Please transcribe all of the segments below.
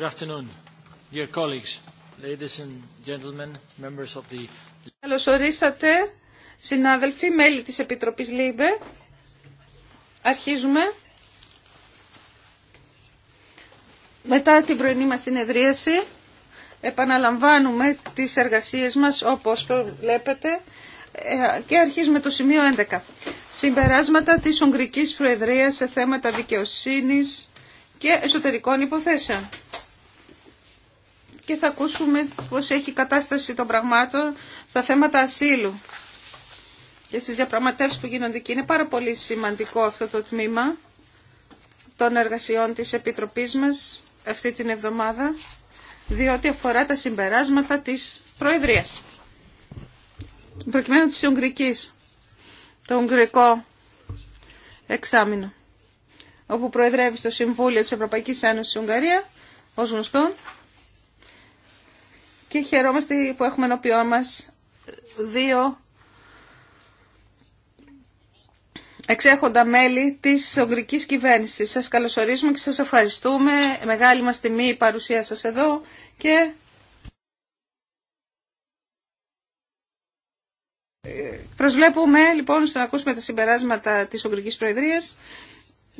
Good Καλώς ορίσατε, συνάδελφοι, μέλη της Επιτροπής ΛΥΜΠΕ. Αρχίζουμε. Μετά την πρωινή μας συνεδρίαση, επαναλαμβάνουμε τις εργασίες μας, όπως βλέπετε, ε, και αρχίζουμε το σημείο 11. Συμπεράσματα της Ουγγρικής Προεδρίας σε θέματα δικαιοσύνης και εσωτερικών υποθέσεων και θα ακούσουμε πώς έχει κατάσταση των πραγμάτων στα θέματα ασύλου και στις διαπραγματεύσεις που γίνονται εκεί. Είναι πάρα πολύ σημαντικό αυτό το τμήμα των εργασιών της Επιτροπής μας αυτή την εβδομάδα, διότι αφορά τα συμπεράσματα της Προεδρίας, προκειμένου της Ουγγρικής, το Ουγγρικό εξάμεινο, όπου προεδρεύει στο Συμβούλιο της Ευρωπαϊκής Ένωσης Ουγγαρία, ως γνωστόν, και χαιρόμαστε που έχουμε ενώπιόν μας δύο εξέχοντα μέλη της Ογγρικής Κυβέρνησης. Σας καλωσορίζουμε και σας ευχαριστούμε. Μεγάλη μας τιμή η παρουσία σας εδώ και προσβλέπουμε λοιπόν να ακούσουμε τα συμπεράσματα της Ουγγρική Προεδρίας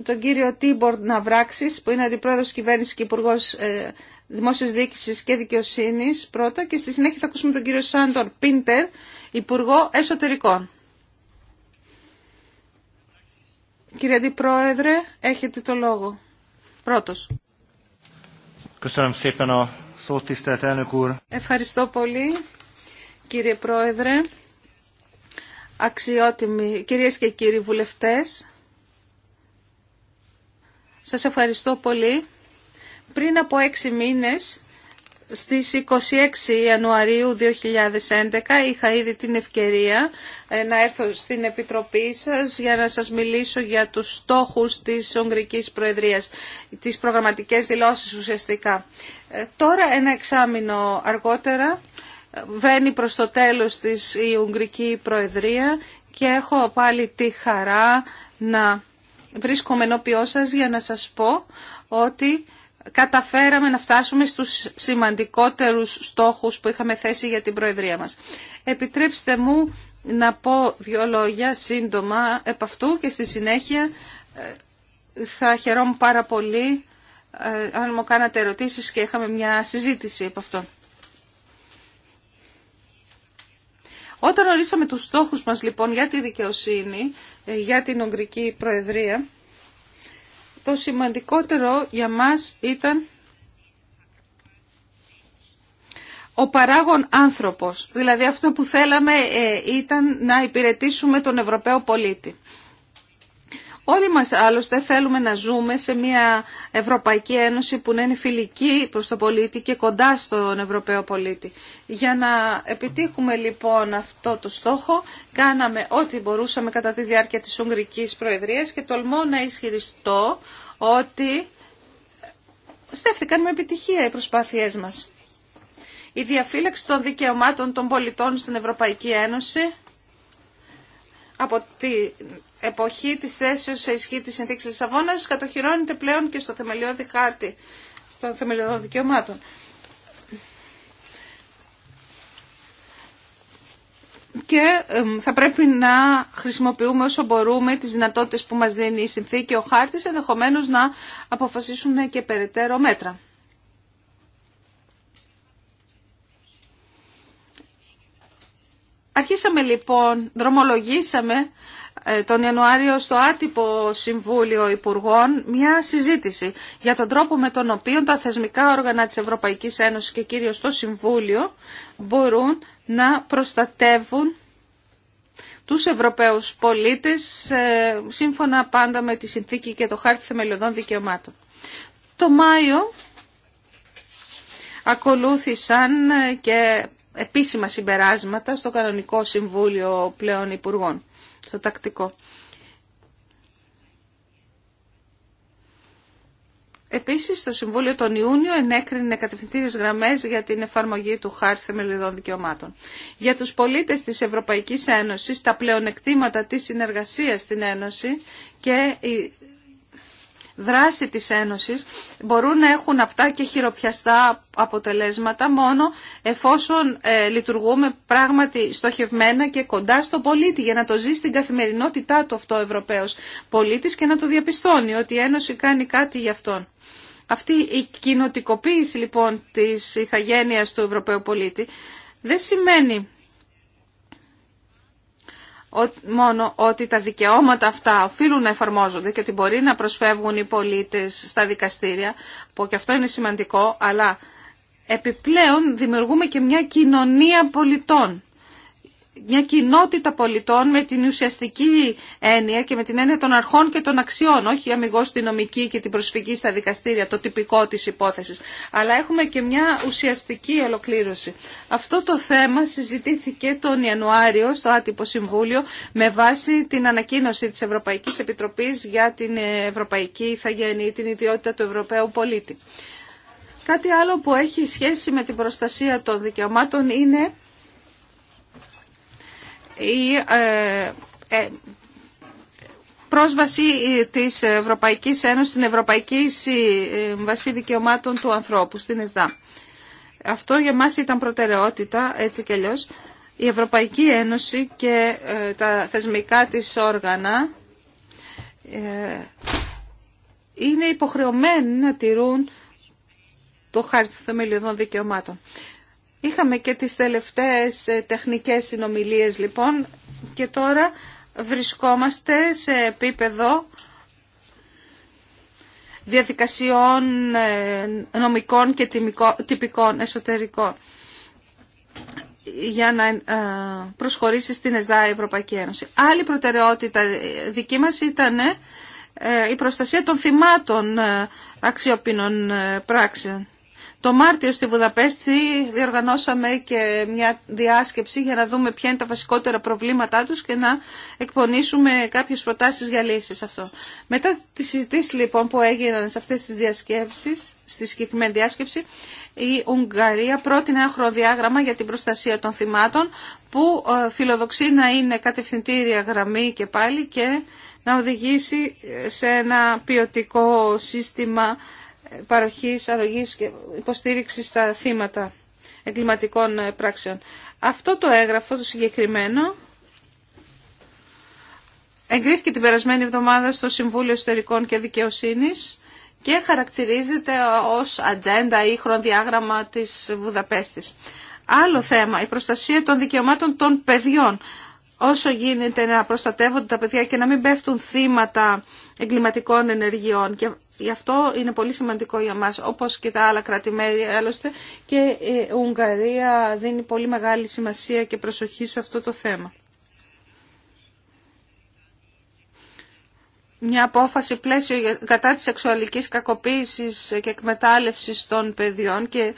τον κύριο Τίμπορντ Ναυράξης που είναι αντιπρόεδρος της κυβέρνησης και υπουργό ε, Δημόσια Διοίκηση και δικαιοσύνη πρώτα και στη συνέχεια θα ακούσουμε τον κύριο Σάντορ Πίντερ, Υπουργό Εσωτερικών. Κύριε Αντιπρόεδρε, έχετε το λόγο. Πρώτος. Ευχαριστώ πολύ, κύριε Πρόεδρε, αξιότιμοι κυρίες και κύριοι βουλευτές. Σας ευχαριστώ πολύ πριν από έξι μήνες, στις 26 Ιανουαρίου 2011 είχα ήδη την ευκαιρία ε, να έρθω στην Επιτροπή σας για να σας μιλήσω για τους στόχους της Ουγγρικής Προεδρίας, τις προγραμματικές δηλώσεις ουσιαστικά. Ε, τώρα ένα εξάμεινο αργότερα βαίνει προς το τέλος της η Ουγγρική Προεδρία και έχω πάλι τη χαρά να βρίσκομαι ενώπιό σας για να σας πω ότι καταφέραμε να φτάσουμε στους σημαντικότερους στόχους που είχαμε θέσει για την Προεδρία μας. Επιτρέψτε μου να πω δύο λόγια σύντομα επ' αυτού και στη συνέχεια ε, θα χαιρόμουν πάρα πολύ ε, αν μου κάνατε ερωτήσεις και είχαμε μια συζήτηση επ' αυτό. Όταν ορίσαμε τους στόχους μας λοιπόν για τη δικαιοσύνη, ε, για την Ουγγρική Προεδρία, το σημαντικότερο για μας ήταν ο παράγων άνθρωπος. Δηλαδή αυτό που θέλαμε ε, ήταν να υπηρετήσουμε τον Ευρωπαίο πολίτη. Όλοι μας άλλωστε θέλουμε να ζούμε σε μια Ευρωπαϊκή Ένωση που να είναι φιλική προς τον πολίτη και κοντά στον Ευρωπαίο πολίτη. Για να επιτύχουμε λοιπόν αυτό το στόχο, κάναμε ό,τι μπορούσαμε κατά τη διάρκεια της Ουγγρικής Προεδρίας και τολμώ να ισχυριστώ ότι στέφθηκαν με επιτυχία οι προσπάθειές μας. Η διαφύλαξη των δικαιωμάτων των πολιτών στην Ευρωπαϊκή Ένωση από εποχή της θέσεως σε ισχύ της συνθήκης της Αβώνας κατοχυρώνεται πλέον και στο θεμελιώδη χάρτη των θεμελιωδών δικαιωμάτων. και θα πρέπει να χρησιμοποιούμε όσο μπορούμε τις δυνατότητες που μας δίνει η συνθήκη ο χάρτης, ενδεχομένως να αποφασίσουμε και περαιτέρω μέτρα. Αρχίσαμε λοιπόν, δρομολογήσαμε ε, τον Ιανουάριο στο άτυπο Συμβούλιο Υπουργών μια συζήτηση για τον τρόπο με τον οποίο τα θεσμικά όργανα της Ευρωπαϊκής Ένωσης και κυρίως το Συμβούλιο μπορούν να προστατεύουν τους Ευρωπαίους πολίτες ε, σύμφωνα πάντα με τη συνθήκη και το χάρτη θεμελιωδών δικαιωμάτων. Το Μάιο ακολούθησαν ε, και επίσημα συμπεράσματα στο Κανονικό Συμβούλιο Πλέον Υπουργών στο τακτικό. Επίσης, το Συμβούλιο τον Ιούνιο ενέκρινε κατευθυντήριες γραμμές για την εφαρμογή του χάρτη θεμελιδών δικαιωμάτων. Για τους πολίτες της Ευρωπαϊκής Ένωσης, τα πλεονεκτήματα της συνεργασίας στην Ένωση και η δράση της Ένωσης μπορούν να έχουν απτά και χειροπιαστά αποτελέσματα μόνο εφόσον ε, λειτουργούμε πράγματι στοχευμένα και κοντά στο πολίτη για να το ζει στην καθημερινότητά του αυτό ο Ευρωπαίος πολίτης και να το διαπιστώνει ότι η Ένωση κάνει κάτι για αυτόν. Αυτή η κοινοτικοποίηση λοιπόν της ηθαγένειας του Ευρωπαίου πολίτη δεν σημαίνει μόνο ότι τα δικαιώματα αυτά οφείλουν να εφαρμόζονται και ότι μπορεί να προσφεύγουν οι πολίτες στα δικαστήρια, που και αυτό είναι σημαντικό, αλλά επιπλέον δημιουργούμε και μια κοινωνία πολιτών μια κοινότητα πολιτών με την ουσιαστική έννοια και με την έννοια των αρχών και των αξιών, όχι αμυγός τη νομική και την προσφυγή στα δικαστήρια, το τυπικό τη υπόθεση. αλλά έχουμε και μια ουσιαστική ολοκλήρωση. Αυτό το θέμα συζητήθηκε τον Ιανουάριο στο Άτυπο Συμβούλιο με βάση την ανακοίνωση τη Ευρωπαϊκή Επιτροπή για την Ευρωπαϊκή Ιθαγενή, την ιδιότητα του Ευρωπαίου πολίτη. Κάτι άλλο που έχει σχέση με την προστασία των δικαιωμάτων είναι η ε, ε, πρόσβαση της Ευρωπαϊκής Ένωσης στην Ευρωπαϊκή Συμβασή Δικαιωμάτων του Ανθρώπου, στην ΕΣΔΑ. Αυτό για μας ήταν προτεραιότητα, έτσι και αλλιώς. Η Ευρωπαϊκή Ένωση και ε, τα θεσμικά της όργανα είναι υποχρεωμένοι να τηρούν το χάρτη των θεμελιωδών δικαιωμάτων. Είχαμε και τις τελευταίες ε, τεχνικές συνομιλίες λοιπόν και τώρα βρισκόμαστε σε επίπεδο διαδικασιών ε, νομικών και τυπικών εσωτερικών για να ε, προσχωρήσει στην ΕΣΔΑ η Ευρωπαϊκή Ένωση. Άλλη προτεραιότητα δική μας ήταν η προστασία των θυμάτων αξιόπινων πράξεων. Το Μάρτιο στη Βουδαπέστη διοργανώσαμε και μια διάσκεψη για να δούμε ποια είναι τα βασικότερα προβλήματά τους και να εκπονήσουμε κάποιες προτάσεις για λύσεις αυτό. Μετά τις συζητήσεις λοιπόν που έγιναν σε αυτές τις διασκέψεις, στη συγκεκριμένη διάσκεψη, η Ουγγαρία πρότεινε ένα χρονοδιάγραμμα για την προστασία των θυμάτων που ε, φιλοδοξεί να είναι κατευθυντήρια γραμμή και πάλι και να οδηγήσει ε, σε ένα ποιοτικό σύστημα παροχής, αρρωγής και υποστήριξης στα θύματα εγκληματικών ε, πράξεων. Αυτό το έγγραφο το συγκεκριμένο εγκρίθηκε την περασμένη εβδομάδα στο Συμβούλιο Ιστορικών και Δικαιοσύνης και χαρακτηρίζεται ως ατζέντα ή χρονοδιάγραμμα της Βουδαπέστης. Άλλο θέμα, η χρονδιαγραμμα της βουδαπεστης αλλο θεμα η προστασια των δικαιωμάτων των παιδιών. Όσο γίνεται να προστατεύονται τα παιδιά και να μην πέφτουν θύματα εγκληματικών ενεργειών. Και Γι' αυτό είναι πολύ σημαντικό για μας, όπως και τα αλλα κρατημέρια, άλλωστε, και η Ουγγαρία δίνει πολύ μεγάλη σημασία και προσοχή σε αυτό το θέμα. Μια απόφαση πλαίσιο κατά της σεξουαλικής κακοποίησης και εκμετάλλευσης των παιδιών και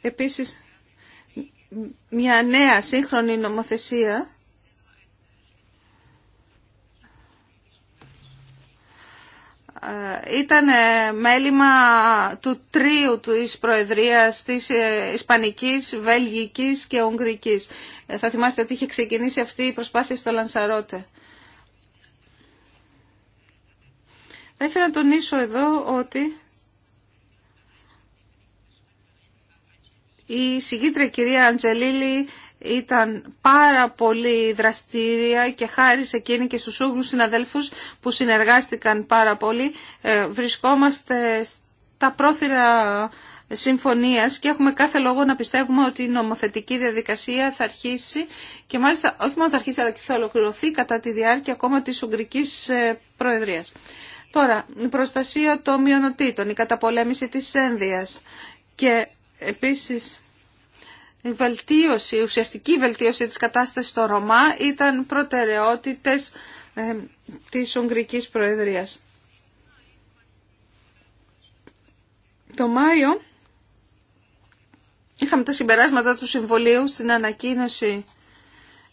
επίσης μια νέα σύγχρονη νομοθεσία Ε, ήταν ε, μέλημα του τρίου της Προεδρίας της ε, Ισπανικής, Βέλγικης και Ουγγρικής. Θα θυμάστε ότι είχε ξεκινήσει αυτή η προσπάθεια στο Λανσαρότε. Θα ήθελα να τονίσω εδώ ότι η συγκίτρια κυρία Αντζελίλη ήταν πάρα πολύ δραστήρια και χάρη σε εκείνη και στους ούγλους συναδέλφους που συνεργάστηκαν πάρα πολύ ε, βρισκόμαστε στα πρόθυρα συμφωνίας και έχουμε κάθε λόγο να πιστεύουμε ότι η νομοθετική διαδικασία θα αρχίσει και μάλιστα όχι μόνο θα αρχίσει αλλά και θα ολοκληρωθεί κατά τη διάρκεια ακόμα της Ουγγρικής ε, Προεδρίας. Τώρα, η προστασία των μειονοτήτων, η καταπολέμηση της ένδειας και επίσης η βελτίωση, η ουσιαστική βελτίωση της κατάστασης στο Ρωμά ήταν προτεραιότητες ε, της Ουγγρικής Προεδρίας. Το Μάιο είχαμε τα συμπεράσματα του Συμβουλίου στην ανακοίνωση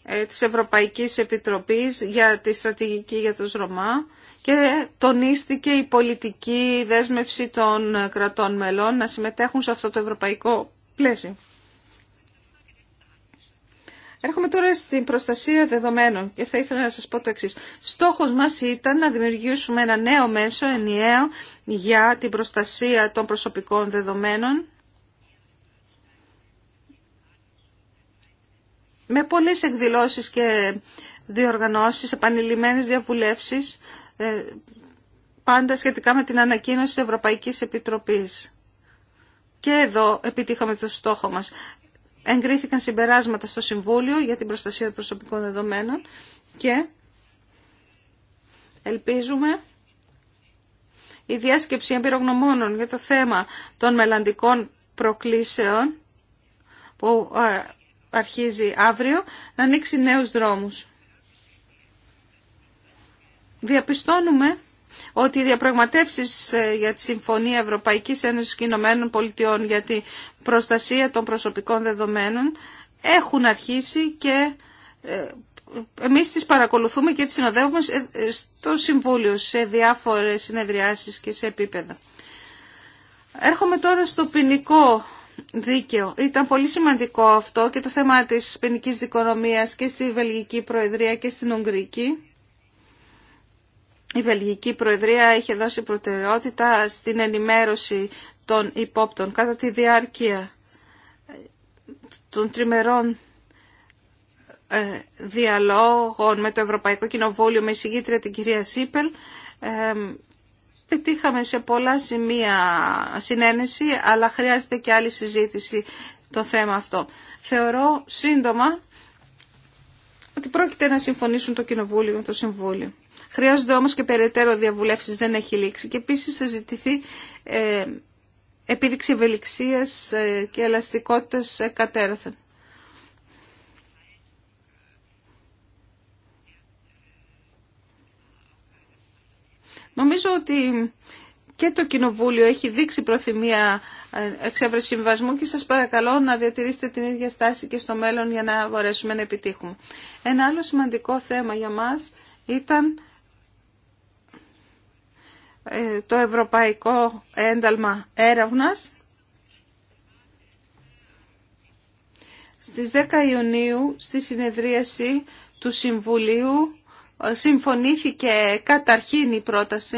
ε, της Ευρωπαϊκής Επιτροπής για τη στρατηγική για τους Ρωμά και τονίστηκε η πολιτική δέσμευση των κρατών μελών να συμμετέχουν σε αυτό το ευρωπαϊκό πλαίσιο. Έρχομαι τώρα στην προστασία δεδομένων και θα ήθελα να σας πω το εξή. Στόχος μας ήταν να δημιουργήσουμε ένα νέο μέσο ενιαίο για την προστασία των προσωπικών δεδομένων με πολλές εκδηλώσεις και διοργανώσεις, επανειλημμένες διαβουλεύσεις, ε, πάντα σχετικά με την ανακοίνωση της Ευρωπαϊκής Επιτροπής. Και εδώ επιτύχαμε το στόχο μας εγκρίθηκαν συμπεράσματα στο Συμβούλιο για την προστασία των προσωπικών δεδομένων και ελπίζουμε η διάσκεψη εμπειρογνωμόνων για το θέμα των μελλαντικών προκλήσεων που ε, αρχίζει αύριο να ανοίξει νέους δρόμους. Διαπιστώνουμε ότι οι διαπραγματεύσεις ε, για τη Συμφωνία Ευρωπαϊκής Ένωσης και Ηνωμένων Πολιτειών για τη προστασία των προσωπικών δεδομένων έχουν αρχίσει και ε, εμείς τις παρακολουθούμε και τις συνοδεύουμε ε, στο Συμβούλιο σε διάφορες συνεδριάσεις και σε επίπεδα. Έρχομαι τώρα στο ποινικό δίκαιο. Ήταν πολύ σημαντικό αυτό και το θέμα της ποινική δικονομίας και στη Βελγική Προεδρία και στην Ουγγρική. Η Βελγική Προεδρία είχε δώσει προτεραιότητα στην ενημέρωση των υπόπτων κατά τη διάρκεια των τριμερών ε, διαλόγων με το Ευρωπαϊκό Κοινοβούλιο με εισηγήτρια την κυρία Σίπελ ε, πετύχαμε σε πολλά σημεία συνένεση αλλά χρειάζεται και άλλη συζήτηση το θέμα αυτό. Θεωρώ σύντομα ότι πρόκειται να συμφωνήσουν το Κοινοβούλιο με το Συμβούλιο. Χρειάζονται όμως και περαιτέρω διαβουλεύσεις, δεν έχει λήξει. Και επίσης θα ζητηθεί ε, επίδειξη ευελιξίας ε, και ελαστικότητας ε, κατέρωθεν. Νομίζω ότι και το Κοινοβούλιο έχει δείξει προθυμία ε, εξέβρεση συμβασμού και σας παρακαλώ να διατηρήσετε την ίδια στάση και στο μέλλον για να μπορέσουμε να επιτύχουμε. Ένα άλλο σημαντικό θέμα για μας ήταν ε, το Ευρωπαϊκό Ένταλμα Έρευνας. Στις 10 Ιουνίου, στη συνεδρίαση του Συμβουλίου, ε, συμφωνήθηκε καταρχήν η πρόταση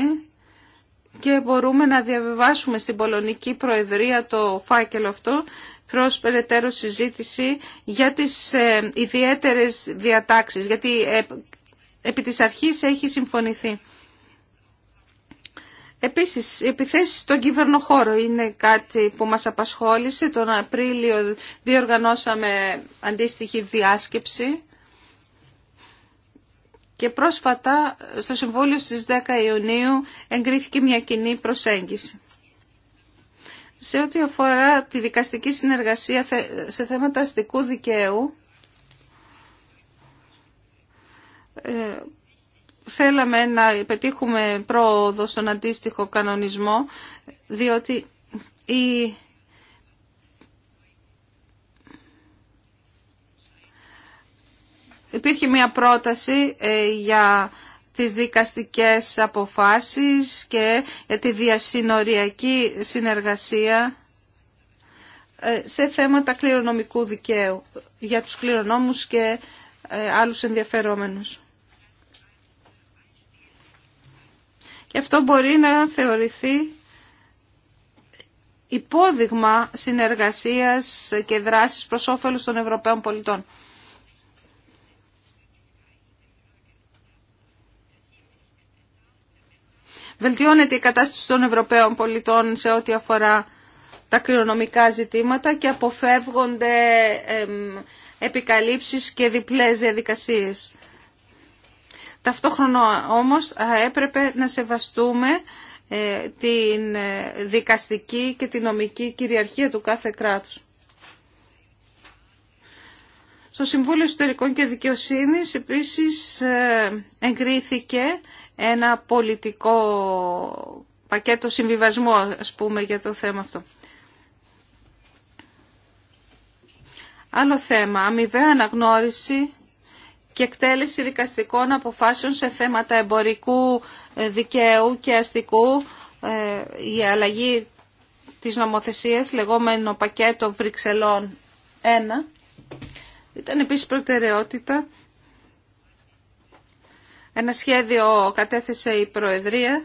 και μπορούμε να διαβεβάσουμε στην Πολωνική Προεδρία το φάκελο αυτό προς περαιτέρω συζήτηση για τις ε, ιδιαίτερες διατάξεις, γιατί επί της αρχής έχει συμφωνηθεί. Επίσης, οι επιθέσεις στον κυβερνοχώρο είναι κάτι που μας απασχόλησε. Τον Απρίλιο διοργανώσαμε αντίστοιχη διάσκεψη και πρόσφατα στο Συμβούλιο στις 10 Ιουνίου εγκρίθηκε μια κοινή προσέγγιση. Σε ό,τι αφορά τη δικαστική συνεργασία σε θέματα αστικού δικαίου, ε, θέλαμε να πετύχουμε πρόοδο στον αντίστοιχο κανονισμό, διότι η Υπήρχε μια πρόταση ε, για τις δικαστικές αποφάσεις και για τη διασυνοριακή συνεργασία ε, σε θέματα κληρονομικού δικαίου για τους κληρονόμους και ε, άλλους ενδιαφερόμενους. και αυτό μπορεί να θεωρηθεί υπόδειγμα συνεργασίας και δράσης προς όφελος των Ευρωπαίων πολιτών. Βελτιώνεται η κατάσταση των Ευρωπαίων πολιτών σε ό,τι αφορά τα κληρονομικά ζητήματα και αποφεύγονται επικαλύψεις και διπλές διαδικασίες. Ταυτόχρονα όμως έπρεπε να σεβαστούμε ε, την ε, δικαστική και την νομική κυριαρχία του κάθε κράτους. Στο Συμβούλιο Ιστορικών και Δικαιοσύνης επίσης ε, εγκρίθηκε ένα πολιτικό πακέτο συμβιβασμού ας πούμε για το θέμα αυτό. Άλλο θέμα, αμοιβαία αναγνώριση και εκτέλεση δικαστικών αποφάσεων σε θέματα εμπορικού ε, δικαίου και αστικού. Ε, η αλλαγή της νομοθεσίας, λεγόμενο πακέτο Βρυξελών 1, ήταν επίσης προτεραιότητα. Ένα σχέδιο κατέθεσε η Προεδρία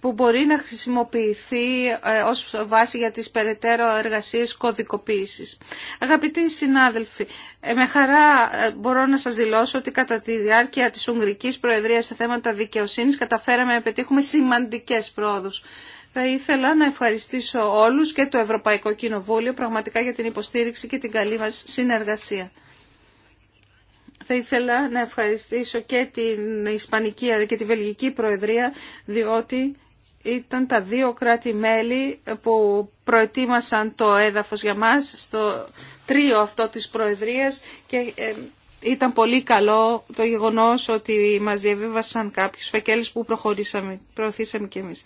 που μπορεί να χρησιμοποιηθεί ε, ως βάση για τις περαιτέρω εργασίες κωδικοποίησης. Αγαπητοί συνάδελφοι, ε, με χαρά ε, μπορώ να σας δηλώσω ότι κατά τη διάρκεια της Ουγγρικής Προεδρίας σε θέματα δικαιοσύνης καταφέραμε να πετύχουμε σημαντικές πρόοδους. Θα ήθελα να ευχαριστήσω όλους και το Ευρωπαϊκό Κοινοβούλιο πραγματικά για την υποστήριξη και την καλή μας συνεργασία. Θα ήθελα να ευχαριστήσω και την Ισπανική και τη Βελγική Προεδρία διότι ήταν τα δύο κράτη-μέλη που προετοίμασαν το έδαφος για μας στο τρίο αυτό της Προεδρίας και ε, ήταν πολύ καλό το γεγονός ότι μας διαβίβασαν κάποιους φεκέλες που προχωρήσαμε, προωθήσαμε κι εμείς.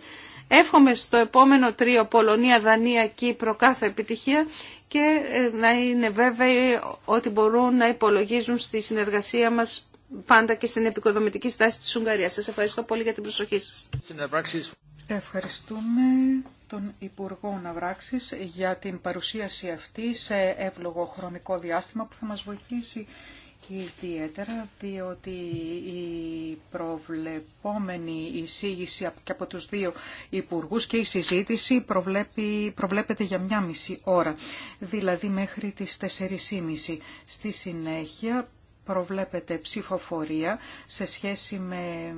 Εύχομαι στο επόμενο τρίο Πολωνία, Δανία, Κύπρο κάθε επιτυχία και ε, να είναι βέβαιοι ότι μπορούν να υπολογίζουν στη συνεργασία μας πάντα και στην επικοδομητική στάση της Ουγγαρίας. Σας ευχαριστώ πολύ για την προσοχή σας. Ευχαριστούμε τον Υπουργό Ναυράξης για την παρουσίαση αυτή σε εύλογο χρονικό διάστημα που θα μας βοηθήσει ιδιαίτερα διότι η προβλεπόμενη εισήγηση και από τους δύο υπουργούς και η συζήτηση προβλέπει, προβλέπεται για μια μισή ώρα, δηλαδή μέχρι τις 4.30. Στη συνέχεια προβλέπεται ψηφοφορία σε σχέση με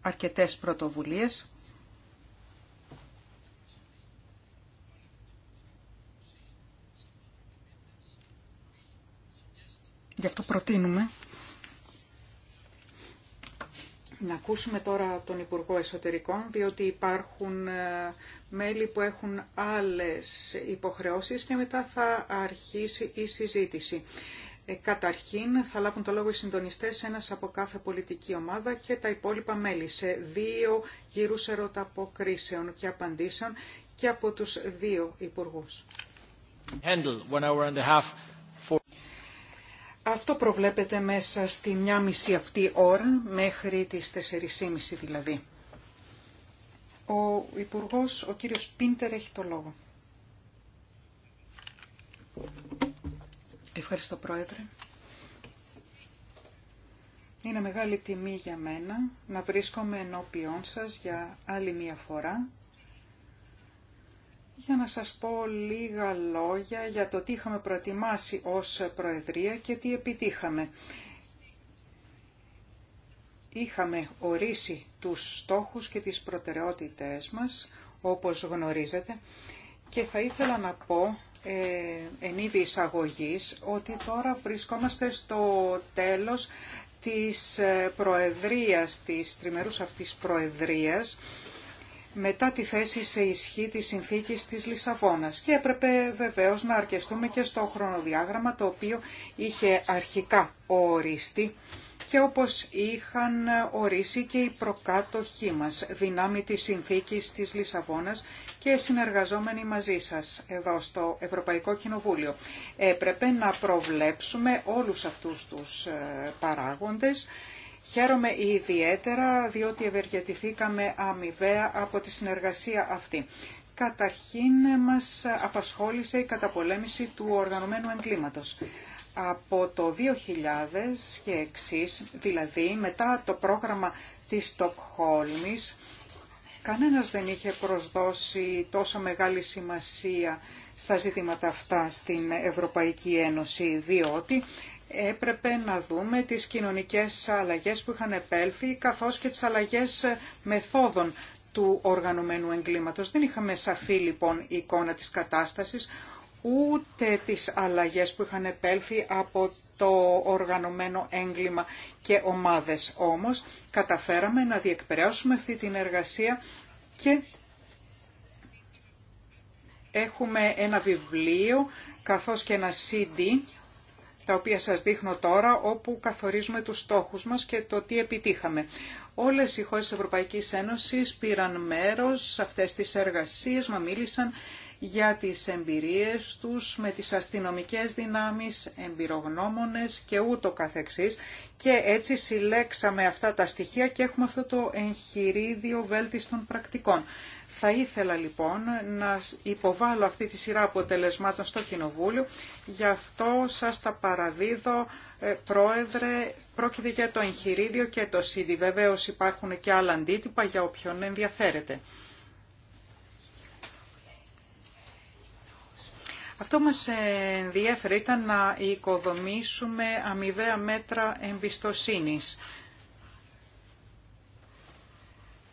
αρκετές πρωτοβουλίες Γι' αυτό προτείνουμε να ακούσουμε τώρα τον Υπουργό Εσωτερικών, διότι υπάρχουν ε, μέλη που έχουν άλλες υποχρεώσεις και μετά θα αρχίσει η συζήτηση. Ε, καταρχήν θα λάβουν το λόγο οι συντονιστές, ένας από κάθε πολιτική ομάδα και τα υπόλοιπα μέλη σε δύο γύρους ερωταποκρίσεων και απαντήσεων και από τους δύο υπουργούς. Αυτό προβλέπεται μέσα στη μια μισή αυτή ώρα, μέχρι τις 4.30 δηλαδή. Ο Υπουργός, ο κύριος Πίντερ, έχει το λόγο. Ευχαριστώ Πρόεδρε. Είναι μεγάλη τιμή για μένα να βρίσκομαι ενώπιόν σας για άλλη μία φορά για να σας πω λίγα λόγια για το τι είχαμε προετοιμάσει ως Προεδρία και τι επιτύχαμε. Είχαμε ορίσει τους στόχους και τις προτεραιότητές μας, όπως γνωρίζετε, και θα ήθελα να πω ε, εν είδη εισαγωγής ότι τώρα βρισκόμαστε στο τέλος της ε, Προεδρίας, της τριμερούς αυτής Προεδρίας μετά τη θέση σε ισχύ της συνθήκης της Λισαβόνας και έπρεπε βεβαίως να αρκεστούμε και στο χρονοδιάγραμμα το οποίο είχε αρχικά οριστεί και όπως είχαν ορίσει και οι προκάτοχοί μας δυνάμει της συνθήκης της Λισαβόνας και συνεργαζόμενοι μαζί σας εδώ στο Ευρωπαϊκό Κοινοβούλιο. Έπρεπε να προβλέψουμε όλους αυτούς τους ε, παράγοντες Χαίρομαι ιδιαίτερα διότι ευεργετηθήκαμε αμοιβαία από τη συνεργασία αυτή. Καταρχήν μας απασχόλησε η καταπολέμηση του οργανωμένου εγκλήματος. Από το 2006, δηλαδή μετά το πρόγραμμα της Στοκχόλμης, κανένας δεν είχε προσδώσει τόσο μεγάλη σημασία στα ζητήματα αυτά στην Ευρωπαϊκή Ένωση, διότι έπρεπε να δούμε τις κοινωνικές αλλαγές που είχαν επέλθει καθώς και τις αλλαγές μεθόδων του οργανωμένου εγκλήματος. Δεν είχαμε σαφή λοιπόν εικόνα της κατάστασης ούτε τις αλλαγές που είχαν επέλθει από το οργανωμένο έγκλημα και ομάδες. Όμως καταφέραμε να διεκπαιρεώσουμε αυτή την εργασία και έχουμε ένα βιβλίο καθώς και ένα CD τα οποία σας δείχνω τώρα, όπου καθορίζουμε τους στόχους μας και το τι επιτύχαμε. Όλες οι χώρες της Ευρωπαϊκής Ένωσης πήραν μέρος σε αυτές τις εργασίες, μα μίλησαν για τις εμπειρίες τους με τις αστυνομικές δυνάμεις, εμπειρογνώμονες και ούτω καθεξής. Και έτσι συλλέξαμε αυτά τα στοιχεία και έχουμε αυτό το εγχειρίδιο βέλτιστων πρακτικών. Θα ήθελα λοιπόν να υποβάλω αυτή τη σειρά αποτελεσμάτων στο Κοινοβούλιο. Γι' αυτό σας τα παραδίδω, ε, Πρόεδρε, πρόκειται για το εγχειρίδιο και το ΣΥΔΙ. Βεβαίω υπάρχουν και άλλα αντίτυπα για όποιον ενδιαφέρεται. Αυτό μας ε, ενδιέφερε ήταν να οικοδομήσουμε αμοιβαία μέτρα εμπιστοσύνης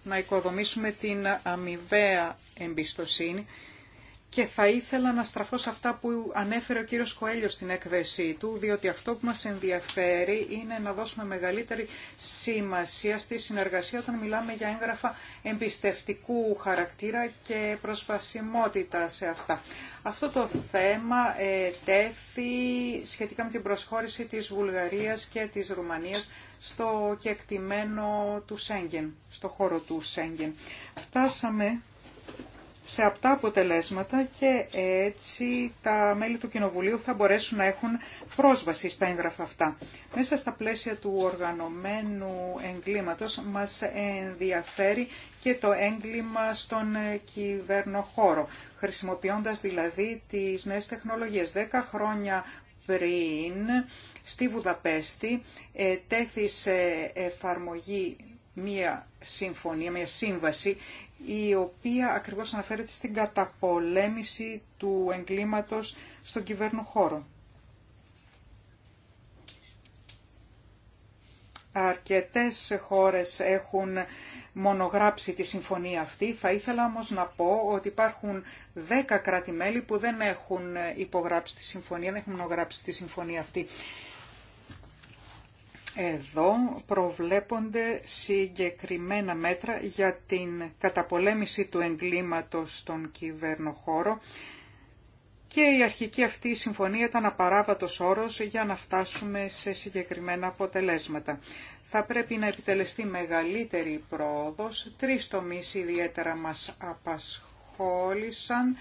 να οικοδομήσουμε την αμοιβαία εμπιστοσύνη και θα ήθελα να στραφώ σε αυτά που ανέφερε ο κύριος Κοέλιος στην έκθεσή του, διότι αυτό που μας ενδιαφέρει είναι να δώσουμε μεγαλύτερη σημασία στη συνεργασία όταν μιλάμε για έγγραφα εμπιστευτικού χαρακτήρα και προσβασιμότητα σε αυτά. Αυτό το θέμα ε, τέθη σχετικά με την προσχώρηση της Βουλγαρίας και της Ρουμανίας στο κεκτημένο του Σέγγεν, στο χώρο του Σέγγεν. Φτάσαμε σε αυτά αποτελέσματα και έτσι τα μέλη του Κοινοβουλίου θα μπορέσουν να έχουν πρόσβαση στα έγγραφα αυτά. Μέσα στα πλαίσια του οργανωμένου εγκλήματος μας ενδιαφέρει και το έγκλημα στον κυβερνοχώρο, χρησιμοποιώντας δηλαδή τις νέες τεχνολογίες. Δέκα χρόνια πριν στη Βουδαπέστη ε, τέθησε εφαρμογή μία συμφωνία, μία σύμβαση η οποία ακριβώς αναφέρεται στην καταπολέμηση του εγκλήματος στον χώρο. Αρκετές χώρες έχουν μονογράψει τη συμφωνία αυτή. Θα ήθελα όμως να πω ότι υπάρχουν υπάρχουν κράτη-μέλη που δεν έχουν υπογράψει τη συμφωνία, δεν έχουν μονογράψει τη συμφωνία αυτή. Εδώ προβλέπονται συγκεκριμένα μέτρα για την καταπολέμηση του εγκλήματος στον κυβερνοχώρο και η αρχική αυτή συμφωνία ήταν απαράβατος όρος για να φτάσουμε σε συγκεκριμένα αποτελέσματα. Θα πρέπει να επιτελεστεί μεγαλύτερη πρόοδος. Τρεις τομείς ιδιαίτερα μας απασχόλησαν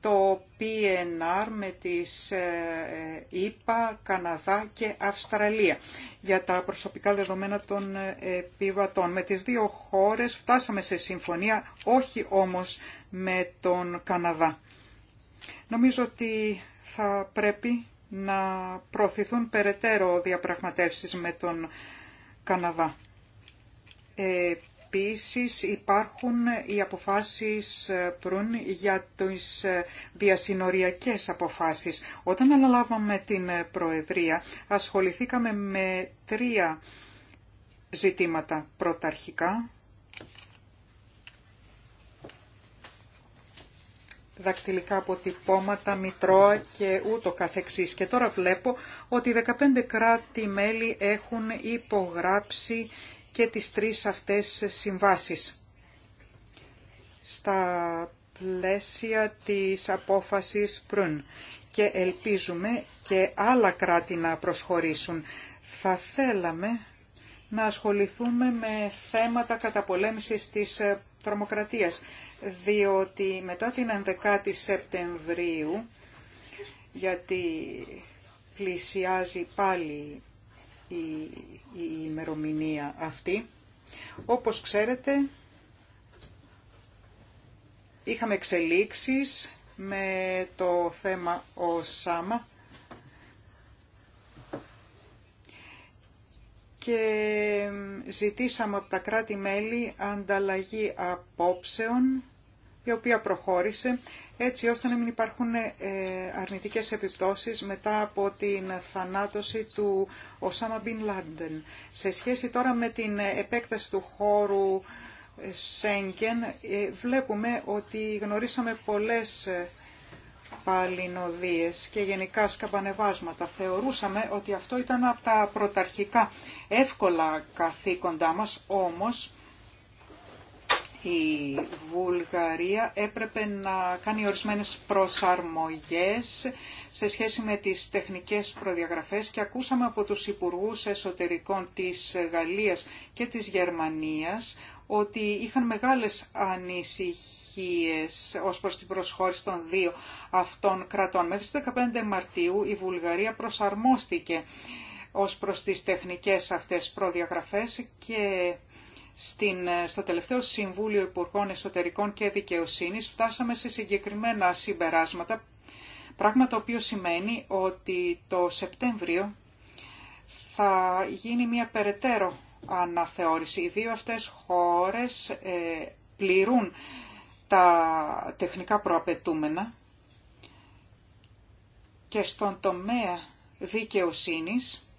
το PNR με τις ε, ε, ΗΠΑ, Καναδά και Αυστραλία για τα προσωπικά δεδομένα των ε, επιβατών. Με τις δύο χώρες φτάσαμε σε συμφωνία, όχι όμως με τον Καναδά. Νομίζω ότι θα πρέπει να προωθηθούν περαιτέρω διαπραγματεύσεις με τον Καναδά. Επίσης υπάρχουν οι αποφάσεις ε, προυν για τις ε, διασυνοριακές αποφάσεις. Όταν αναλάβαμε την ε, Προεδρία ασχοληθήκαμε με τρία ζητήματα πρωταρχικά. δακτυλικά αποτυπώματα, μητρώα και ούτω καθεξής. Και τώρα βλέπω ότι 15 κράτη-μέλη έχουν υπογράψει και τις τρεις αυτές συμβάσεις. Στα πλαίσια της απόφασης πριν. και ελπίζουμε και άλλα κράτη να προσχωρήσουν. Θα θέλαμε να ασχοληθούμε με θέματα καταπολέμησης της ε, τρομοκρατίας, διότι μετά την 11η Σεπτεμβρίου, γιατί πλησιάζει πάλι η, ημερομηνία αυτή. Όπως ξέρετε, είχαμε εξελίξεις με το θέμα ο ΣΑΜΑ και ζητήσαμε από τα κράτη-μέλη ανταλλαγή απόψεων η οποία προχώρησε έτσι ώστε να μην υπάρχουν ε, αρνητικές επιπτώσεις μετά από την θανάτωση του Οσάμα Μπιν Λάντεν. Σε σχέση τώρα με την ε, επέκταση του χώρου ε, Σέγγεν, βλέπουμε ότι γνωρίσαμε πολλές παλινοδίες και γενικά σκαμπανεβάσματα. Θεωρούσαμε ότι αυτό ήταν από τα πρωταρχικά εύκολα καθήκοντά μας, όμως η Βουλγαρία έπρεπε να κάνει ορισμένες προσαρμογές σε σχέση με τις τεχνικές προδιαγραφές και ακούσαμε από τους Υπουργούς Εσωτερικών της Γαλλίας και της Γερμανίας ότι είχαν μεγάλες ανησυχίες ως προς την προσχώρηση των δύο αυτών κρατών. Μέχρι στις 15 Μαρτίου η Βουλγαρία προσαρμόστηκε ως προς τις τεχνικές αυτές προδιαγραφές και ε, στο τελευταίο Συμβούλιο Υπουργών Εσωτερικών και Δικαιοσύνης φτάσαμε σε συγκεκριμένα συμπεράσματα, πράγμα το οποίο σημαίνει ότι το Σεπτέμβριο θα γίνει μια περαιτέρω αναθεώρηση. Οι δύο αυτές χώρες ε, πληρούν τα τεχνικά προαπαιτούμενα και στον τομέα δικαιοσύνης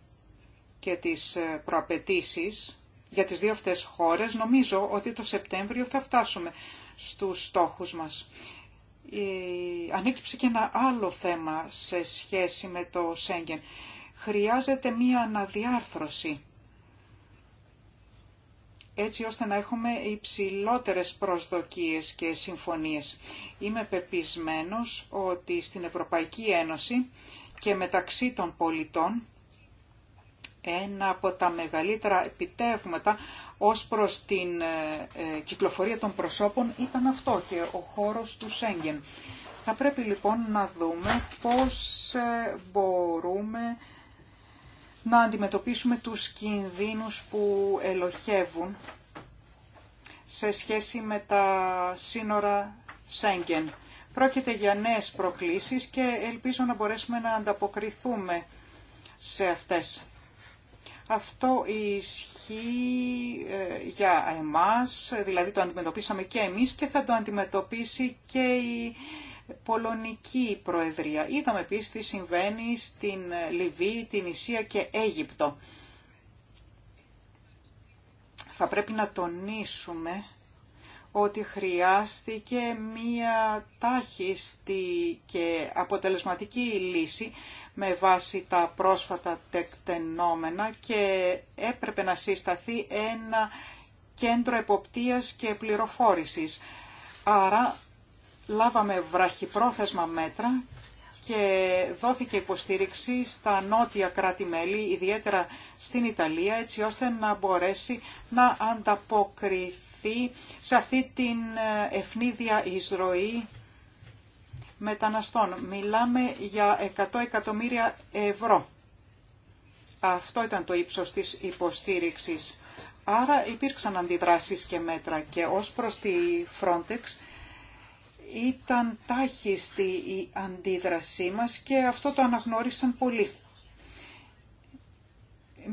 και τις ε, προαπαιτήσεις για τις δύο αυτές χώρες, νομίζω ότι το Σεπτέμβριο θα φτάσουμε στους στόχους μας. Ανήκτυψε και ένα άλλο θέμα σε σχέση με το Σέγγεν. Χρειάζεται μία αναδιάρθρωση έτσι ώστε να έχουμε υψηλότερες προσδοκίες και συμφωνίες. Είμαι πεπισμένος ότι στην Ευρωπαϊκή Ένωση και μεταξύ των πολιτών ένα από τα μεγαλύτερα επιτεύγματα ως προς την ε, ε, κυκλοφορία των προσώπων ήταν αυτό και ο χώρος του Σέγγεν. Θα πρέπει λοιπόν να δούμε πώς ε, μπορούμε να αντιμετωπίσουμε τους κινδύνους που ελοχεύουν σε σχέση με τα σύνορα Σέγγεν. Πρόκειται για νέες προκλήσεις και ελπίζω να μπορέσουμε να ανταποκριθούμε σε αυτές. Αυτό ισχύει ε, για εμάς, δηλαδή το αντιμετωπίσαμε και εμείς και θα το αντιμετωπίσει και η Πολωνική Προεδρία. Είδαμε επίσης τι συμβαίνει στην Λιβύη, την Ισία και Αίγυπτο. Θα πρέπει να τονίσουμε ότι χρειάστηκε μία τάχιστη και αποτελεσματική λύση με βάση τα πρόσφατα τεκτενόμενα και έπρεπε να συσταθεί ένα κέντρο εποπτείας και πληροφόρησης. Άρα λάβαμε βραχυπρόθεσμα μέτρα και δόθηκε υποστήριξη στα νότια κράτη-μέλη, ιδιαίτερα στην Ιταλία, έτσι ώστε να μπορέσει να ανταποκριθεί σε αυτή την ε, ευνίδια εισρωή μεταναστών. Μιλάμε για 100 εκατομμύρια ευρώ. Αυτό ήταν το ύψος της υποστήριξης. Άρα υπήρξαν αντιδράσεις και μέτρα και ως προς τη Frontex ήταν τάχιστη η αντίδρασή μας και αυτό το αναγνώρισαν πολλοί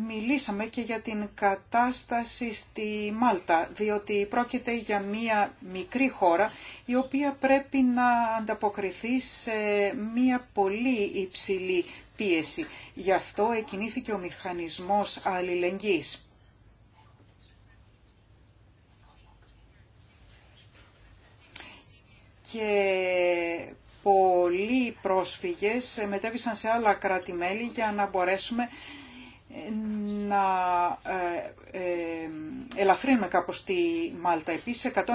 μιλήσαμε και για την κατάσταση στη Μάλτα, διότι πρόκειται για μία μικρή χώρα η οποία πρέπει να ανταποκριθεί σε μία πολύ υψηλή πίεση. Γι' αυτό εκινήθηκε ο μηχανισμός αλληλεγγύης. Και πολλοί πρόσφυγες μετέβησαν σε άλλα κράτη-μέλη για να μπορέσουμε να ε, ε, ελαφρύνουμε κάπως τη Μάλτα. Επίσης, 174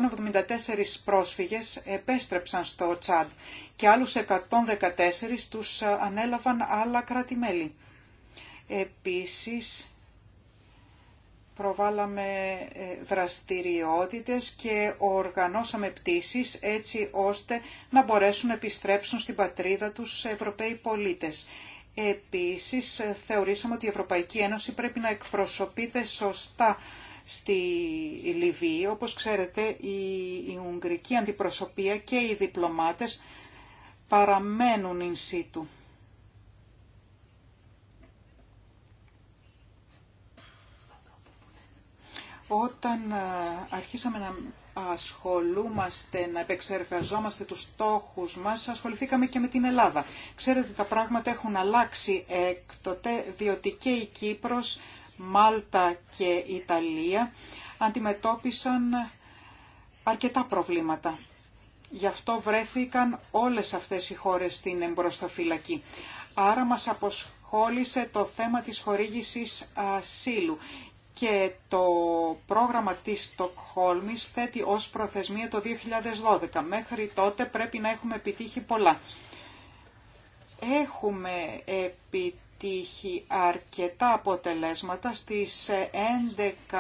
πρόσφυγες επέστρεψαν στο Τσάντ και άλλους 114 τους ανέλαβαν άλλα κράτη-μέλη. Επίσης, προβάλαμε ε, δραστηριότητες και οργανώσαμε πτήσεις έτσι ώστε να μπορέσουν να επιστρέψουν στην πατρίδα τους Ευρωπαίοι πολίτες. Επίσης, θεωρήσαμε ότι η Ευρωπαϊκή Ένωση πρέπει να εκπροσωπείται σωστά στη Λιβύη. Όπως ξέρετε, η, Ουγγρική αντιπροσωπεία και οι διπλωμάτες παραμένουν in situ. Όταν ε, αρχίσαμε να ασχολούμαστε, να επεξεργαζόμαστε τους στόχους μας, ασχοληθήκαμε και με την Ελλάδα. Ξέρετε ότι τα πράγματα έχουν αλλάξει έκτοτε, διότι και η Κύπρος, Μάλτα και η Ιταλία αντιμετώπισαν αρκετά προβλήματα. Γι' αυτό βρέθηκαν όλες αυτές οι χώρες στην εμπροστοφυλακή. Άρα μας αποσχόλησε το θέμα της χορήγησης ασύλου και το πρόγραμμα της Στοκχόλμης θέτει ως προθεσμία το 2012. Μέχρι τότε πρέπει να έχουμε επιτύχει πολλά. Έχουμε επιτύχει αρκετά αποτελέσματα. Στις 11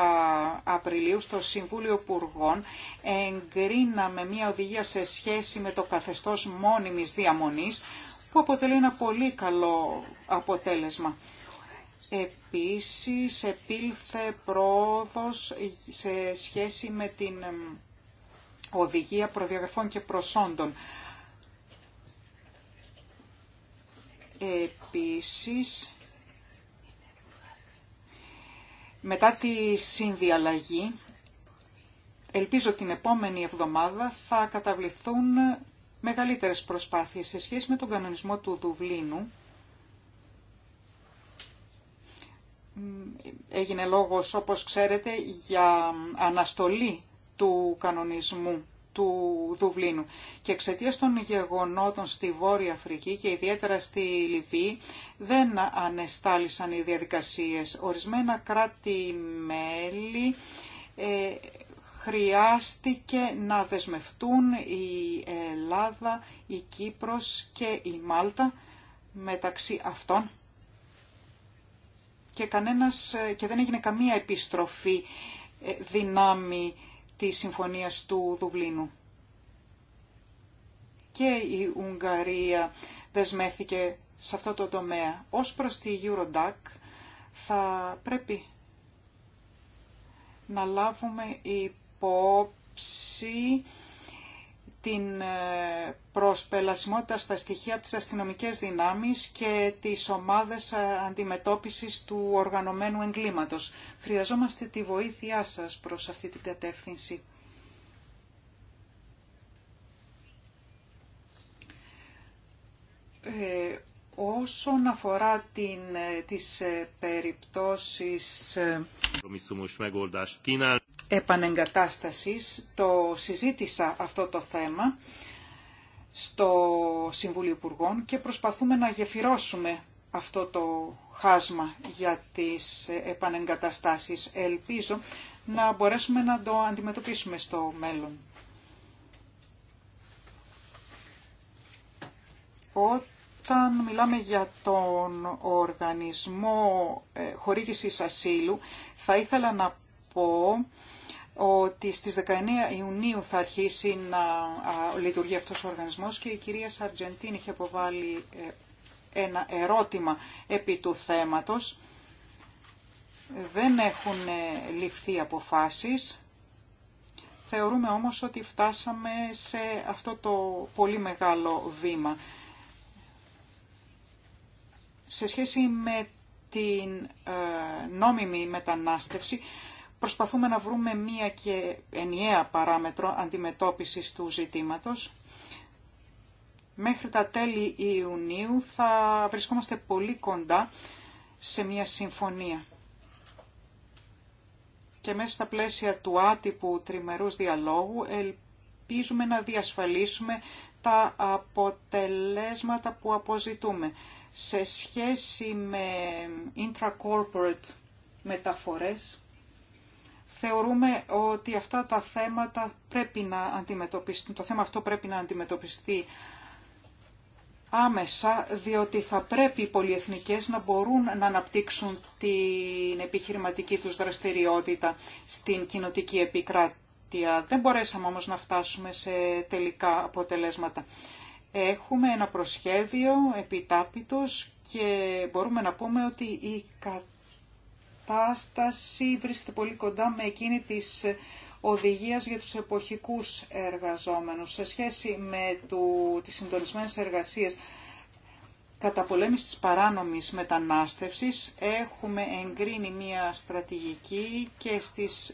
Απριλίου στο Συμβούλιο Πουργών εγκρίναμε μια οδηγία σε σχέση με το καθεστώς μόνιμης διαμονής που αποτελεί ένα πολύ καλό αποτέλεσμα. Επίσης επήλθε πρόοδος σε σχέση με την οδηγία προδιαγραφών και προσόντων. Επίσης, μετά τη συνδιαλλαγή, ελπίζω την επόμενη εβδομάδα θα καταβληθούν μεγαλύτερες προσπάθειες σε σχέση με τον κανονισμό του Δουβλίνου έγινε λόγος, όπως ξέρετε, για αναστολή του κανονισμού του Δουβλίνου. Και εξαιτία των γεγονότων στη Βόρεια Αφρική και ιδιαίτερα στη Λιβύη δεν ανεστάλησαν οι διαδικασίες. Ορισμένα κράτη-μέλη ε, χρειάστηκε να δεσμευτούν η Ελλάδα, η Κύπρος και η Μάλτα μεταξύ αυτών και, κανένας, ε, δεν έγινε καμία επιστροφή ε, δυνάμει της Συμφωνίας του Δουβλίνου. Και η Ουγγαρία δεσμεύθηκε σε αυτό το τομέα. Ως προς τη Eurodac θα πρέπει να λάβουμε υπόψη την ε, προσπελασιμότητα στα στοιχεία της αστυνομικής αστυνομικές δυνάμεις και τις ομάδες ε, αντιμετώπισης του οργανωμένου εγκλήματος. Χρειαζόμαστε τη βοήθειά σας προς αυτή την κατεύθυνση. Ε, όσον αφορά την, ε, τις περιπτώσεις επανεγκατάστασης. Το συζήτησα αυτό το θέμα στο Συμβούλιο Υπουργών και προσπαθούμε να γεφυρώσουμε αυτό το χάσμα για τις επανεγκαταστάσεις. Ελπίζω να μπορέσουμε να το αντιμετωπίσουμε στο μέλλον. Όταν μιλάμε για τον οργανισμό ε, χορήγησης ασύλου, θα ήθελα να πω ότι στις 19 Ιουνίου θα αρχίσει να λειτουργεί αυτός ο οργανισμός και η κυρία Σαρτζεντίνη είχε αποβάλει ε, ένα ερώτημα επί του θέματος. Δεν έχουν ε, ληφθεί αποφάσεις. Θεωρούμε όμως ότι φτάσαμε σε αυτό το πολύ μεγάλο βήμα. Σε σχέση με την ε, νόμιμη μετανάστευση, προσπαθούμε να βρούμε μία και ενιαία παράμετρο αντιμετώπισης του ζητήματος. Μέχρι τα τέλη Ιουνίου θα βρισκόμαστε πολύ κοντά σε μία συμφωνία. Και μέσα στα πλαίσια του άτυπου τριμερούς διαλόγου ελπίζουμε να διασφαλίσουμε τα αποτελέσματα που αποζητούμε σε σχέση με intra-corporate μεταφορές θεωρούμε ότι αυτά τα θέματα πρέπει να αντιμετωπιστούν. Το θέμα αυτό πρέπει να αντιμετωπιστεί άμεσα, διότι θα πρέπει οι πολυεθνικές να μπορούν να αναπτύξουν την επιχειρηματική τους δραστηριότητα στην κοινοτική επικράτεια. Δεν μπορέσαμε όμως να φτάσουμε σε τελικά αποτελέσματα. Έχουμε ένα προσχέδιο επιτάπητος και μπορούμε να πούμε ότι η κατάσταση κατάσταση βρίσκεται πολύ κοντά με εκείνη της οδηγίας για τους εποχικούς εργαζόμενους. Σε σχέση με του, τις συντονισμένες εργασίες πολέμηση της παράνομης μετανάστευσης έχουμε εγκρίνει μια στρατηγική και στις,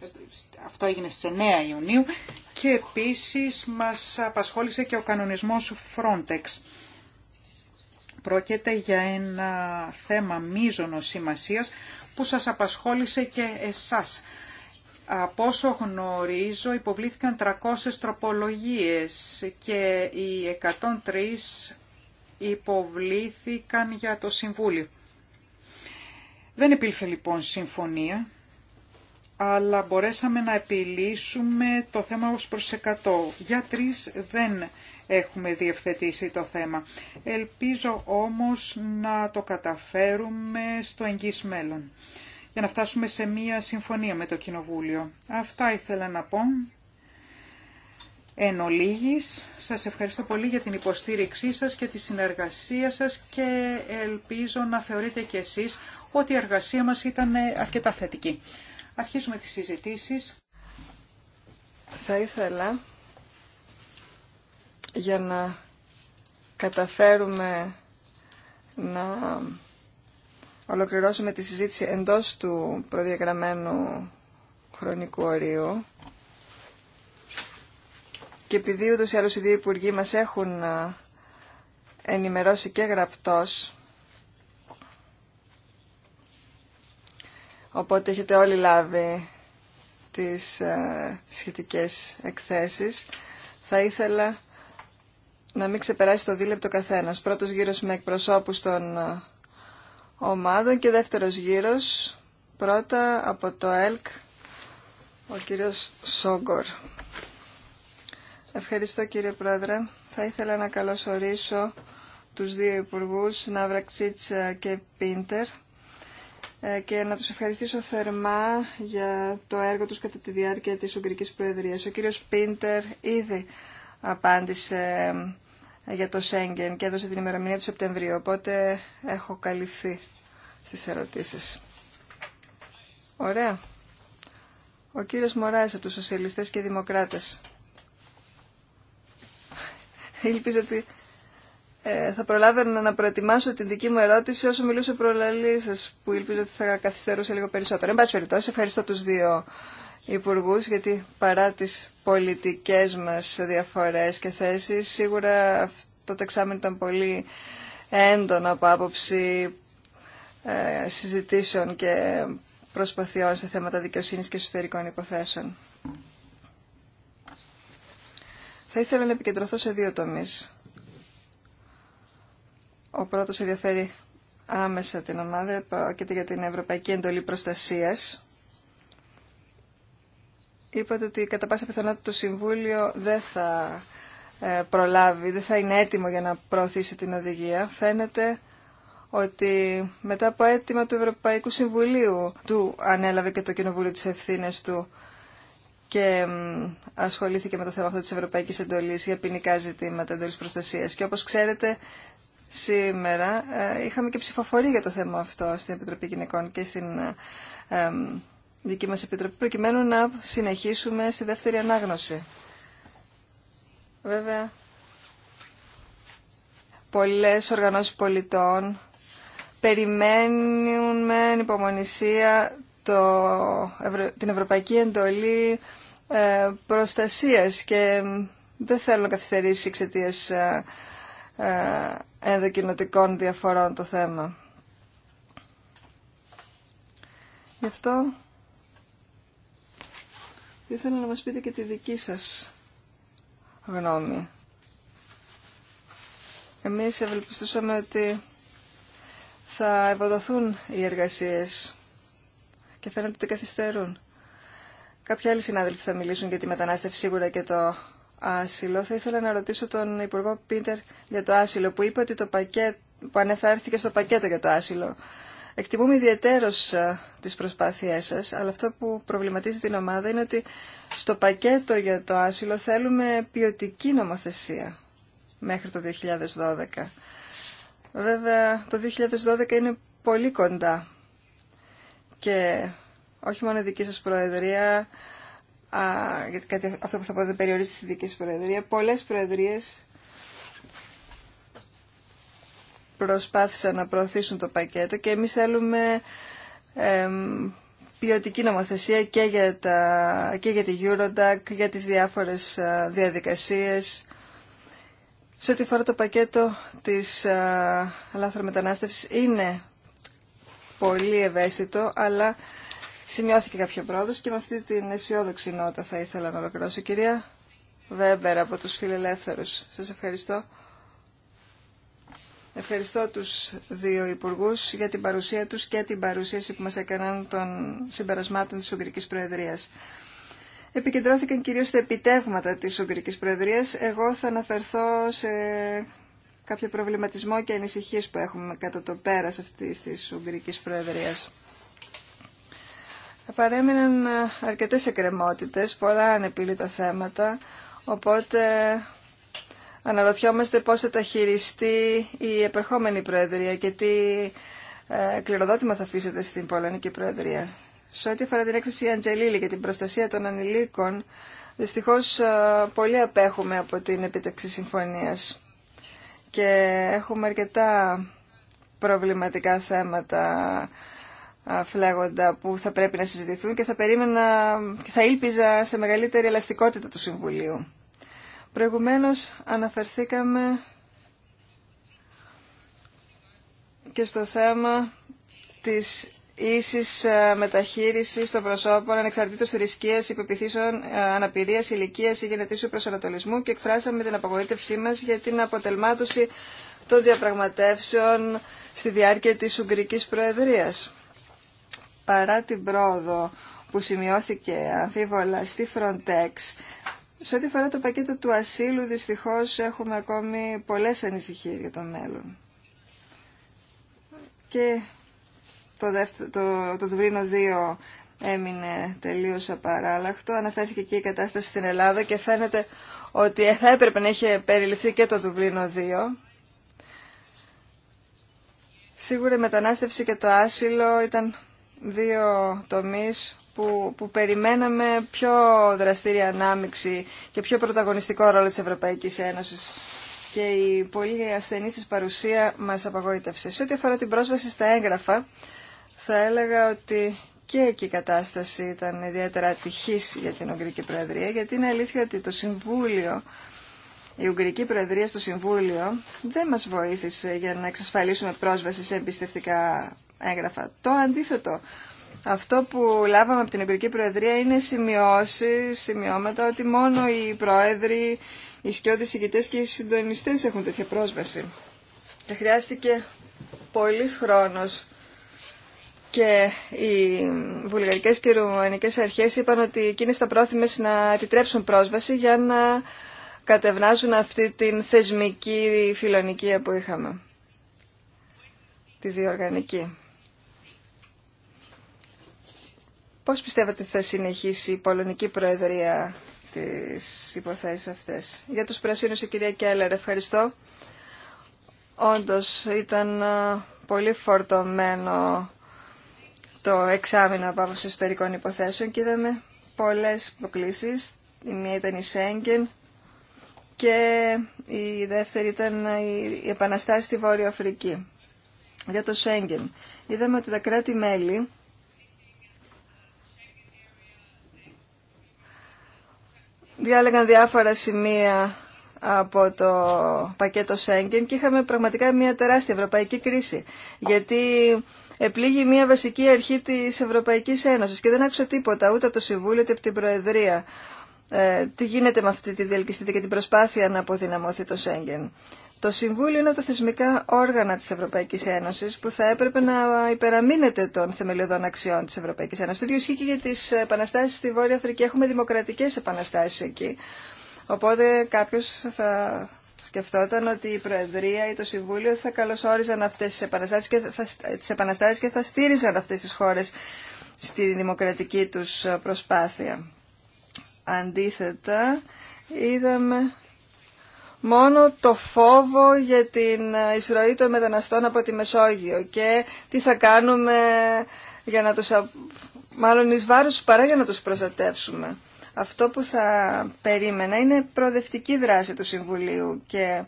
αυτό έγινε στις 9 Ιουνίου και επίσης μας απασχόλησε και ο κανονισμός Frontex. Πρόκειται για ένα θέμα μείζωνος σημασίας που σας απασχόλησε και εσάς. Από όσο γνωρίζω υποβλήθηκαν 300 τροπολογίες και οι 103 υποβλήθηκαν για το Συμβούλιο. Δεν επήλθε λοιπόν συμφωνία, αλλά μπορέσαμε να επιλύσουμε το θέμα ως προς 100. Για τρεις δεν έχουμε διευθετήσει το θέμα. Ελπίζω όμως να το καταφέρουμε στο εγγύς μέλλον για να φτάσουμε σε μία συμφωνία με το Κοινοβούλιο. Αυτά ήθελα να πω. Εν ολίγης, σας ευχαριστώ πολύ για την υποστήριξή σας και τη συνεργασία σας και ελπίζω να θεωρείτε και εσείς ότι η εργασία μας ήταν αρκετά θετική. Αρχίζουμε τις συζητήσεις. Θα ήθελα για να καταφέρουμε να ολοκληρώσουμε τη συζήτηση εντός του προδιαγραμμένου χρονικού ορίου και επειδή ούτως ή άλλως οι δύο υπουργοί μας έχουν ενημερώσει και γραπτός οπότε έχετε όλοι λάβει τις σχετικές εκθέσεις θα ήθελα να μην ξεπεράσει το δίλεπτο καθένας. Πρώτος γύρος με εκπροσώπους των ε, ομάδων και δεύτερος γύρος πρώτα από το ΕΛΚ ο κύριος Σόγκορ. Ευχαριστώ κύριε Πρόεδρε. Θα ήθελα να καλωσορίσω τους δύο υπουργούς, Ναυραξίτς και Πίντερ ε, και να τους ευχαριστήσω θερμά για το έργο τους κατά τη διάρκεια της Ουγγρικής Προεδρίας. Ο κύριος Πίντερ ήδη απάντησε για το Σέγγεν και έδωσε την ημερομηνία του Σεπτεμβρίου, οπότε έχω καλυφθεί στις ερωτήσεις. Ωραία. Ο κύριος Μωράης από τους Σοσιαλιστές και Δημοκράτες. Ελπίζω ότι ε, θα προλάβαινα να προετοιμάσω την δική μου ερώτηση όσο μιλούσε προλαλή σα, που ελπίζω ότι θα καθυστερούσε λίγο περισσότερο. Εν πάση περιπτώσει, ευχαριστώ τους δύο υπουργού, γιατί παρά τις πολιτικές μας διαφορές και θέσεις, σίγουρα αυτό το εξάμεινο ήταν πολύ έντονο από άποψη ε, συζητήσεων και προσπαθειών σε θέματα δικαιοσύνης και εσωτερικών υποθέσεων. Θα ήθελα να επικεντρωθώ σε δύο τομείς. Ο πρώτος ενδιαφέρει άμεσα την ομάδα, πρόκειται για την Ευρωπαϊκή Εντολή Προστασίας είπατε ότι κατά πάσα πιθανότητα το Συμβούλιο δεν θα ε, προλάβει, δεν θα είναι έτοιμο για να προωθήσει την οδηγία. Φαίνεται ότι μετά από αίτημα του Ευρωπαϊκού Συμβουλίου του ανέλαβε και το Κοινοβούλιο τις ευθύνες του και ασχολήθηκε με το θέμα αυτό της Ευρωπαϊκής Εντολής για ποινικά ζητήματα εντολής προστασίας. Και όπως ξέρετε σήμερα ε, είχαμε και ψηφοφορία για το θέμα αυτό στην Επιτροπή Γυναικών και στην ε, δική μας Επιτροπή προκειμένου να συνεχίσουμε στη δεύτερη ανάγνωση. Βέβαια, πολλές οργανώσεις πολιτών περιμένουν με υπομονησία το, την Ευρωπαϊκή Εντολή ε, Προστασίας και δεν θέλουν να καθυστερήσει εξαιτία ε, ε, ενδοκινοτικών διαφορών το θέμα. Γι' αυτό ήθελα να μας πείτε και τη δική σας γνώμη. Εμείς ευελπιστούσαμε ότι θα ευοδοθούν οι εργασίες και φαίνεται ότι καθυστερούν. Κάποιοι άλλοι συνάδελφοι θα μιλήσουν για τη μετανάστευση σίγουρα και το άσυλο. Θα ήθελα να ρωτήσω τον Υπουργό Πίτερ για το άσυλο που είπε ότι το πακέτο που ανεφέρθηκε στο πακέτο για το άσυλο Εκτιμούμε ιδιαίτερω ε, τι προσπάθειε σας, αλλά αυτό που προβληματίζει την ομάδα είναι ότι στο πακέτο για το άσυλο θέλουμε ποιοτική νομοθεσία μέχρι το 2012. Βέβαια, το 2012 είναι πολύ κοντά και όχι μόνο η δική σας Προεδρία, α, γιατί αυτό που θα πω δεν περιορίζει τη δική σα Προεδρία, πολλές Προεδρίες προσπάθησαν να προωθήσουν το πακέτο και εμείς θέλουμε ποιοτική νομοθεσία και για, τα, και για τη Eurodac, για τις διάφορες διαδικασίες. Σε ό,τι φορά το πακέτο της λάθρομετανάστευσης είναι πολύ ευαίσθητο, αλλά σημειώθηκε κάποιο πρόοδος και με αυτή την αισιόδοξη νότα θα ήθελα να ολοκληρώσω. Κυρία Βέμπερ από τους φιλελεύθερους, σας ευχαριστώ. Ευχαριστώ τους δύο υπουργούς για την παρουσία τους και την παρουσίαση που μας έκαναν των συμπερασμάτων της Ουγγρικής Προεδρίας. Επικεντρώθηκαν κυρίως στα επιτεύγματα της Ουγγρικής Προεδρίας. Εγώ θα αναφερθώ σε κάποιο προβληματισμό και ανησυχίες που έχουμε κατά το πέρας αυτής της Ουγγρικής Προεδρίας. Παρέμειναν αρκετές εκκρεμότητες, πολλά ανεπίλητα θέματα, οπότε αναρωτιόμαστε πώς θα τα χειριστεί η επερχόμενη Προεδρία και τι ε, κληροδότημα θα αφήσετε στην Πολωνική Προεδρία. Σε ό,τι αφορά την έκθεση Αντζελίλη και την προστασία των ανηλίκων, δυστυχώς ε, πολύ απέχουμε από την επίτευξη συμφωνίας και έχουμε αρκετά προβληματικά θέματα ε, φλέγοντα που θα πρέπει να συζητηθούν και θα περίμενα, θα ήλπιζα σε μεγαλύτερη ελαστικότητα του Συμβουλίου. Προηγουμένως αναφερθήκαμε και στο θέμα της ίσης ε, μεταχείρισης των προσώπων ανεξαρτήτως θρησκείας, υπεπιθύσεων, ε, αναπηρίας, ηλικίας ή γενετήσου προσανατολισμού και εκφράσαμε την απογοήτευσή μας για την αποτελμάτωση των διαπραγματεύσεων στη διάρκεια της Ουγγρικής Προεδρίας. Παρά την πρόοδο που σημειώθηκε αμφίβολα στη Frontex, σε ό,τι αφορά το πακέτο του ασύλου, δυστυχώς έχουμε ακόμη πολλές ανησυχίες για το μέλλον. Και το, το, το Δουβλίνο 2 έμεινε τελείως απαράλλαχτο. Αναφέρθηκε και η κατάσταση στην Ελλάδα και φαίνεται ότι θα έπρεπε να είχε περιληφθεί και το Δουβλίνο 2. Σίγουρα η μετανάστευση και το άσυλο ήταν δύο τομείς που, που περιμέναμε πιο δραστήρια ανάμειξη και πιο πρωταγωνιστικό ρόλο της Ευρωπαϊκής Ένωσης και η πολύ ασθενή της παρουσία μας απαγοήτευσε. Σε ό,τι αφορά την πρόσβαση στα έγγραφα, θα έλεγα ότι και εκεί η κατάσταση ήταν ιδιαίτερα ατυχής για την Ουγγρική Προεδρία, γιατί είναι αλήθεια ότι το Συμβούλιο, η Ουγγρική Προεδρία στο Συμβούλιο δεν μας βοήθησε για να εξασφαλίσουμε πρόσβαση σε εμπιστευτικά έγγραφα. Το αντίθετο, αυτό που λάβαμε από την Εμπειρική Προεδρία είναι σημειώσεις, σημειώματα ότι μόνο οι πρόεδροι, οι σκιώδεις ηγητές και οι συντονιστές έχουν τέτοια πρόσβαση. Και χρειάστηκε πολύς χρόνος και οι βουλγαρικές και οι ρουμανικές αρχές είπαν ότι εκείνες τα πρόθυμες να επιτρέψουν πρόσβαση για να κατευνάσουν αυτή την θεσμική φιλονικία που είχαμε, τη διοργανική. Πώς πιστεύετε θα συνεχίσει η Πολωνική Προεδρία τις υποθέσεις αυτές. Για τους πρασίνους η κυρία Κέλλερ, ευχαριστώ. Όντως ήταν ε, πολύ φορτωμένο το εξάμεινο από άποψη εσωτερικών υποθέσεων και είδαμε πολλές προκλήσεις. Η μία ήταν η Σέγγεν και η δεύτερη ήταν η επαναστάση στη Βόρεια Αφρική. Για το Σέγγεν. Είδαμε ότι τα κράτη-μέλη διάλεγαν διάφορα σημεία από το πακέτο Σέγγεν και είχαμε πραγματικά μια τεράστια ευρωπαϊκή κρίση. Γιατί επλήγει μια βασική αρχή της Ευρωπαϊκής Ένωσης και δεν άκουσα τίποτα ούτε από το Συμβούλιο ούτε από την Προεδρία. Ε, τι γίνεται με αυτή τη διελκυστική και την προσπάθεια να αποδυναμωθεί το Σέγγεν. Το Συμβούλιο είναι τα θεσμικά όργανα της Ευρωπαϊκής Ένωσης που θα έπρεπε να υπεραμείνεται των θεμελιωδών αξιών της Ευρωπαϊκής Ένωσης. Το ίδιο ισχύει και για τις επαναστάσεις στη Βόρεια Αφρική. Έχουμε δημοκρατικές επαναστάσεις εκεί. Οπότε κάποιος θα σκεφτόταν ότι η Προεδρία ή το Συμβούλιο θα καλωσόριζαν αυτές τις επαναστάσεις και θα, τις επαναστάσεις και θα στήριζαν αυτές τις χώρες στη δημοκρατική τους προσπάθεια. Αντίθετα, είδαμε μόνο το φόβο για την εισρωή των μεταναστών από τη Μεσόγειο και τι θα κάνουμε για να τους, μάλλον εις βάρος παρά για να τους προστατεύσουμε. Αυτό που θα περίμενα είναι προοδευτική δράση του Συμβουλίου και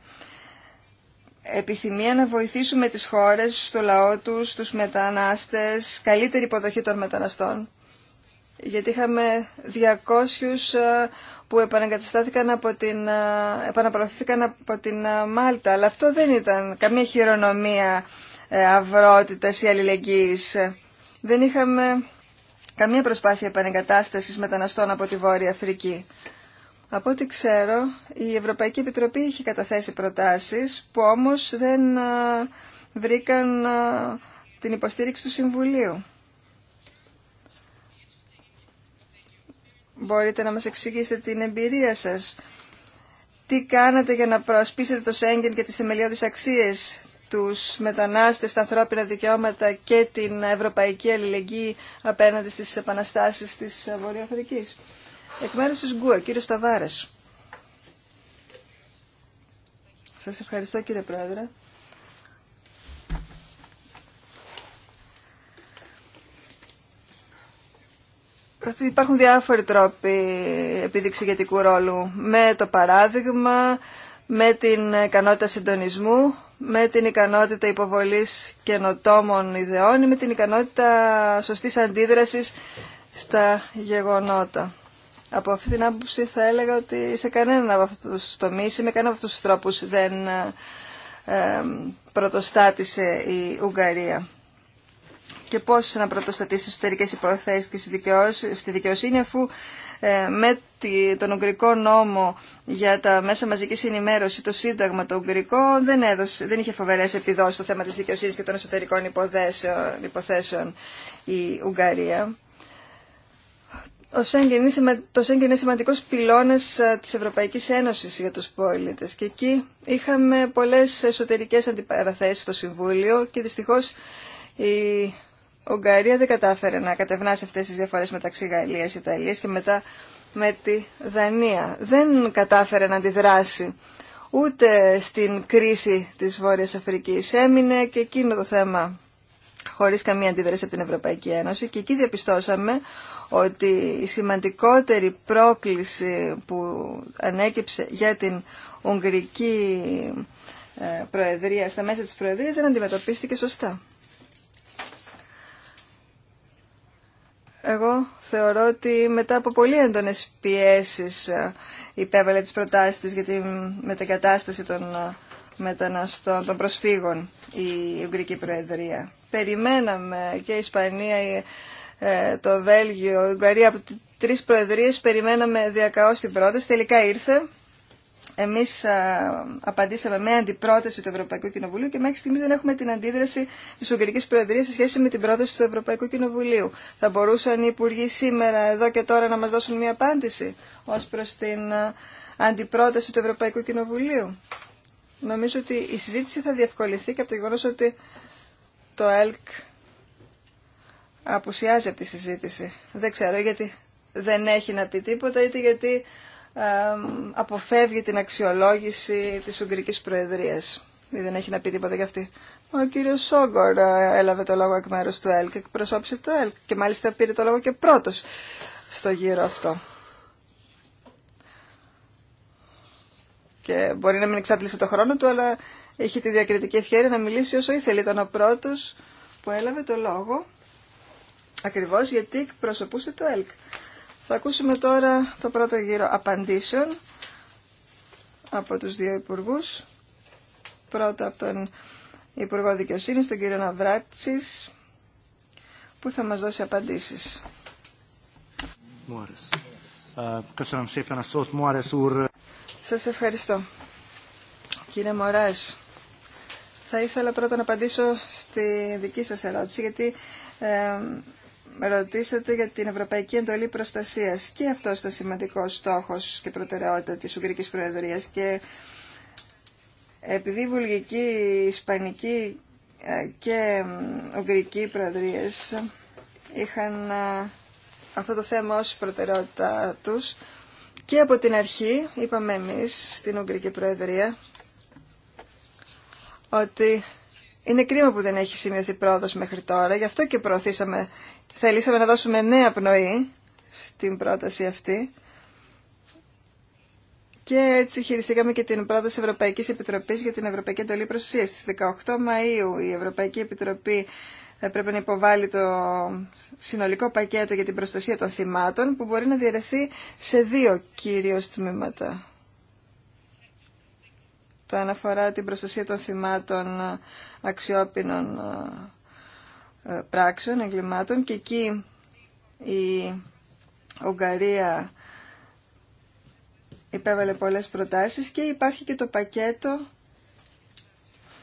επιθυμία να βοηθήσουμε τις χώρες, το λαό τους, τους μετανάστες, καλύτερη υποδοχή των μεταναστών γιατί είχαμε 200 ε, που επαναγκαταστάθηκαν από την, ε, επαναπροωθήθηκαν από την ε, Μάλτα. Αλλά αυτό δεν ήταν καμία χειρονομία αυρότητας ή αλληλεγγύης. Δεν είχαμε καμία προσπάθεια επανεγκατάστασης μεταναστών από τη Βόρεια Αφρική. Από ό,τι ξέρω, η Ευρωπαϊκή Επιτροπή είχε καταθέσει προτάσεις που όμως δεν βρήκαν την υποστήριξη του Συμβουλίου. Μπορείτε να μας εξηγήσετε την εμπειρία σας. Τι κάνατε για να προασπίσετε το Σέγγεν και τις θεμελιώδεις αξίες, τους μετανάστες, τα ανθρώπινα δικαιώματα και την ευρωπαϊκή αλληλεγγύη απέναντι στις επαναστάσεις της Βορειοαφρικής. Εκ μέρους της Γκουα, κύριος Σταβάρας. Σας ευχαριστώ κύριε Πρόεδρε. Υπάρχουν διάφοροι τρόποι επιδειξηγετικού ρόλου. Με το παράδειγμα, με την ικανότητα συντονισμού, με την ικανότητα υποβολής καινοτόμων ιδεών ή με την ικανότητα σωστής αντίδρασης στα γεγονότα. Από αυτή την άποψη θα έλεγα ότι σε κανέναν από αυτούς τους τομείς ή με κανέναν από αυτούς τους τρόπους δεν ε, ε, πρωτοστάτησε η Ουγγαρία και πώς να πρωτοστατήσει εσωτερικές υποθέσεις και στη δικαιοσύνη αφού ε, με τον Ουγγρικό νόμο για τα μέσα μαζικής ενημέρωση, το Σύνταγμα το Ουγγρικό δεν, έδωσε, δεν είχε φοβερές επιδόσεις στο θέμα της δικαιοσύνης και των εσωτερικών υποθέσεων, η Ουγγαρία. το Σέγγεν είναι σημαντικός πυλώνας ε, της Ευρωπαϊκής Ένωσης για τους πολίτες και εκεί είχαμε πολλές εσωτερικές αντιπαραθέσεις στο Συμβούλιο και δυστυχώς η Ουγγαρία δεν κατάφερε να κατευνάσει αυτές τις διαφορές μεταξύ Γαλλίας και Ιταλίας και μετά με τη Δανία. Δεν κατάφερε να αντιδράσει ούτε στην κρίση της Βόρειας Αφρικής. Έμεινε και εκείνο το θέμα χωρίς καμία αντίδραση από την Ευρωπαϊκή Ένωση και εκεί διαπιστώσαμε ότι η σημαντικότερη πρόκληση που ανέκυψε για την Ουγγρική ε, Προεδρία στα μέσα της Προεδρίας δεν αντιμετωπίστηκε σωστά. Εγώ θεωρώ ότι μετά από πολύ έντονες πιέσεις ε, υπέβαλε τις προτάσεις της για τη μετακατάσταση των ε, μεταναστών, των προσφύγων η Ουγγρική Προεδρία. Περιμέναμε και η Ισπανία, ε, το Βέλγιο, η Ουγγαρία από τρεις προεδρίες περιμέναμε διακαώς την πρόταση. Τελικά ήρθε εμείς απαντήσαμε με αντιπρόταση του Ευρωπαϊκού Κοινοβουλίου και μέχρι στιγμής δεν έχουμε την αντίδραση της Ουγγρικής Προεδρίας σε σχέση με την πρόταση του Ευρωπαϊκού Κοινοβουλίου. Θα μπορούσαν οι Υπουργοί σήμερα εδώ και τώρα να μας δώσουν μια απάντηση ως προς την αντιπρόταση του Ευρωπαϊκού Κοινοβουλίου. Νομίζω ότι η συζήτηση θα διευκολυθεί και από το γεγονό ότι το ΕΛΚ απουσιάζει από τη συζήτηση. Δεν ξέρω γιατί δεν έχει να πει τίποτα, είτε γιατί αποφεύγει την αξιολόγηση της Ουγγρικής Προεδρίας. Δεν έχει να πει τίποτα για αυτή. Ο κύριο Σόγκορ ε, έλαβε το λόγο εκ μέρου του ΕΛΚ και εκπροσώπησε το ΕΛΚ και μάλιστα πήρε το λόγο και πρώτο στο γύρο αυτό. Και μπορεί να μην εξάπλησε το χρόνο του, αλλά είχε τη διακριτική ευχαίρεια να μιλήσει όσο ήθελε. Ήταν ο πρώτο που έλαβε το λόγο ακριβώ γιατί εκπροσωπούσε το ΕΛΚ. Θα ακούσουμε τώρα το πρώτο γύρο απαντήσεων από τους δύο υπουργούς. Πρώτα από τον Υπουργό Δικαιοσύνης, τον κύριο Ναυράτσης, που θα μας δώσει απαντήσεις. Ε, σας ευχαριστώ. Κύριε Μωράς, θα ήθελα πρώτα να απαντήσω στη δική σας ερώτηση, γιατί ε, ρωτήσατε για την Ευρωπαϊκή Εντολή Προστασία και αυτό ήταν σημαντικό στόχο και προτεραιότητα τη Ουγγρική Προεδρία. και επειδή η Βουλγική, η Ισπανική ε, και Ουγγρικοί Προεδρίες είχαν ε, αυτό το θέμα ως προτεραιότητα τους και από την αρχή είπαμε εμείς στην Ουγγρική Προεδρία ότι είναι κρίμα που δεν έχει σημειωθεί πρόοδος μέχρι τώρα, γι' αυτό και προωθήσαμε Θελήσαμε να δώσουμε νέα πνοή στην πρόταση αυτή και έτσι χειριστήκαμε και την πρόταση Ευρωπαϊκής Επιτροπής για την Ευρωπαϊκή Εντολή Προστασία. Στις 18 Μαΐου η Ευρωπαϊκή Επιτροπή πρέπει να υποβάλει το συνολικό πακέτο για την προστασία των θυμάτων που μπορεί να διαιρεθεί σε δύο κύριο τμήματα. Το αναφορά την προστασία των θυμάτων αξιόπινων ε, πράξεων, εγκλημάτων και εκεί η Ουγγαρία υπέβαλε πολλές προτάσεις και υπάρχει και το πακέτο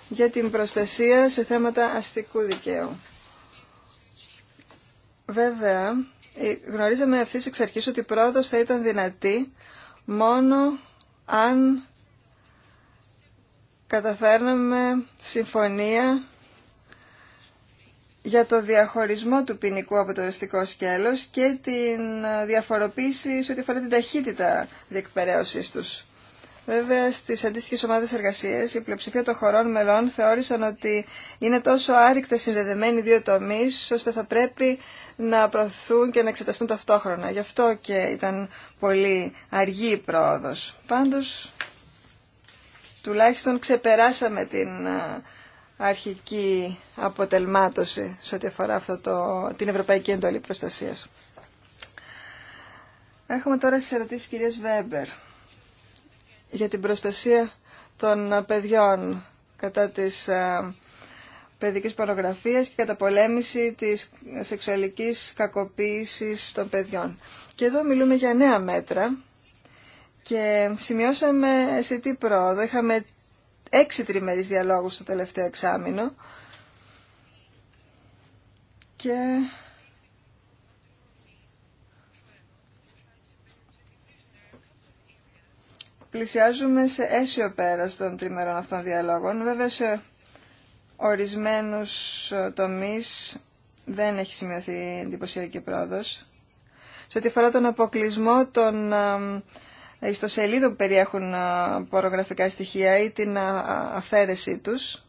για την προστασία σε θέματα αστικού δικαίου. Βέβαια, ε, γνωρίζαμε αυτή εξ αρχής ότι η πρόοδος θα ήταν δυνατή μόνο αν καταφέρναμε συμφωνία για το διαχωρισμό του ποινικού από το σκέλος και την διαφοροποίηση σε ό,τι αφορά την ταχύτητα διεκπαιρέωσης τους. Βέβαια, στις αντίστοιχες ομάδες εργασίες, η πλειοψηφία των χωρών μελών θεώρησαν ότι είναι τόσο άρρηκτα συνδεδεμένοι δύο τομείς, ώστε θα πρέπει να προωθούν και να εξεταστούν ταυτόχρονα. Γι' αυτό και ήταν πολύ αργή η πρόοδος. Πάντως, τουλάχιστον ξεπεράσαμε την αρχική αποτελμάτωση σε ό,τι αφορά αυτό το, την Ευρωπαϊκή Εντολή Προστασίας. Έχουμε τώρα στις ερωτήσεις κυρίας Βέμπερ για την προστασία των παιδιών κατά της ε, παιδικής παρογραφίας και κατά πολέμηση της σεξουαλικής κακοποίησης των παιδιών. Και εδώ μιλούμε για νέα μέτρα και σημειώσαμε τι πρόοδο. Είχαμε έξι τριμερείς διαλόγους στο τελευταίο εξάμεινο και πλησιάζουμε σε αίσιο πέρας των τριμερών αυτών διαλόγων. Βέβαια σε ορισμένους τομείς δεν έχει σημειωθεί εντυπωσιακή πρόοδος. Σε ό,τι αφορά τον αποκλεισμό των ιστοσελίδα που περιέχουν πορογραφικά στοιχεία ή την αφαίρεσή τους.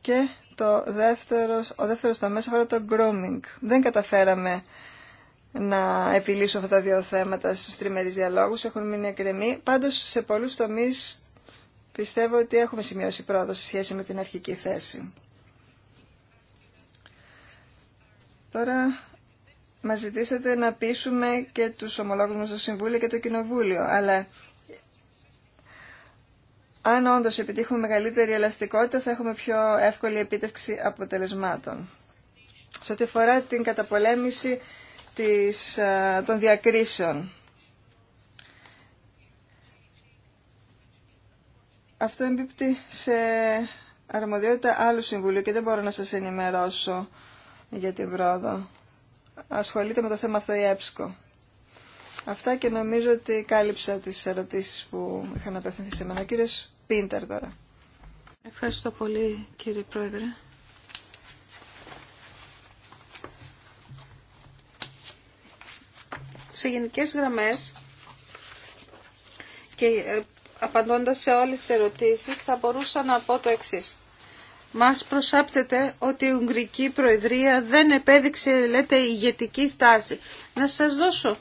Και το δεύτερο, ο δεύτερος τομέας αφορά το grooming. Δεν καταφέραμε να επιλύσω αυτά τα δύο θέματα στους τριμερείς διαλόγους, έχουν μείνει εκκρεμοί. Πάντως σε πολλούς τομείς πιστεύω ότι έχουμε σημειώσει πρόοδο σε σχέση με την αρχική θέση. Τώρα Μα ζητήσατε να πείσουμε και τους ομολόγους μας στο Συμβούλιο και το Κοινοβούλιο, αλλά αν όντως επιτύχουμε μεγαλύτερη ελαστικότητα θα έχουμε πιο εύκολη επίτευξη αποτελεσμάτων. Σε ό,τι αφορά την καταπολέμηση της, ε, των διακρίσεων. Αυτό εμπίπτει σε αρμοδιότητα άλλου συμβουλίου και δεν μπορώ να σας ενημερώσω για την πρόοδο ασχολείται με το θέμα αυτό η ΕΠΣΚΟ. Αυτά και νομίζω ότι κάλυψα τις ερωτήσεις που είχαν απευθυνθεί σε μένα. κύριος Πίντερ τώρα. Ευχαριστώ πολύ κύριε Πρόεδρε. Σε γενικές γραμμές και ε, απαντώντας σε όλες τις ερωτήσεις θα μπορούσα να πω το εξής μας προσάπτεται ότι η Ουγγρική Προεδρία δεν επέδειξε, λέτε, ηγετική στάση. Να σας δώσω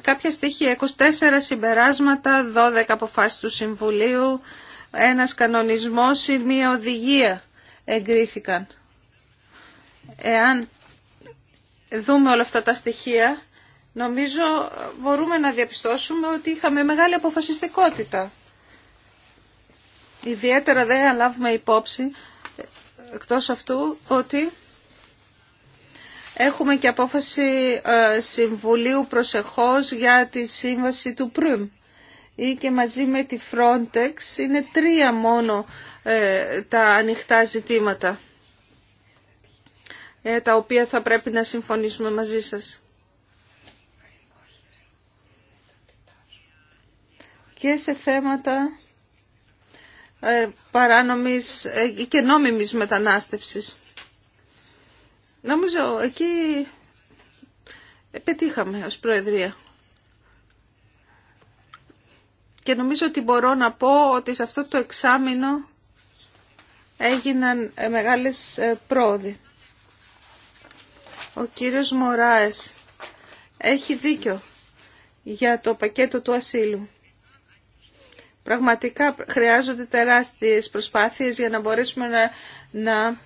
κάποια στοιχεία. 24 συμπεράσματα, 12 αποφάσεις του Συμβουλίου, ένας κανονισμός ή μία οδηγία εγκρίθηκαν. Εάν δούμε όλα αυτά τα στοιχεία, νομίζω μπορούμε να διαπιστώσουμε ότι είχαμε μεγάλη αποφασιστικότητα Ιδιαίτερα δεν αν λάβουμε υπόψη, εκτός αυτού, ότι έχουμε και απόφαση ε, Συμβουλίου προσεχώς για τη σύμβαση του ΠΡΟΥΜ ή και μαζί με τη Frontex είναι τρία μόνο ε, τα ανοιχτά ζητήματα ε, τα οποία θα πρέπει να συμφωνήσουμε μαζί σας. Και σε θέματα ε, παράνομης ε, και νόμιμης μετανάστευσης. Νομίζω εκεί πετύχαμε ως Προεδρία. Και νομίζω ότι μπορώ να πω ότι σε αυτό το εξάμεινο έγιναν ε, μεγάλες πρόοδοι. Ο κύριος Μωράες έχει δίκιο για το πακέτο του ασύλου. Πραγματικά χρειάζονται τεράστιες προσπάθειες για να μπορέσουμε να, να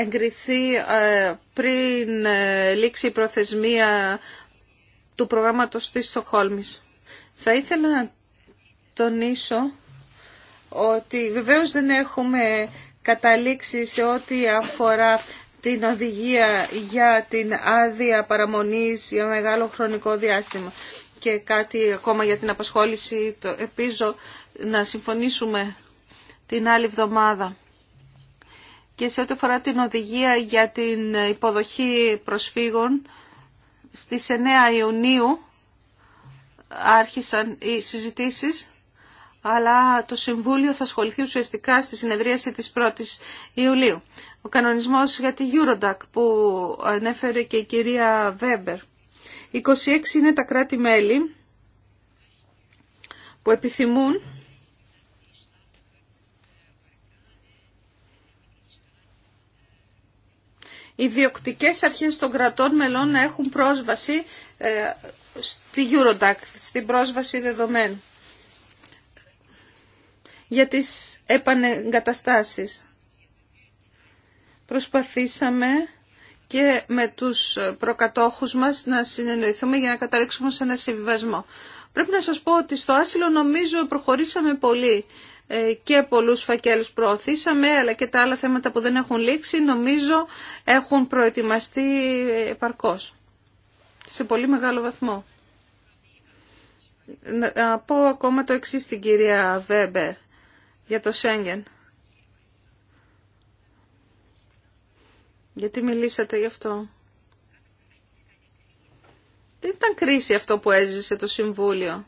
εγκριθεί ε, πριν ε, λήξει η προθεσμία του προγράμματος της Στοχόλμης. Θα ήθελα να τονίσω ότι βεβαίως δεν έχουμε καταλήξει σε ό,τι αφορά την οδηγία για την άδεια παραμονής για μεγάλο χρονικό διάστημα και κάτι ακόμα για την απασχόληση. Το επίζω να συμφωνήσουμε την άλλη εβδομάδα. Και σε ό,τι αφορά την οδηγία για την υποδοχή προσφύγων, στις 9 Ιουνίου άρχισαν οι συζητήσεις, αλλά το Συμβούλιο θα ασχοληθεί ουσιαστικά στη συνεδρίαση της 1ης Ιουλίου. Ο κανονισμός για τη Eurodac που ανέφερε και η κυρία Βέμπερ. 26 είναι τα κράτη-μέλη που επιθυμούν οι διοκτικές αρχές των κρατών μελών να έχουν πρόσβαση ε, στη Eurodac, στην πρόσβαση δεδομένων για τις επανεγκαταστάσεις. Προσπαθήσαμε και με τους προκατόχους μας να συνεννοηθούμε για να καταλήξουμε σε ένα συμβιβασμό. Πρέπει να σας πω ότι στο άσυλο νομίζω προχωρήσαμε πολύ ε, και πολλούς φακέλους προωθήσαμε, αλλά και τα άλλα θέματα που δεν έχουν λήξει νομίζω έχουν προετοιμαστεί ε, επαρκώς, σε πολύ μεγάλο βαθμό. Να πω ακόμα το εξής στην κυρία Βέμπερ για το Σέγγεν. Γιατί μιλήσατε γι' αυτό. Δεν ήταν κρίση αυτό που έζησε το Συμβούλιο.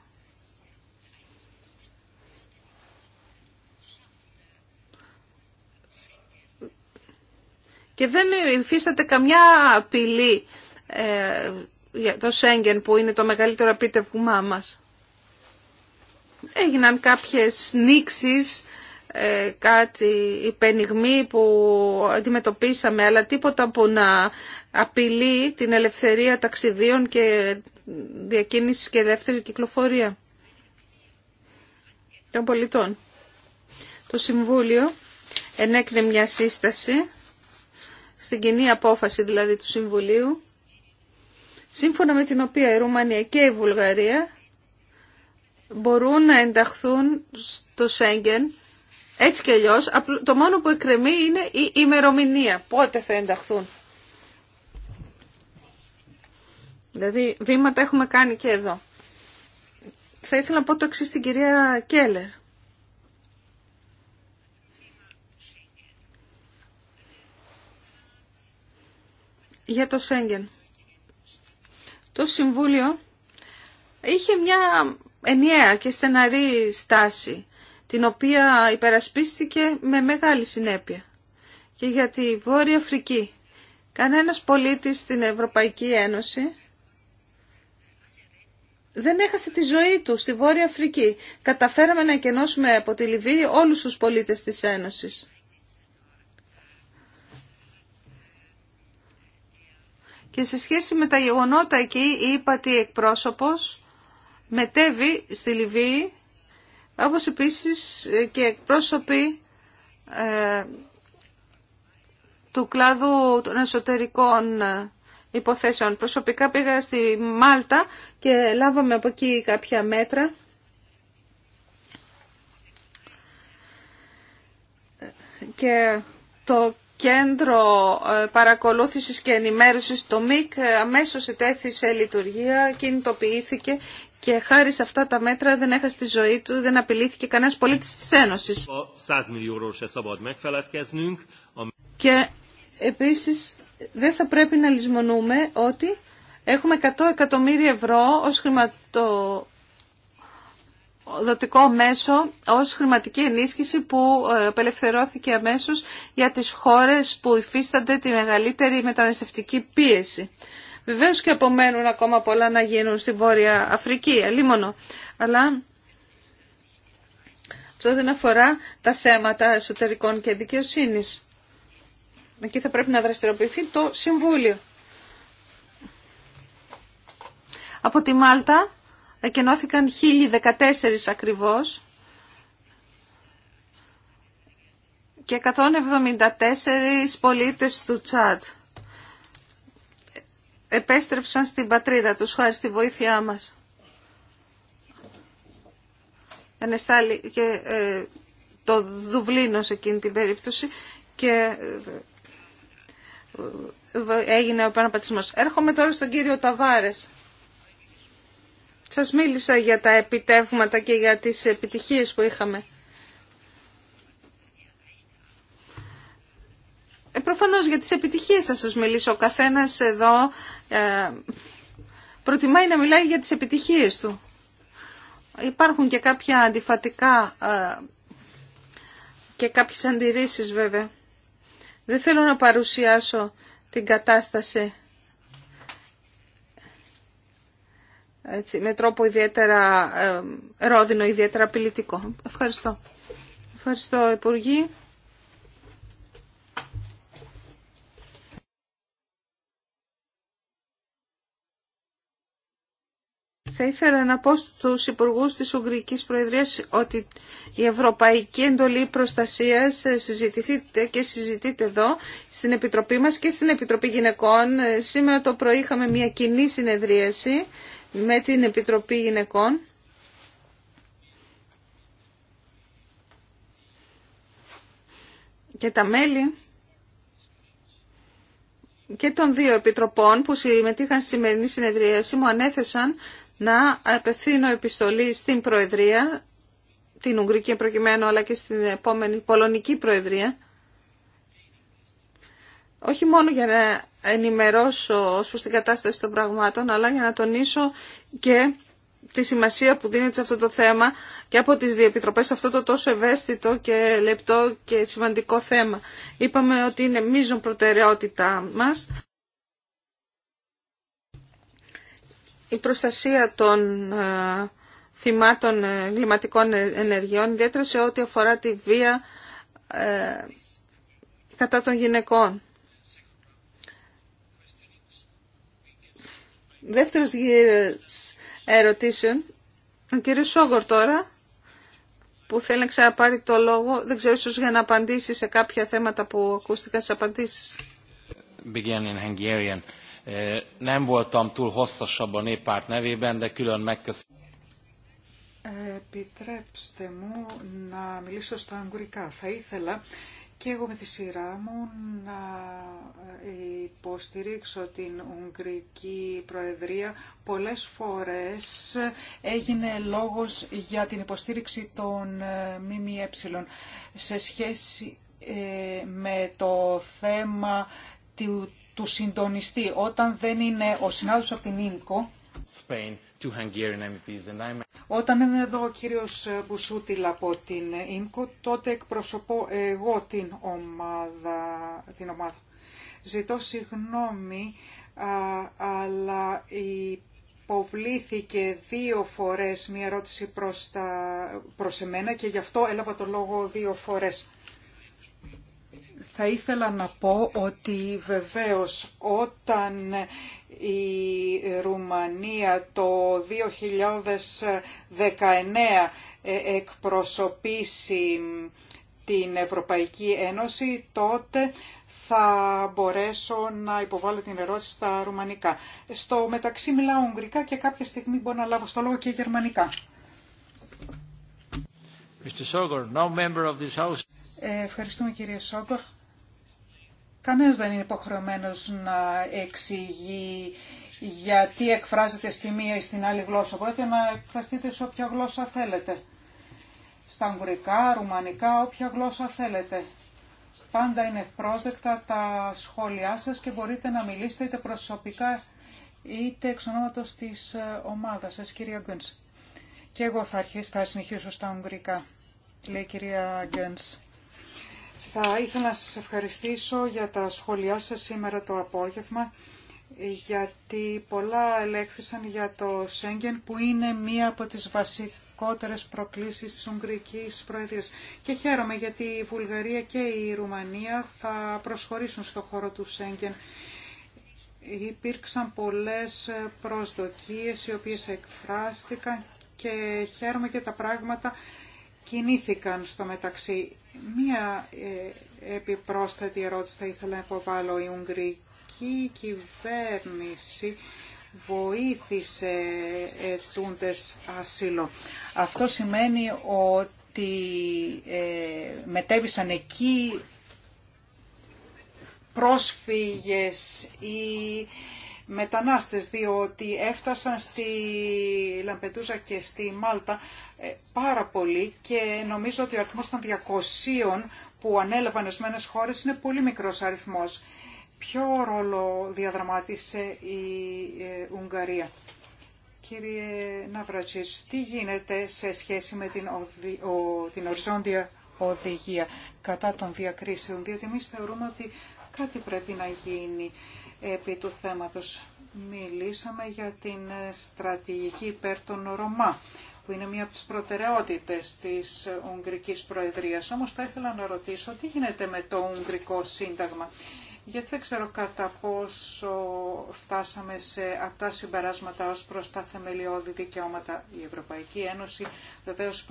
Και δεν υφίσταται καμιά απειλή ε, για το Σέγγεν που είναι το μεγαλύτερο απίτευγμά μας. Έγιναν κάποιες νήξεις ε, κάτι υπενιγμή που αντιμετωπίσαμε, αλλά τίποτα που να απειλεί την ελευθερία ταξιδίων και διακίνησης και ελεύθερη κυκλοφορία των πολιτών. Το Συμβούλιο ενέκρινε μια σύσταση, στην κοινή απόφαση δηλαδή του Συμβουλίου, σύμφωνα με την οποία η Ρουμανία και η Βουλγαρία μπορούν να ενταχθούν στο Σέγγεν έτσι κι αλλιώ, το μόνο που εκκρεμεί είναι η ημερομηνία. Πότε θα ενταχθούν. Δηλαδή, βήματα έχουμε κάνει και εδώ. Θα ήθελα να πω το εξή στην κυρία Κέλλερ. Για το Σέγγεν. Το Συμβούλιο είχε μια ενιαία και στεναρή στάση την οποία υπερασπίστηκε με μεγάλη συνέπεια. Και για τη Βόρεια Αφρική. Κανένας πολίτης στην Ευρωπαϊκή Ένωση δεν έχασε τη ζωή του στη Βόρεια Αφρική. Καταφέραμε να εκενώσουμε από τη Λιβύη όλους τους πολίτες της Ένωσης. Και σε σχέση με τα γεγονότα εκεί, η ύπατη εκπρόσωπος μετέβη στη Λιβύη όπως επίσης ε, και εκπρόσωποι ε, του κλάδου των εσωτερικών ε, υποθέσεων. Προσωπικά πήγα στη Μάλτα και λάβαμε από εκεί κάποια μέτρα. Και το κέντρο παρακολούθησης και ενημέρωσης, το ΜΙΚ, αμέσως ετέθησε λειτουργία, κινητοποιήθηκε και χάρη σε αυτά τα μέτρα δεν έχασε τη ζωή του, δεν απειλήθηκε κανένα πολίτη τη Ένωση. Και επίση δεν θα πρέπει να λησμονούμε ότι έχουμε 100 εκατομμύρια ευρώ ω χρηματοδοτικό μέσο ως χρηματική ενίσχυση που ε, απελευθερώθηκε αμέσως για τις χώρες που υφίστανται τη μεγαλύτερη μεταναστευτική πίεση. Βεβαίω και απομένουν ακόμα πολλά να γίνουν στη Βόρεια Αφρική, αλίμονο. Αλλά αυτό δεν αφορά τα θέματα εσωτερικών και δικαιοσύνη. Εκεί θα πρέπει να δραστηριοποιηθεί το Συμβούλιο. Από τη Μάλτα εκενώθηκαν 1014 ακριβώς και 174 πολίτες του Τσάτ επέστρεψαν στην πατρίδα τους χάρη στη βοήθειά μας. Ενεστάλη και ε, το Δουβλίνο σε εκείνη την περίπτωση και ε, ε, έγινε ο επαναπατισμός. Έρχομαι τώρα στον κύριο Ταβάρες. Σας μίλησα για τα επιτεύγματα και για τις επιτυχίες που είχαμε. Ε, προφανώς για τις επιτυχίες θα σας μιλήσω. Ο καθένας εδώ ε, προτιμάει να μιλάει για τις επιτυχίες του. Υπάρχουν και κάποια αντιφατικά ε, και κάποιες αντιρρήσεις βέβαια. Δεν θέλω να παρουσιάσω την κατάσταση με τρόπο ιδιαίτερα ρόδινο, ιδιαίτερα απειλητικό. Ευχαριστώ. Ευχαριστώ Υπουργή. Θα ήθελα να πω στους υπουργούς της Ουγγρικής Προεδρίας ότι η Ευρωπαϊκή Εντολή Προστασίας συζητηθείτε και συζητείται εδώ στην Επιτροπή μας και στην Επιτροπή Γυναικών. Σήμερα το πρωί είχαμε μια κοινή συνεδρίαση με την Επιτροπή Γυναικών. Και τα μέλη και των δύο επιτροπών που συμμετείχαν στη σημερινή συνεδρίαση μου ανέθεσαν να απευθύνω επιστολή στην Προεδρία, την Ουγγρική προκειμένου, αλλά και στην επόμενη Πολωνική Προεδρία, όχι μόνο για να ενημερώσω ως προς την κατάσταση των πραγμάτων, αλλά για να τονίσω και τη σημασία που δίνεται σε αυτό το θέμα και από τις δύο αυτό το τόσο ευαίσθητο και λεπτό και σημαντικό θέμα. Είπαμε ότι είναι μείζον προτεραιότητά μας. η προστασία των ε, θυμάτων ε, εγκληματικών ε, ενεργειών, ιδιαίτερα σε ό,τι αφορά τη βία κατά των γυναικών. Δεύτερος γύρος ερωτήσεων. Ο κύριο Σόγκορ τώρα, που θέλει να ξαναπάρει το λόγο, δεν ξέρω ίσως για να απαντήσει σε κάποια θέματα που ακούστηκαν στις απαντήσεις. Επιτρέψτε μου να μιλήσω στα αγγουρικά. Θα ήθελα και εγώ με τη σειρά μου να ε, υποστηρίξω την Ουγγρική Προεδρία. Πολλές φορές έγινε λόγος για την υποστήριξη των ε, ΜΜΕ σε σχέση ε, με το θέμα του του συντονιστή όταν δεν είναι ο συνάδελφος από την ΙΝΚΟ. Spain, Hungarian and I'm... Όταν είναι εδώ ο κύριος Μπουσούτιλ από την ΙΝΚΟ, τότε εκπροσωπώ εγώ την ομάδα. Την ομάδα. Ζητώ συγγνώμη, αλλά υποβλήθηκε δύο φορές μία ερώτηση προς, τα, προς εμένα και γι' αυτό έλαβα το λόγο δύο φορές. Θα ήθελα να πω ότι βεβαίως όταν η Ρουμανία το 2019 ε, εκπροσωπήσει την Ευρωπαϊκή Ένωση, τότε θα μπορέσω να υποβάλω την ερώτηση στα ρουμανικά. Στο μεταξύ μιλάω ουγγρικά και κάποια στιγμή μπορώ να λάβω στο λόγο και γερμανικά. Mr. member of this house. Ε, ευχαριστούμε κύριε Σόγκορ. Κανένας δεν είναι υποχρεωμένος να εξηγεί γιατί εκφράζεται στη μία ή στην άλλη γλώσσα. Μπορείτε να εκφραστείτε σε όποια γλώσσα θέλετε. Στα αγγουρικά, ρουμανικά, όποια γλώσσα θέλετε. Πάντα είναι ευπρόσδεκτα τα σχόλιά σας και μπορείτε να μιλήσετε είτε προσωπικά είτε εξ ονόματος της ε, ομάδας σας, κυρία Γκέντς. Και εγώ θα αρχίσω, συνεχίσω στα αγγουρικά, λέει η κυρία Γκέντς. Θα ήθελα να σας ευχαριστήσω για τα σχόλιά σας σήμερα το απόγευμα, γιατί πολλά ελέγχθησαν για το Σέγγεν, που είναι μία από τις βασικότερες προκλήσεις της Ουγγρικής Προεδρίας. Και χαίρομαι γιατί η Βουλγαρία και η Ρουμανία θα προσχωρήσουν στο χώρο του Σέγγεν. Υπήρξαν πολλές προσδοκίες οι οποίες εκφράστηκαν και χαίρομαι για τα πράγματα κινήθηκαν στο μεταξύ. Μία ε, επιπρόσθετη ερώτηση θα ήθελα να υποβάλω. Η Ουγγρική κυβέρνηση βοήθησε ετούντες ασύλο. Αυτό σημαίνει ότι ε, μετέβησαν εκεί πρόσφυγες ή μετανάστες διότι έφτασαν στη Λαμπετούζα και στη Μάλτα ε, πάρα πολύ και νομίζω ότι ο αριθμός των 200 που ανέλαβαν ορισμένε χώρες είναι πολύ μικρός αριθμός. Ποιο ρόλο διαδραμάτισε η ε, Ουγγαρία. Κύριε Ναυρατζής, τι γίνεται σε σχέση με την, ο... την οριζόντια οδηγία κατά των διακρίσεων, διότι εμεί θεωρούμε ότι κάτι πρέπει να γίνει επί του θέματος. Μιλήσαμε για την στρατηγική υπέρ των Ρωμά, που είναι μία από τις προτεραιότητες της Ουγγρικής Προεδρίας. Όμως θα ήθελα να ρωτήσω τι γίνεται με το Ουγγρικό Σύνταγμα, γιατί δεν ξέρω κατά πόσο φτάσαμε σε αυτά συμπεράσματα ως προς τα θεμελιώδη δικαιώματα. Η Ευρωπαϊκή Ένωση βεβαίως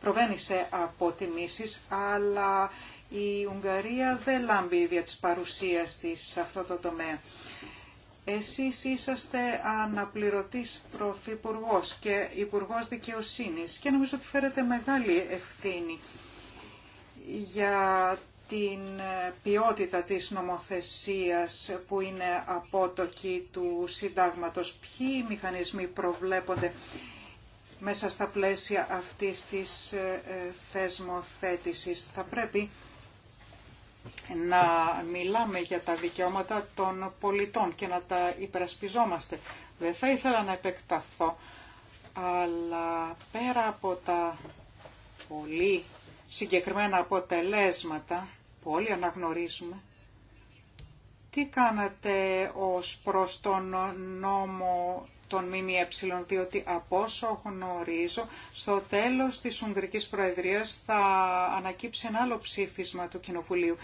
προβαίνει σε αποτιμήσεις, αλλά η Ουγγαρία δεν λάμπει δια της παρουσίας της σε αυτό το τομέα. Εσείς είσαστε αναπληρωτής Πρωθυπουργό και Υπουργός Δικαιοσύνης και νομίζω ότι φέρετε μεγάλη ευθύνη για την ποιότητα της νομοθεσίας που είναι απότοκη του συντάγματος. Ποιοι μηχανισμοί προβλέπονται μέσα στα πλαίσια αυτής της ε, θεσμοθέτησης. Θα πρέπει να μιλάμε για τα δικαιώματα των πολιτών και να τα υπερασπιζόμαστε. Δεν θα ήθελα να επεκταθώ, αλλά πέρα από τα πολύ συγκεκριμένα αποτελέσματα που όλοι αναγνωρίζουμε, τι κάνατε ως προς τον νόμο των ΜΜΕ, διότι από όσο γνωρίζω, στο τέλος της Ουγγρικής Προεδρίας θα ανακύψει ένα άλλο ψήφισμα του Κοινοβουλίου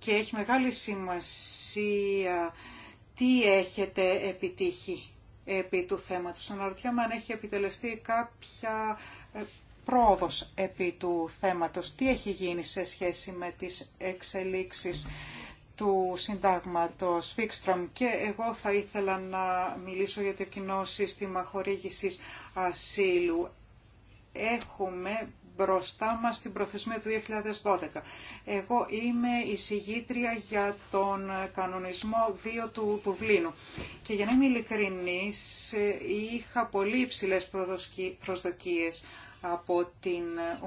και έχει μεγάλη σημασία τι έχετε επιτύχει επί του θέματος. Αναρωτιέμαι αν έχει επιτελεστεί κάποια ε, πρόοδος επί του θέματος. Τι έχει γίνει σε σχέση με τις εξελίξεις του συντάγματος Φίξτρομ και εγώ θα ήθελα να μιλήσω για το κοινό σύστημα χορήγησης ασύλου. Έχουμε μπροστά μας την προθεσμία του 2012. Εγώ είμαι εισηγήτρια για τον κανονισμό 2 του Δουβλίνου. Και για να είμαι ειλικρινής, είχα πολύ υψηλέ προσδοκίε από την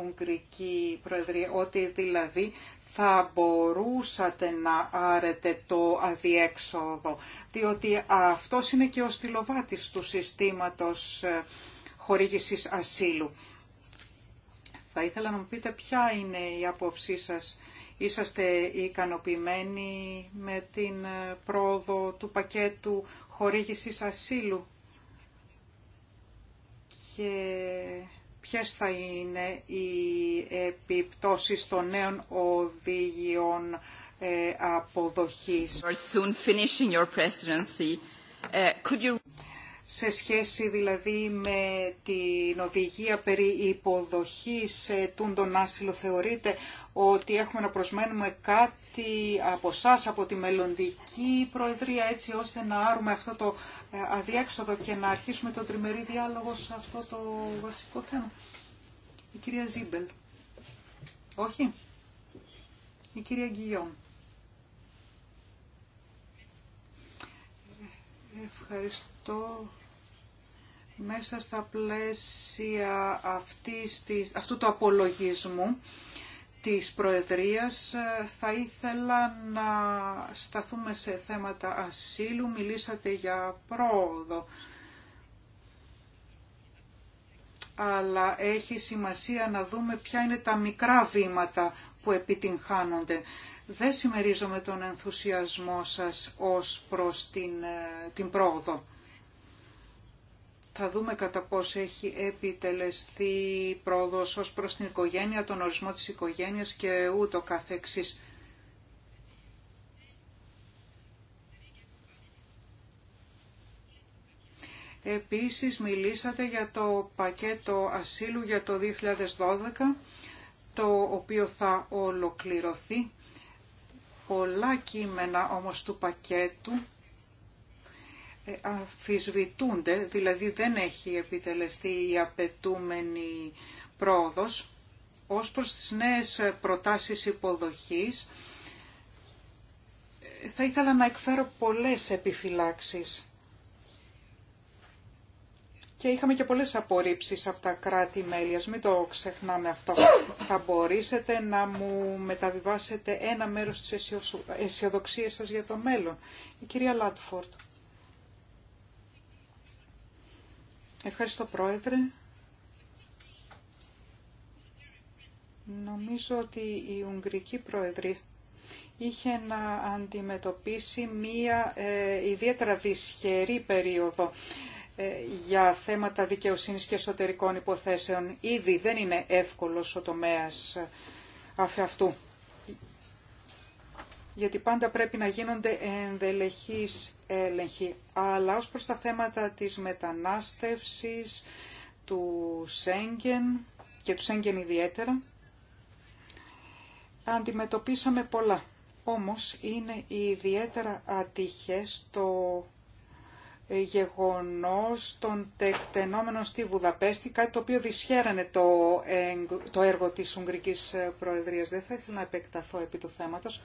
Ουγγρική Προεδρία, ότι δηλαδή θα μπορούσατε να άρετε το αδιέξοδο, διότι αυτό είναι και ο στυλοβάτης του συστήματος ε, χορήγησης ασύλου. Θα ήθελα να μου πείτε ποια είναι η άποψή σας. Είσαστε ικανοποιημένοι με την ε, πρόοδο του πακέτου χορήγησης ασύλου και ποιες θα είναι οι επιπτώσεις των νέων οδηγιών ε, αποδοχής σε σχέση δηλαδή με την οδηγία περί υποδοχής ε, τούντων άσυλο θεωρείτε ότι έχουμε να προσμένουμε κάτι από εσά από τη μελλοντική Προεδρία έτσι ώστε να άρουμε αυτό το ε, αδιέξοδο και να αρχίσουμε το τριμερή διάλογο σε αυτό το βασικό θέμα. Η κυρία Ζίμπελ. Όχι. Η κυρία Γκυγιόν. Ευχαριστώ. Μέσα στα πλαίσια αυτής της, αυτού του απολογισμού της Προεδρίας θα ήθελα να σταθούμε σε θέματα ασύλου. Μιλήσατε για πρόοδο. Αλλά έχει σημασία να δούμε ποια είναι τα μικρά βήματα που επιτυγχάνονται. Δεν συμμερίζομαι τον ενθουσιασμό σας ως προς την, ε, την πρόοδο. Θα δούμε κατά πώς έχει επιτελεστεί πρόοδος ως προς την οικογένεια, τον ορισμό της οικογένειας και ούτω καθεξής. Επίσης μιλήσατε για το πακέτο ασύλου για το 2012, το οποίο θα ολοκληρωθεί πολλά κείμενα όμως του πακέτου ε, αφισβητούνται, δηλαδή δεν έχει επιτελεστεί η απαιτούμενη πρόοδος ως προς τις νέες προτάσεις υποδοχής ε, θα ήθελα να εκφέρω πολλές επιφυλάξεις και είχαμε και πολλές απορρίψεις από τα κράτη-μέλη, μην το ξεχνάμε αυτό. Θα μπορέσετε να μου μεταβιβάσετε ένα μέρος της αισιοδοξία σας για το μέλλον. Η κυρία Λάτφορντ. Ευχαριστώ Πρόεδρε. Νομίζω ότι η Ουγγρική Πρόεδρη είχε να αντιμετωπίσει μία ε, ιδιαίτερα δυσχερή περίοδο ε, για θέματα δικαιοσύνης και εσωτερικών υποθέσεων. Ήδη δεν είναι εύκολος ο τομέας ε, αυτού. Γιατί πάντα πρέπει να γίνονται ενδελεχείς έλεγχοι. Αλλά ως προς τα θέματα της μετανάστευσης, του Σέγγεν και του Σέγγεν ιδιαίτερα, αντιμετωπίσαμε πολλά. Όμως είναι ιδιαίτερα ατυχές το γεγονός των τεκτενόμενων στη Βουδαπέστη, κάτι το οποίο δυσχέρανε το έργο της Ουγγρικής Προεδρίας. Δεν θα ήθελα να επεκταθώ επί του θέματος.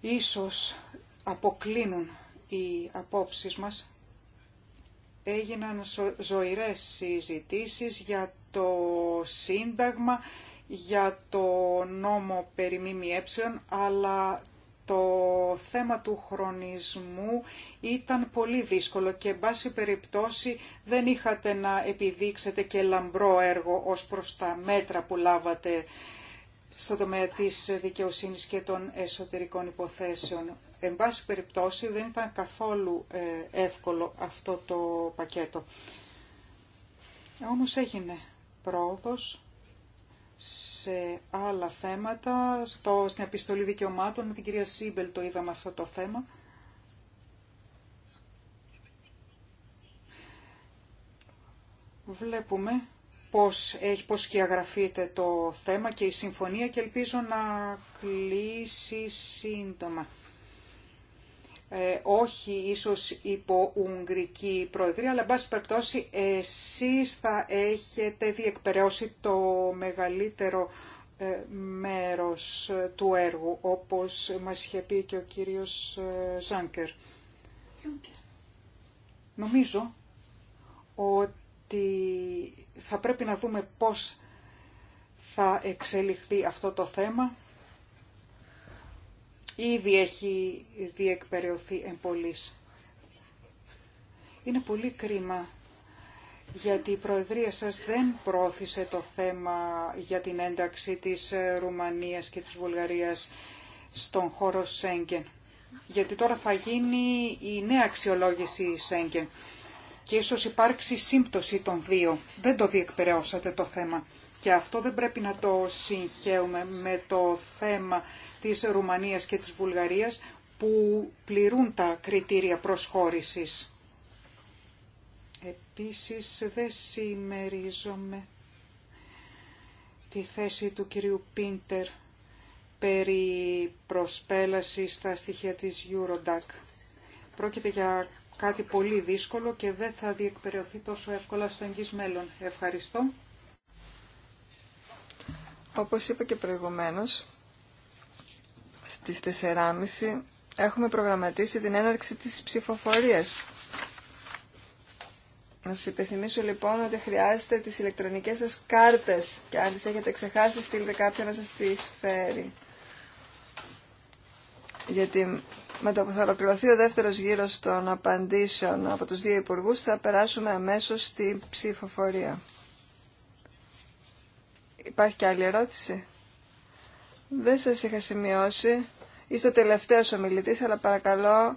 Ίσως αποκλίνουν οι απόψεις μας. Έγιναν ζωηρές συζητήσεις για το Σύνταγμα, για το νόμο περί ΜΜΕ, αλλά το θέμα του χρονισμού ήταν πολύ δύσκολο και εν πάση περιπτώσει δεν είχατε να επιδείξετε και λαμπρό έργο ως προς τα μέτρα που λάβατε στο τομέα της δικαιοσύνης και των εσωτερικών υποθέσεων. Εν πάση περιπτώσει δεν ήταν καθόλου ε, εύκολο αυτό το πακέτο. Όμως έγινε πρόοδος σε άλλα θέματα. Στο, στην επιστολή δικαιωμάτων με την κυρία Σίμπελ το είδαμε αυτό το θέμα. Βλέπουμε πώς, έχει, πώς σκιαγραφείται το θέμα και η συμφωνία και ελπίζω να κλείσει σύντομα. Ε, όχι ίσως υπό Ουγγρική Προεδρία, αλλά εν πάση περιπτώσει εσείς θα έχετε διεκπαιρεώσει το μεγαλύτερο ε, μέρος ε, του έργου, όπως μας είχε πει και ο κύριος ε, Ζάνκερ. Νομίζω ότι θα πρέπει να δούμε πώς θα εξελιχθεί αυτό το θέμα ήδη έχει διεκπαιρεωθεί εμπολής. Είναι πολύ κρίμα γιατί η Προεδρία σας δεν πρόθυσε το θέμα για την ένταξη της Ρουμανίας και της Βουλγαρίας στον χώρο Σέγγεν. Γιατί τώρα θα γίνει η νέα αξιολόγηση Σέγγεν και ίσως υπάρξει σύμπτωση των δύο. Δεν το διεκπαιρεώσατε το θέμα. Και αυτό δεν πρέπει να το συγχαίουμε με το θέμα της Ρουμανίας και της Βουλγαρίας που πληρούν τα κριτήρια προσχώρησης. Επίσης δεν συμμερίζομαι τη θέση του κυρίου Πίντερ περί προσπέλασης στα στοιχεία της Eurodac. Πρόκειται για κάτι πολύ δύσκολο και δεν θα διεκπαιρεωθεί τόσο εύκολα στο εγγύς μέλλον. Ευχαριστώ. Όπως είπα και προηγουμένως, στις 4.30 έχουμε προγραμματίσει την έναρξη της ψηφοφορίας. Να σας υπενθυμίσω λοιπόν ότι χρειάζεται τις ηλεκτρονικές σας κάρτες και αν τις έχετε ξεχάσει στείλτε κάποιον να σας τις φέρει. Γιατί με το που θα ολοκληρωθεί ο δεύτερος γύρος των απαντήσεων από τους δύο υπουργούς θα περάσουμε αμέσως στην ψηφοφορία. Υπάρχει και άλλη ερώτηση. Δεν σας είχα σημειώσει. Είστε ο τελευταίος ομιλητής, αλλά παρακαλώ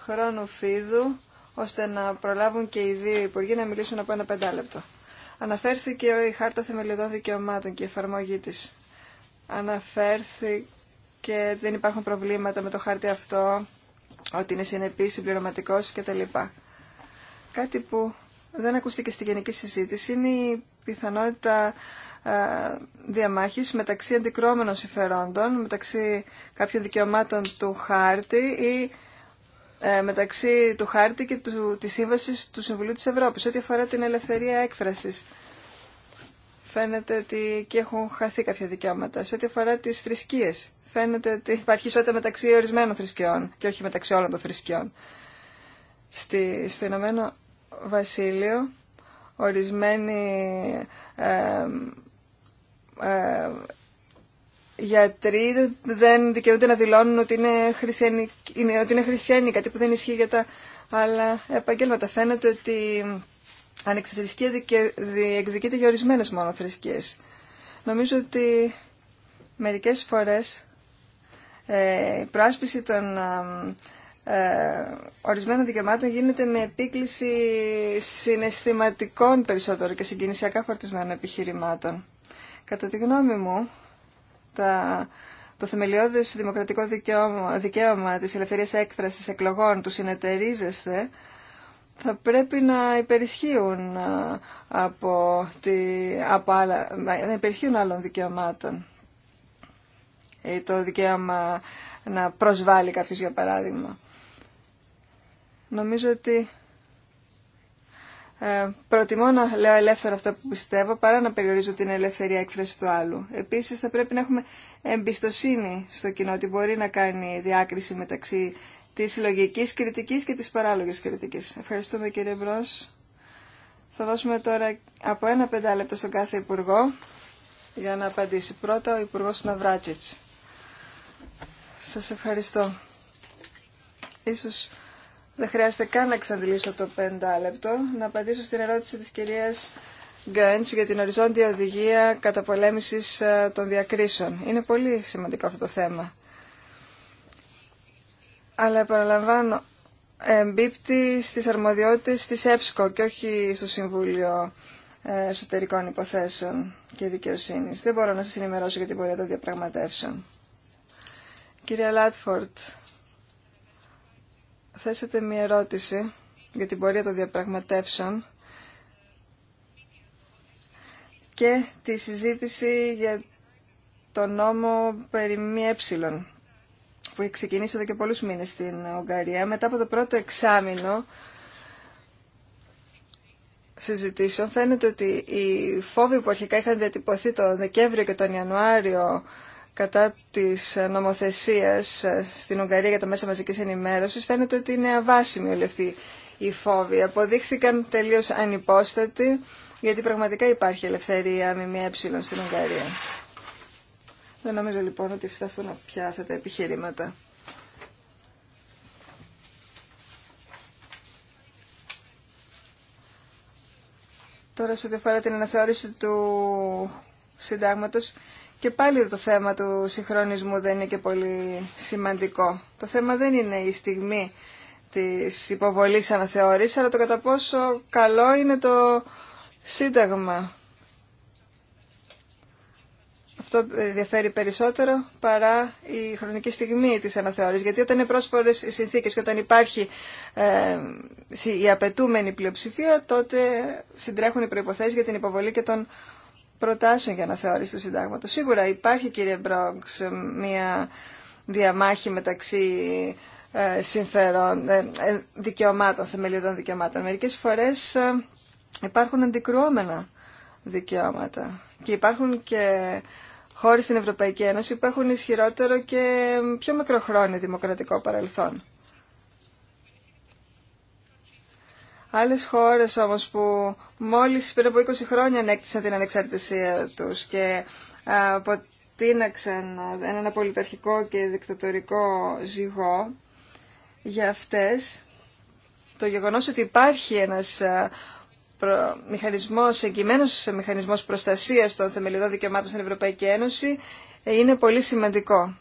χρόνου φίδου, ώστε να προλάβουν και οι δύο υπουργοί να μιλήσουν από ένα πεντάλεπτο. Αναφέρθηκε η Χάρτα Θεμελιωδών Δικαιωμάτων και η εφαρμογή της. Αναφέρθηκε δεν υπάρχουν προβλήματα με το χάρτη αυτό, ότι είναι συνεπής, συμπληρωματικός κτλ. Κάτι που δεν ακούστηκε στη γενική συζήτηση είναι η πιθανότητα ε, διαμάχης μεταξύ αντικρώμενων συμφερόντων, μεταξύ κάποιων δικαιωμάτων του χάρτη ή ε, μεταξύ του χάρτη και του, της σύμβασης του Συμβουλίου της Ευρώπης, ό,τι αφορά την ελευθερία έκφρασης. Φαίνεται ότι εκεί έχουν χαθεί κάποια δικαιώματα. Σε ό,τι αφορά τις θρησκείες, φαίνεται ότι υπάρχει ισότητα μεταξύ ορισμένων θρησκειών και όχι μεταξύ όλων των θρησκειών. Στη, στο Ηνωμένο Βασίλειο ορισμένοι ε, ε, γιατροί δεν δικαιούνται να δηλώνουν ότι είναι, χριστιανοί, ότι είναι χριστιανοί, κάτι που δεν ισχύει για τα άλλα επαγγέλματα. Φαίνεται ότι ανεξιθρησκεία διεκδικείται για ορισμένε μόνο θρησκείες. Νομίζω ότι μερικές φορές ε, η πράσπιση των ε, ε, ορισμένων δικαιωμάτων γίνεται με επίκληση συναισθηματικών περισσότερο και συγκινησιακά φορτισμένων επιχειρημάτων. Κατά τη γνώμη μου, τα, το θεμελιώδες δημοκρατικό δικαίωμα, δικαίωμα της ελευθερίας έκφρασης εκλογών του συνεταιρίζεσθε θα πρέπει να υπερισχύουν ε, από, τη, από άλλα, να υπερισχύουν άλλων δικαιωμάτων. Ε, το δικαίωμα να προσβάλλει κάποιος για παράδειγμα. Νομίζω ότι ε, προτιμώ να λέω ελεύθερα αυτά που πιστεύω παρά να περιορίζω την ελευθερία έκφραση του άλλου. Επίσης θα πρέπει να έχουμε εμπιστοσύνη στο κοινό ότι μπορεί να κάνει διάκριση μεταξύ της συλλογική κριτικής και της παράλογης κριτικής. Ευχαριστούμε κύριε Μπρος. Θα δώσουμε τώρα από ένα πεντάλεπτο στον κάθε υπουργό για να απαντήσει. Πρώτα ο Υπουργός Ναυράτσιτς. Σας ευχαριστώ. Δεν χρειάζεται καν να εξαντλήσω το πεντάλεπτο. Να απαντήσω στην ερώτηση της κυρίας Γκέντς για την οριζόντια οδηγία καταπολέμησης ε, των διακρίσεων. Είναι πολύ σημαντικό αυτό το θέμα. Αλλά επαναλαμβάνω, εμπίπτει στις αρμοδιότητες της ΕΠΣΚΟ και όχι στο Συμβούλιο ε, Εσωτερικών Υποθέσεων και Δικαιοσύνης. Δεν μπορώ να σας ενημερώσω για την πορεία των διαπραγματεύσεων. Κυρία Λάτφορτ, θέσετε μία ερώτηση για την πορεία των διαπραγματεύσεων και τη συζήτηση για το νόμο περί μη ε, που έχει ξεκινήσει εδώ και πολλούς μήνες στην Ουγγαρία. Μετά από το πρώτο εξάμεινο συζητήσεων φαίνεται ότι οι φόβοι που αρχικά είχαν διατυπωθεί το Δεκέμβριο και τον Ιανουάριο κατά της νομοθεσίας ε, στην Ουγγαρία για τα μέσα μαζικής ενημέρωσης φαίνεται ότι είναι αβάσιμη όλη αυτή η φόβη. Αποδείχθηκαν τελείως ανυπόστατοι γιατί πραγματικά υπάρχει ελευθερία με μία ε στην Ουγγαρία. Δεν νομίζω λοιπόν ότι φυσταθούν πια αυτά τα επιχειρήματα. Τώρα σε ό,τι αφορά την αναθεώρηση του συντάγματος, και πάλι το θέμα του συγχρονισμού δεν είναι και πολύ σημαντικό. Το θέμα δεν είναι η στιγμή της υποβολής αναθεώρησης, αλλά το κατά πόσο καλό είναι το Σύνταγμα. Αυτό διαφέρει περισσότερο παρά η χρονική στιγμή της αναθεώρησης. Γιατί όταν είναι πρόσφορες οι συνθήκες και όταν υπάρχει ε, η απαιτούμενη πλειοψηφία, τότε συντρέχουν οι προϋποθέσεις για την υποβολή και των προτάσεων για αναθεώρηση του συντάγματο. Σίγουρα υπάρχει, κύριε Μπρόγκ, μια διαμάχη μεταξύ ε, συμφερών, ε, ε, δικαιωμάτων, θεμελιωδών δικαιωμάτων. Μερικές φορές υπάρχουν αντικρουόμενα δικαιώματα και υπάρχουν και χώρες στην Ευρωπαϊκή Ένωση που έχουν ισχυρότερο και πιο μικροχρόνιο δημοκρατικό παρελθόν. Άλλες χώρες όμως που μόλις πριν από 20 χρόνια ανέκτησαν την ανεξαρτησία τους και αποτείναξαν έναν απολυταρχικό και δικτατορικό ζυγό για αυτές, το γεγονός ότι υπάρχει ένας μηχανισμός, εγκυμένος μηχανισμός προστασίας των θεμελιδών δικαιωμάτων στην Ευρωπαϊκή Ένωση ε, είναι πολύ σημαντικό.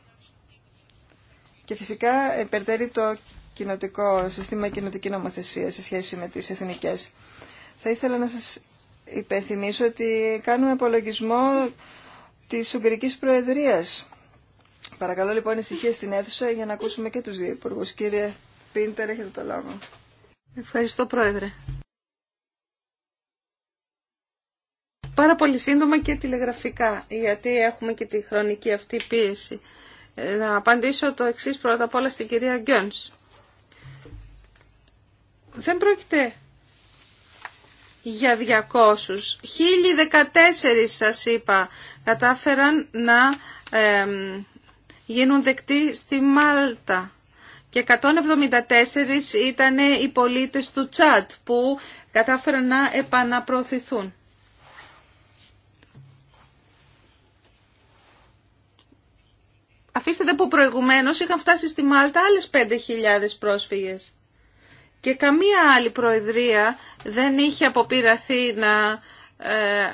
Και φυσικά ε, υπερτερεί το κοινοτικό σύστημα κοινοτική νομοθεσία σε σχέση με τις εθνικές. Θα ήθελα να σας υπενθυμίσω ότι κάνουμε απολογισμό της Ουγγρικής Προεδρίας. Παρακαλώ λοιπόν ησυχία στην αίθουσα για να ακούσουμε και τους δύο υπουργούς. Κύριε Πίντερ, έχετε το λόγο. Ευχαριστώ Πρόεδρε. Πάρα πολύ σύντομα και τηλεγραφικά, γιατί έχουμε και τη χρονική αυτή πίεση. Ε, να απαντήσω το εξής πρώτα απ' όλα στην κυρία Γκιόνς δεν πρόκειται για 200. 1014 σας είπα κατάφεραν να γίνουν δεκτοί στη Μάλτα. Και 174 ήταν οι πολίτες του Τσάτ που κατάφεραν να επαναπροωθηθούν. Αφήστε δε που προηγουμένως είχαν φτάσει στη Μάλτα άλλες 5.000 πρόσφυγες. Και καμία άλλη προεδρία δεν είχε αποπειραθεί να ε,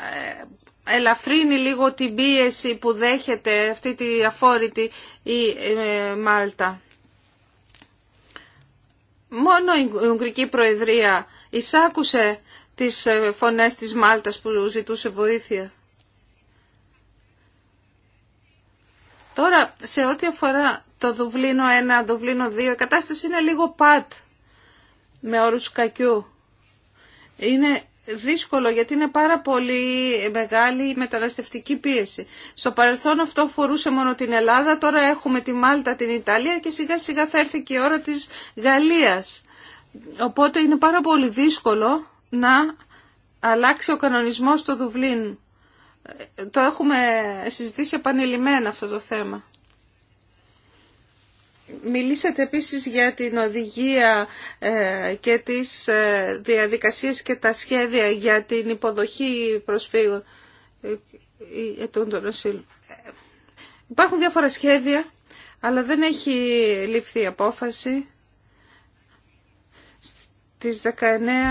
ελαφρύνει λίγο την πίεση που δέχεται αυτή τη αφόρητη η ε, Μάλτα. Μόνο η Ουγγρική Προεδρία εισάκουσε τις ε, φωνές της Μάλτας που ζητούσε βοήθεια. Τώρα, σε ό,τι αφορά το Δουβλίνο 1, Δουβλίνο 2, η κατάσταση είναι λίγο πατ με όρους κακιού. Είναι δύσκολο γιατί είναι πάρα πολύ μεγάλη η μεταναστευτική πίεση. Στο παρελθόν αυτό φορούσε μόνο την Ελλάδα, τώρα έχουμε τη Μάλτα, την Ιταλία και σιγά σιγά θα έρθει και η ώρα της Γαλλίας. Οπότε είναι πάρα πολύ δύσκολο να αλλάξει ο κανονισμός του Δουβλίνου. Ε, το έχουμε συζητήσει επανειλημμένα αυτό το θέμα. Μιλήσατε επίσης για την οδηγία ε, και τις ε, διαδικασίες και τα σχέδια για την υποδοχή προσφύγων ε, ετών των Υπάρχουν διάφορα σχέδια, αλλά δεν έχει ληφθεί απόφαση. Στις 19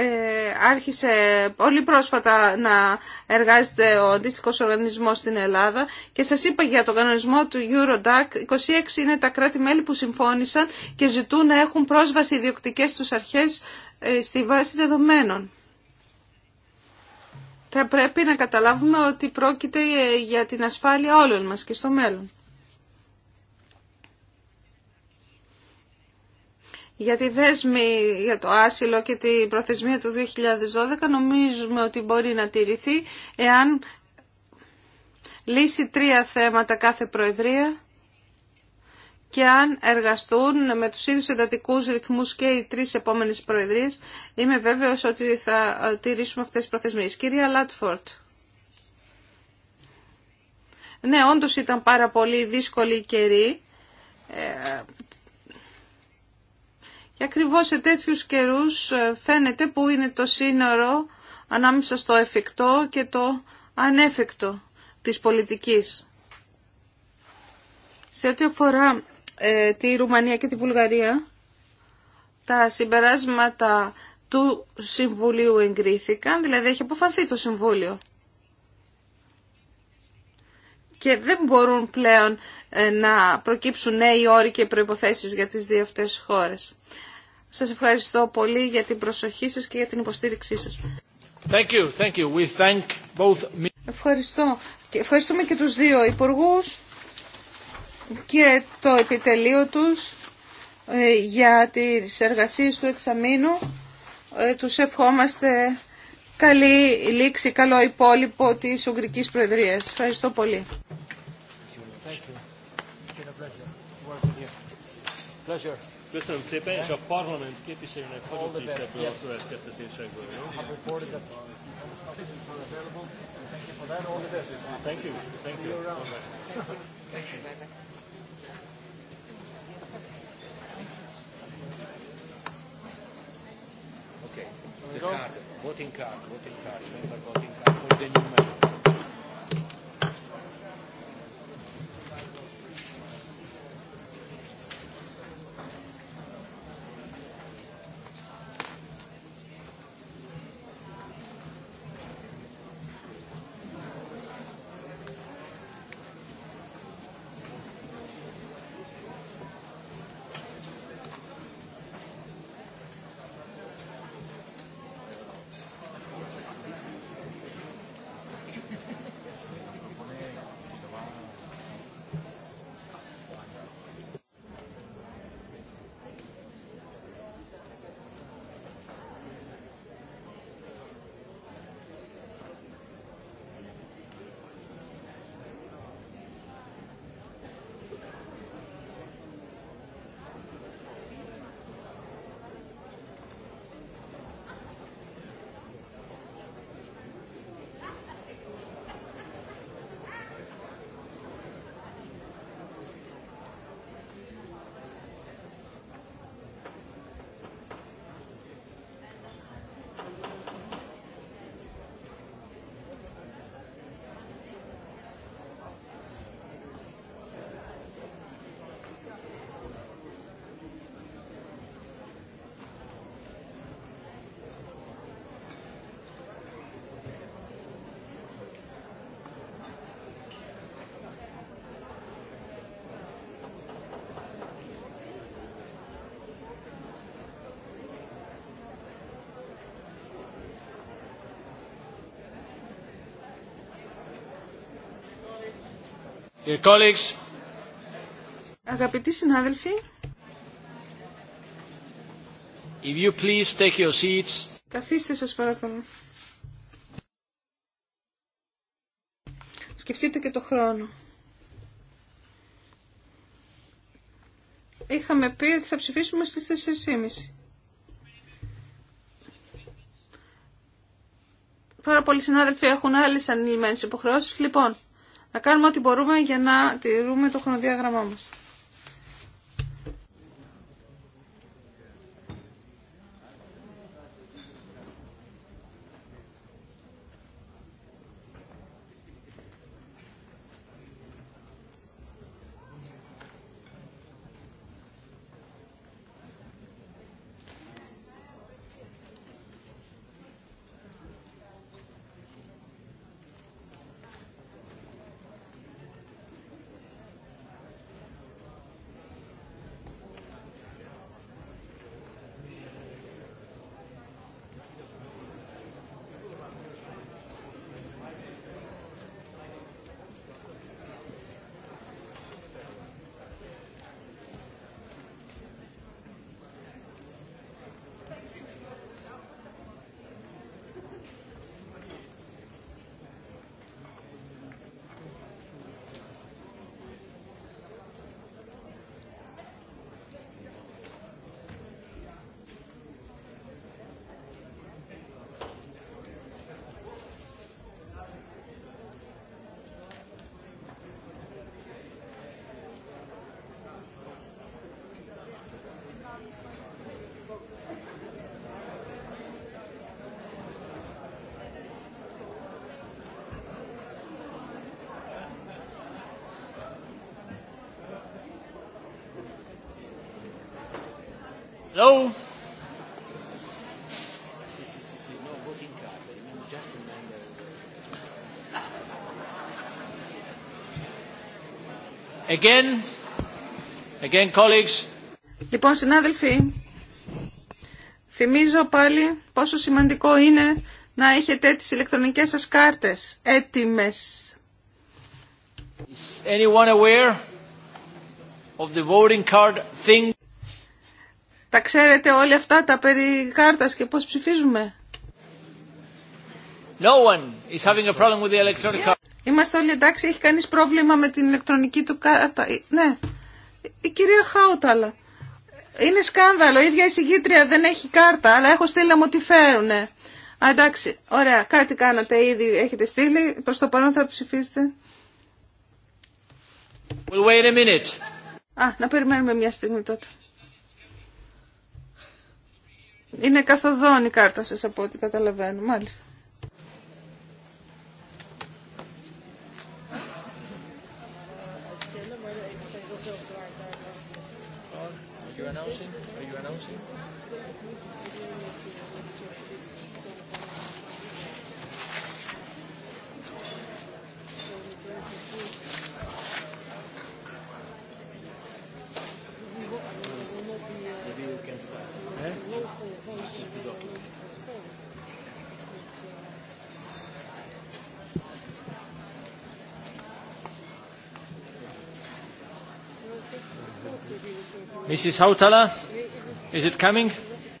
ε, άρχισε πολύ πρόσφατα να εργάζεται ο αντίστοιχο οργανισμός στην Ελλάδα και σας είπα για τον κανονισμό του Eurodac, 26 είναι τα κράτη-μέλη που συμφώνησαν και ζητούν να έχουν πρόσβαση ιδιοκτικές τους αρχές ε, στη βάση δεδομένων. Θα πρέπει να καταλάβουμε ότι πρόκειται ε, για την ασφάλεια όλων μας και στο μέλλον. Για τη δέσμη για το άσυλο και την προθεσμία του 2012 νομίζουμε ότι μπορεί να τηρηθεί εάν λύσει τρία θέματα κάθε Προεδρία και αν εργαστούν με τους ίδιους εντατικούς ρυθμούς και οι τρεις επόμενες Προεδρίες. Είμαι βέβαιος ότι θα τηρήσουμε αυτές τις προθεσμίες. Κυρία Λάτφορτ. Ναι, όντως ήταν πάρα πολύ δύσκολη η καιρή ε, και ακριβώς σε τέτοιους καιρούς ε, φαίνεται που είναι το σύνορο ανάμεσα στο εφικτό και το ανέφικτο της πολιτικής. Σε ό,τι αφορά ε, τη Ρουμανία και τη Βουλγαρία, τα συμπεράσματα του Συμβουλίου εγκρίθηκαν, δηλαδή έχει αποφανθεί το Συμβούλιο. Και δεν μπορούν πλέον ε, να προκύψουν νέοι όροι και προϋποθέσεις για τις δύο αυτές χώρες. Σας ευχαριστώ πολύ για την προσοχή σας και για την υποστήριξή σας. Thank you, thank you. We thank both... Ευχαριστώ. ευχαριστούμε και τους δύο υπουργούς και το επιτελείο τους ε, για τις εργασίες του εξαμήνου. Ε, τους ευχόμαστε καλή λήξη, καλό υπόλοιπο της Ουγγρικής Προεδρίας. Ευχαριστώ πολύ. Köszönöm szépen, és a parlament képviselőnek hagyok itt ebből a következtetésekből. Thank you. Thank you. Okay. voting card, voting card, voting Αγαπητοί συνάδελφοι, καθίστε σας παρακαλώ. Σκεφτείτε και το χρόνο. Είχαμε πει ότι θα ψηφίσουμε στις 4.30. Πάρα πολλοί συνάδελφοι έχουν άλλες ανηλυμένες υποχρεώσεις. Λοιπόν, θα κάνουμε ό,τι μπορούμε για να τηρούμε το χρονοδιάγραμμά μας. Hello? Again, again colleagues. Λοιπόν, συνάδελφοι, θυμίζω πάλι πόσο σημαντικό είναι να έχετε τις ηλεκτρονικές σας κάρτες έτοιμες. Is anyone aware of the voting card thing? Τα ξέρετε όλα αυτά τα περί κάρτας και πώς ψηφίζουμε. No one is having a problem with the electronic card. Είμαστε όλοι εντάξει, έχει κανείς πρόβλημα με την ηλεκτρονική του κάρτα. Ε, ναι, η κυρία Χάουταλα. Είναι σκάνδαλο, η ίδια η συγκήτρια δεν έχει κάρτα, αλλά έχω στείλει να μου τη φέρουνε. Εντάξει, ωραία, κάτι κάνατε ήδη, έχετε στείλει, προς το παρόν θα ψηφίσετε. Α, να περιμένουμε μια στιγμή τότε. Είναι καθοδόν η κάρτα σας από ό,τι καταλαβαίνω. Μάλιστα.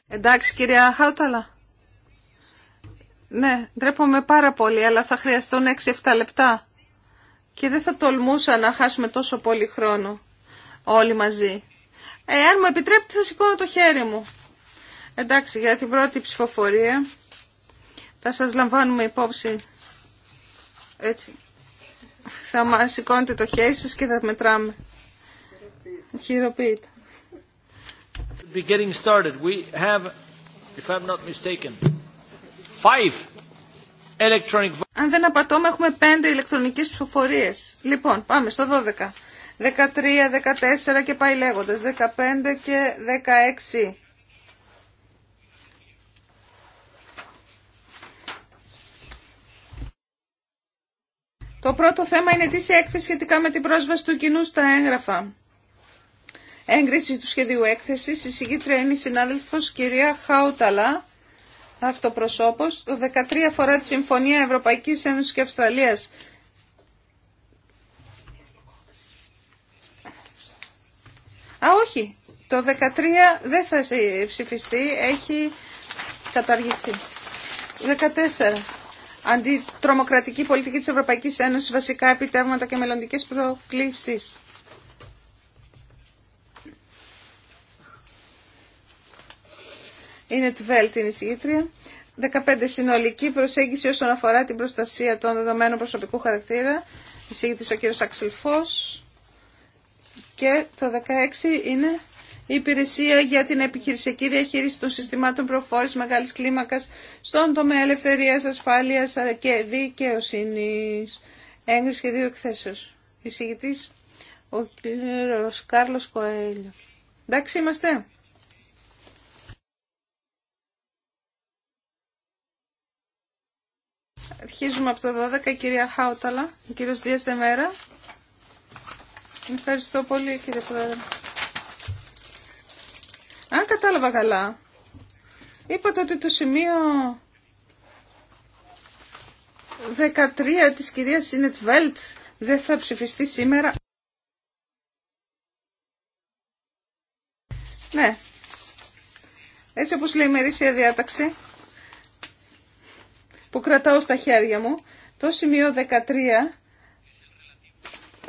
Εντάξει, κυρία Χάουταλα. Ναι, ντρέπομαι πάρα πολύ, αλλά θα χρειαστούν 6-7 λεπτά. Και δεν θα τολμούσα να χάσουμε τόσο πολύ χρόνο όλοι μαζί. Ε, αν μου επιτρέπετε θα σηκώνω το χέρι μου. Εντάξει, για την πρώτη ψηφοφορία θα σας λαμβάνουμε υπόψη. Έτσι. Θα μας σηκώνετε το χέρι σας και θα μετράμε. Χειροποίητα be getting started. We have, if I'm not mistaken, five electronic... Αν δεν απατώμε έχουμε πέντε ηλεκτρονικέ ψηφοφορίε. Λοιπόν, πάμε στο 12. 13, 14 και πάει λέγοντα, 15 και 16. Το πρώτο θέμα είναι τι έκθεση σχετικά με την πρόσβαση του κοινού στα έγγραφα έγκριση του σχεδίου έκθεση. Η συγκίτρια είναι η συνάδελφο κυρία Χαουταλά, αυτοπροσώπο, το 13 φορά τη Συμφωνία Ευρωπαϊκή Ένωση και Αυστραλία. Α, όχι. Το 13 δεν θα ψηφιστεί, έχει καταργηθεί. 14. Αντιτρομοκρατική πολιτική της Ευρωπαϊκής Ένωσης, βασικά επιτεύγματα και μελλοντικές προκλήσεις. είναι Τβέλ την εισηγήτρια. 15 συνολική προσέγγιση όσον αφορά την προστασία των δεδομένων προσωπικού χαρακτήρα. Εισήγητη ο κύριος Αξιλφό. Και το 16 είναι η υπηρεσία για την επιχειρησιακή διαχείριση των συστημάτων προφόρηση μεγάλη κλίμακα στον τομέα ελευθερία, ασφάλεια και δικαιοσύνη. Έγκριση και δύο εκθέσεω. Εισηγητή ο κύριο Κάρλο Κοέλιο. Εντάξει είμαστε. Αρχίζουμε από το 12, η κυρία Χάουταλα, ο κύριος Δίας Δεμέρα. Ευχαριστώ πολύ κύριε Πρόεδρε. Αν κατάλαβα καλά, είπατε ότι το σημείο 13 της κυρίας Σινετβέλτ δεν θα ψηφιστεί σήμερα. Ναι. Έτσι όπως λέει η μερίσια διάταξη, που κρατάω στα χέρια μου, το σημείο 13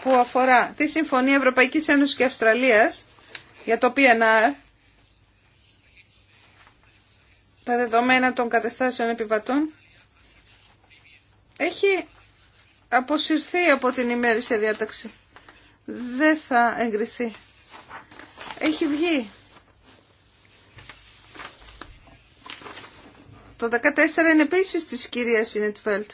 που αφορά τη Συμφωνία Ευρωπαϊκής Ένωσης και Αυστραλίας για το PNR, τα δεδομένα των καταστάσεων επιβατών, έχει αποσυρθεί από την ημέρη διάταξη. Δεν θα εγκριθεί. Έχει βγει Το 14 είναι επίση τη κυρία Σινετφέλτ.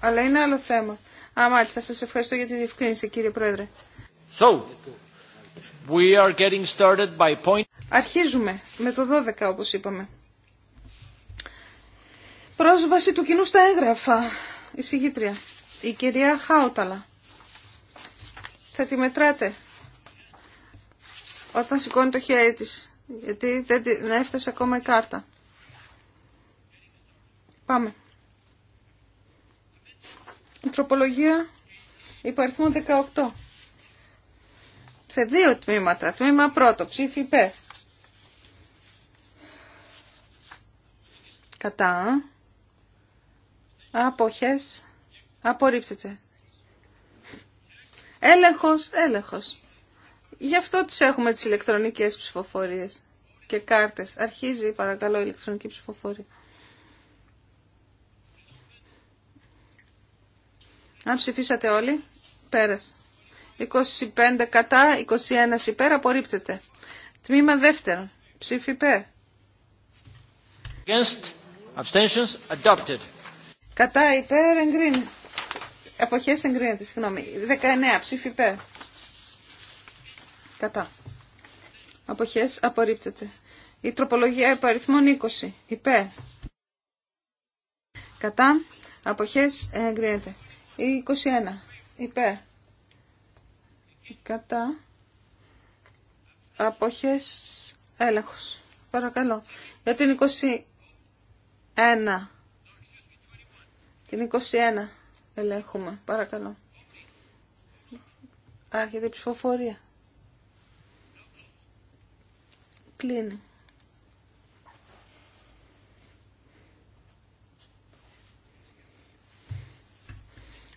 Αλλά είναι άλλο θέμα. Α, μάλιστα, σας ευχαριστώ για τη διευκρίνηση, κύριε Πρόεδρε. So, we are getting started by point... Αρχίζουμε με το 12, όπως είπαμε. Πρόσβαση του κοινού στα έγγραφα. Η συγγήτρια. Η κυρία Χάουταλα. Θα τη μετράτε. Όταν σηκώνει το χέρι της. Γιατί δεν, έφτασε ακόμα η κάρτα. Πάμε. Η τροπολογία υπαριθμό 18. Σε δύο τμήματα. Τμήμα πρώτο. Ψήφι υπέ. Κατά. Αποχές. Απορρίπτεται. Έλεγχος. Έλεγχος. Γι' αυτό τις έχουμε τις ηλεκτρονικές ψηφοφορίες και κάρτες. Αρχίζει παρακαλώ η ηλεκτρονική ψηφοφορία. Αν ψηφίσατε όλοι, πέρασε. 25 κατά, 21 υπέρ, απορρίπτεται. Τμήμα δεύτερο. Ψήφι υπέρ. Against, abstentions, adopted. Κατά υπέρ εγκρίνει. Αποχές εγκρίνεται, συγγνώμη. 19 ψήφι υπέρ. Κατά. Αποχές απορρίπτεται. Η τροπολογία υπαριθμών 20. Υπέ. Κατά. Αποχές εγκρίνεται. Η 21. Υπέ. Κατά. Αποχές έλεγχος. Παρακαλώ. Για την 21. Την 21 ελέγχουμε. Παρακαλώ. Άρχεται η ψηφοφορία. Κλείνει.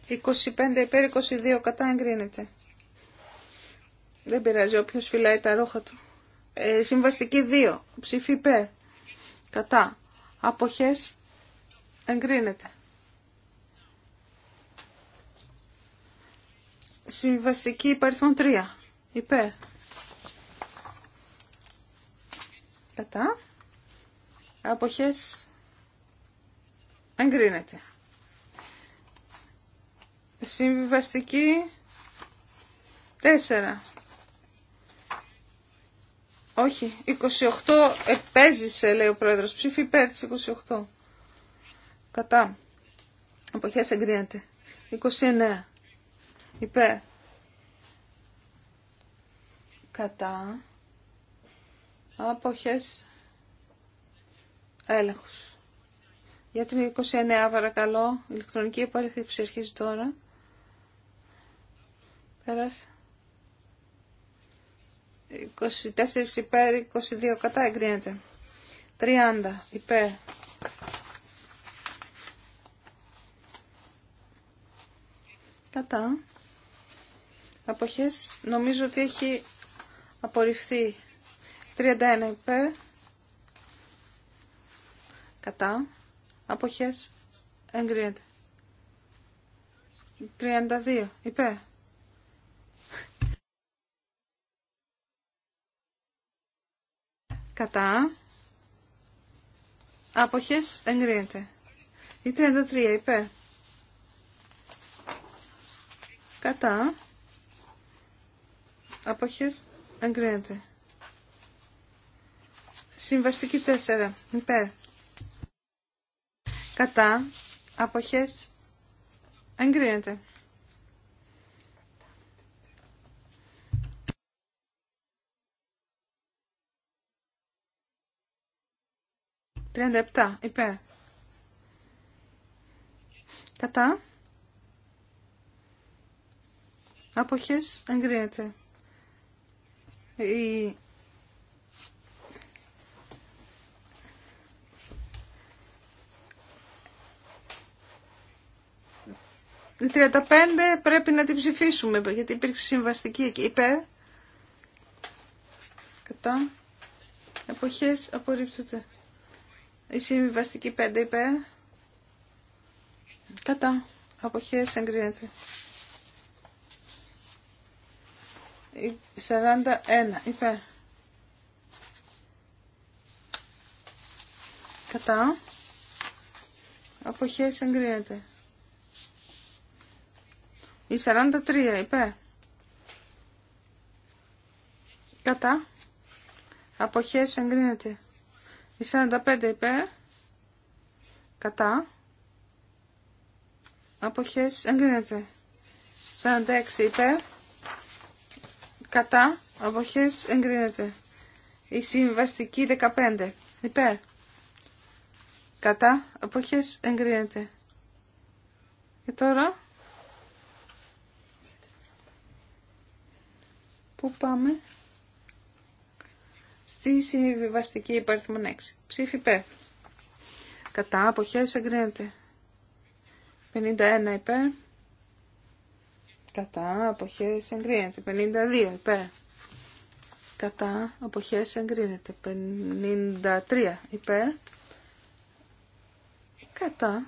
«25 υπέρ 22 κατά εγκρίνεται». Δεν πειράζει όποιος φυλάει τα ρόχα του. Ε, συμβαστική 2. Ψηφί υπέρ. Κατά. Αποχές εγκρίνεται. Συμβαστική υπέρ 3. Υπέρ. Κατά. Αποχές. Εγκρίνεται. Συμβιβαστική 4. Όχι, 28 επέζησε, λέει ο πρόεδρος. Ψήφι υπέρ 28. Κατά. Αποχές εγκρίνεται. 29. Υπέρ. Κατά αποχές έλεγχος. Για την 29 παρακαλώ, ηλεκτρονική επαλήθευση αρχίζει τώρα. Πέρασε. 24 υπέρ, 22 κατά εγκρίνεται. 30 υπέρ. Κατά. Αποχές νομίζω ότι έχει απορριφθεί 31 υπέρ. Κατά. Αποχές. Εγκρίνεται. 32 υπέρ. Κατά. Αποχές. Εγκρίνεται. Η 33 υπέρ. Κατά. Αποχές. Εγκρίνεται. Συμβαστική 4. Υπέρ. Κατά. Αποχές. Εγκρίνεται. Τριάντα επτά. Υπέρ. Κατά. Αποχές. Εγκρίνεται. Η 35 πρέπει να την ψηφίσουμε, γιατί υπήρξε συμβαστική εκεί. Υπέρ. Κατά. Εποχές απορρίπτεται. Η συμβαστική 5 υπέρ. Κατά. Αποχές εγκρίνεται. 41 υπέρ. Κατά. Αποχές εγκρίνεται. Η 43 υπέρ. Κατά. Αποχές εγκρίνεται. Η 45 υπέρ. Κατά. Αποχές εγκρίνεται. 46 υπέρ. Κατά. Αποχές εγκρίνεται. Η συμβαστική 15 υπέρ. Κατά. Αποχές εγκρίνεται. Και τώρα Πού πάμε? Στη συμβιβαστική υπαριθμό 6. Ψήφι υπέρ. Κατά αποχές εγκρίνεται. 51 υπέρ. Κατά αποχές εγκρίνεται. 52 υπέρ. Κατά αποχές εγκρίνεται. 53 υπέρ. Κατά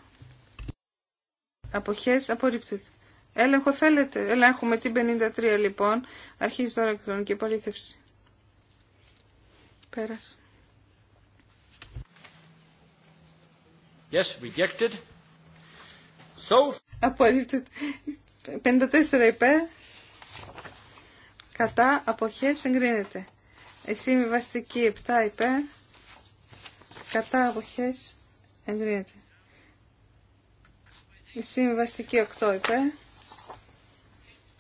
αποχές απορρίπτεται. Έλεγχο θέλετε. Ελέγχουμε την 53 λοιπόν. Αρχίζει τώρα η ηλεκτρονική υπολήθευση. Πέρασε. Yes, rejected. Απορρίπτεται. 54 υπέρ. Κατά αποχές εγκρίνεται. Η βαστική 7 υπέρ. Κατά αποχέ εγκρίνεται. Η βαστική 8 υπέρ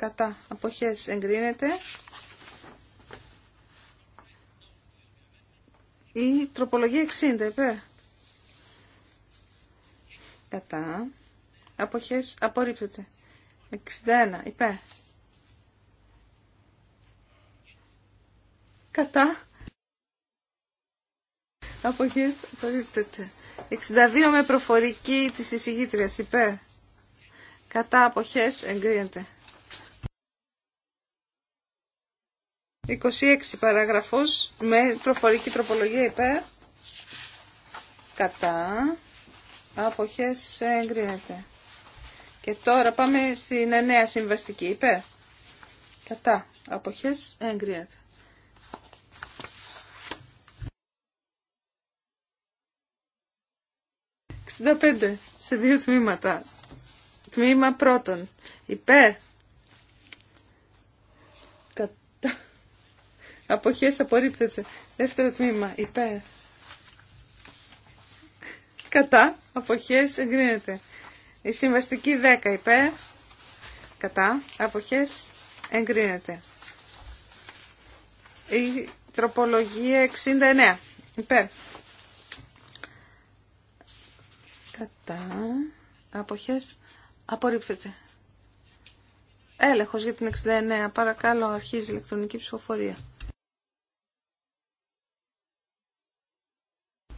κατά αποχές εγκρίνεται η τροπολογία 60 Επέ. κατά αποχές απορρίπτεται 61 είπε. κατά αποχές απορρίπτεται 62 με προφορική της εισηγήτριας είπε. κατά αποχές εγκρίνεται 26 παραγραφούς με προφορική τροπολογία υπέρ. Κατά. Αποχές εγκρίνεται. Και τώρα πάμε στην νέα συμβαστική υπέρ. Κατά. Αποχές εγκρίνεται. σε δύο τμήματα. Τμήμα πρώτον. Υπέρ Αποχές απορρίπτεται. Δεύτερο τμήμα. Υπέρ. Κατά. Αποχές εγκρίνεται. Η συμβαστική 10 υπέρ. Κατά. Αποχές εγκρίνεται. Η τροπολογία 69 υπέρ. Κατά. Αποχές απορρίπτεται. Έλεγχος για την 69. Παρακαλώ αρχίζει ηλεκτρονική ψηφοφορία.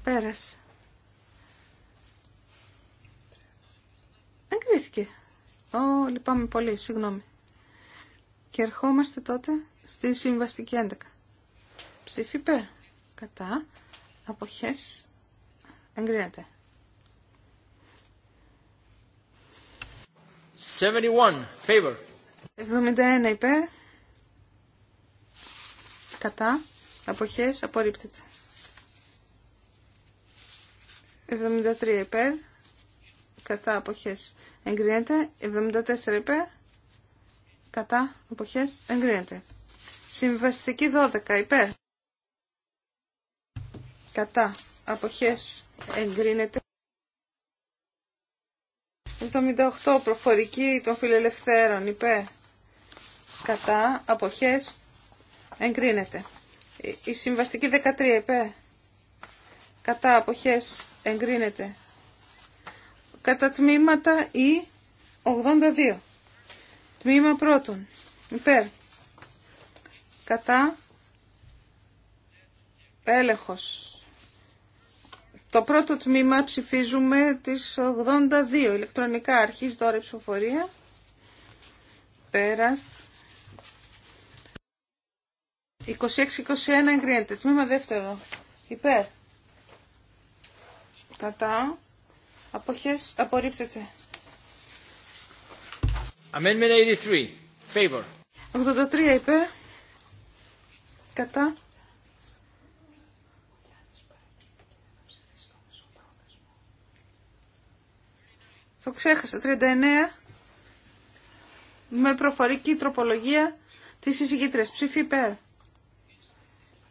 Πέρασε. Εγκρίθηκε. Ω, λυπάμαι πολύ, συγγνώμη. Και ερχόμαστε τότε στη συμβαστική 11. Ψήφι Κατά. Αποχές. Εγκρίνεται. 71. Favor. 71 υπέρ. Κατά. Αποχές. Απορρίπτεται. 73 υπέρ. Κατά αποχές εγκρίνεται. 74 υπέρ. Κατά αποχές εγκρίνεται. Συμβαστική 12 υπέρ. Κατά αποχές εγκρίνεται. 78 προφορική των φιλελευθέρων υπέρ. Κατά αποχές εγκρίνεται. Η συμβαστική 13 υπέρ κατά αποχές εγκρίνεται κατά τμήματα ή 82. Τμήμα πρώτον. Υπέρ. Κατά. Έλεγχος. Το πρώτο τμήμα ψηφίζουμε τις 82. Ηλεκτρονικά αρχης τώρα ψηφοφορία. Πέρας. 26-21 εγκρίνεται. Τμήμα δεύτερο. Υπέρ. Κατά. Αποχές απορρίπτεται. Amendment 83. Favor. 83 υπέρ. Κατά. Το ξέχασα. 39. Με προφορική τροπολογία της εισηγήτρες. Ψήφι υπέρ.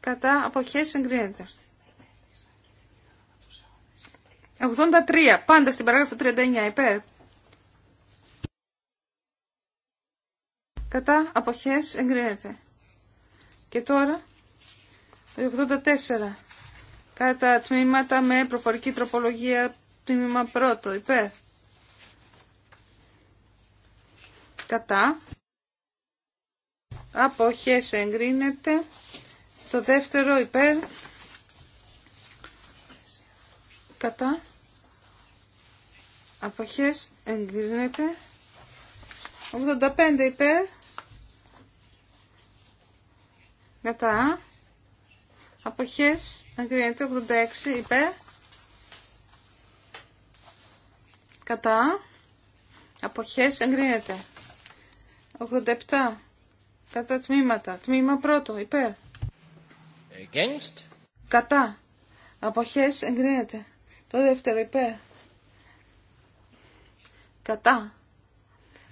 Κατά αποχές εγκρίνεται. 83, πάντα στην παράγραφο 39, υπέρ. Κατά αποχές εγκρίνεται. Και τώρα το 84. Κατά τμήματα με προφορική τροπολογία τμήμα πρώτο, υπέρ. Κατά. Αποχές εγκρίνεται. Το δεύτερο υπέρ. Κατά αποχές εγκρίνεται 85 υπέρ κατά αποχές εγκρίνεται 86 υπέρ κατά αποχές εγκρίνεται 87 κατά τμήματα τμήμα πρώτο υπέρ Against. κατά αποχές εγκρίνεται το δεύτερο υπέρ κατά,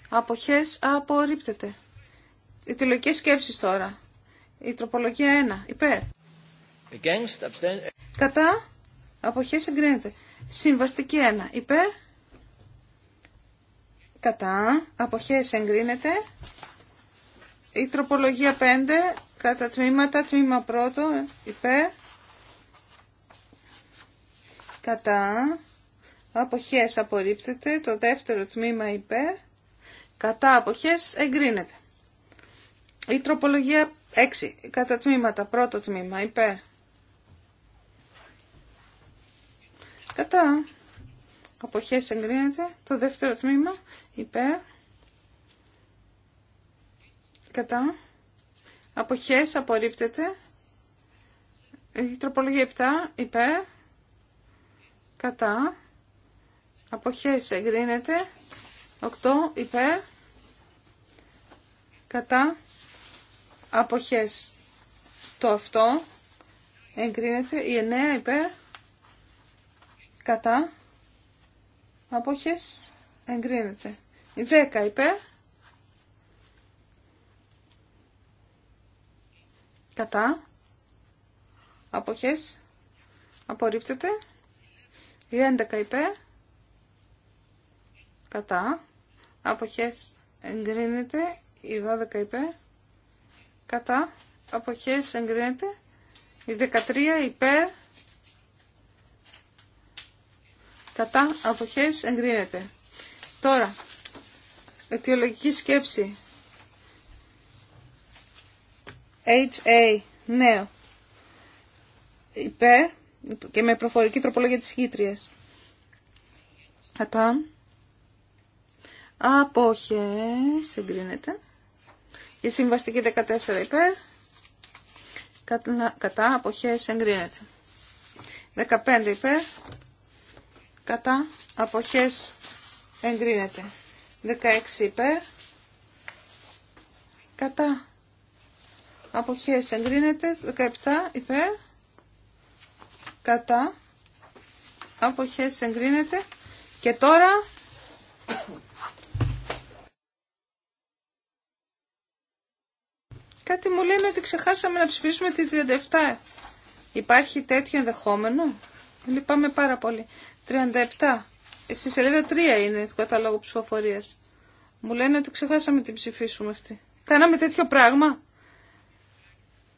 αποχές απορρίπτεται. Οι σκέψη σκέψεις τώρα. Η τροπολογία 1, υπέρ. Against, κατά, αποχές εγκρίνεται. Συμβαστική 1, υπέρ. Κατά, αποχές εγκρίνεται. Η τροπολογία 5, κατά τμήματα, τμήμα πρώτο, υπέρ. Κατά, αποχές απορρίπτεται, το δεύτερο τμήμα υπέρ, κατά αποχές εγκρίνεται. Η τροπολογία 6, κατά τμήματα, πρώτο τμήμα υπέρ, κατά αποχές εγκρίνεται, το δεύτερο τμήμα υπέρ, κατά αποχές απορρίπτεται, η τροπολογία 7 υπέρ, κατά Αποχές εγκρίνεται. 8 υπέρ. Κατά. Αποχές το αυτό εγκρίνεται. Η 9 υπέρ. Κατά. Αποχές εγκρίνεται. Η 10 υπέρ. Κατά. Αποχές απορρίπτεται. Η 11 υπέρ κατά, αποχές εγκρίνεται, η 12 υπέρ, κατά, αποχές εγκρίνεται, η 13 υπέρ, κατά, αποχές εγκρίνεται. Τώρα, αιτιολογική σκέψη. HA, νέο. Υπέρ και με προφορική τροπολογία της χήτριας. Κατά Απόχες, εγκρίνεται. Η συμβαστική 14 υπέρ. Κατά, αποχές, εγκρίνεται. 15 υπέρ. Κατά, αποχές, εγκρίνεται. 16 υπέρ. Κατά, αποχές, εγκρίνεται. 17 υπέρ. Κατά, αποχές, εγκρίνεται. Και τώρα Κάτι μου λένε ότι ξεχάσαμε να ψηφίσουμε τη 37. Υπάρχει τέτοιο ενδεχόμενο. Λυπάμαι πάρα πολύ. 37. Στη σελίδα 3 είναι το καταλόγο ψηφοφορία. Μου λένε ότι ξεχάσαμε την ψηφίσουμε αυτή. Κάναμε τέτοιο πράγμα.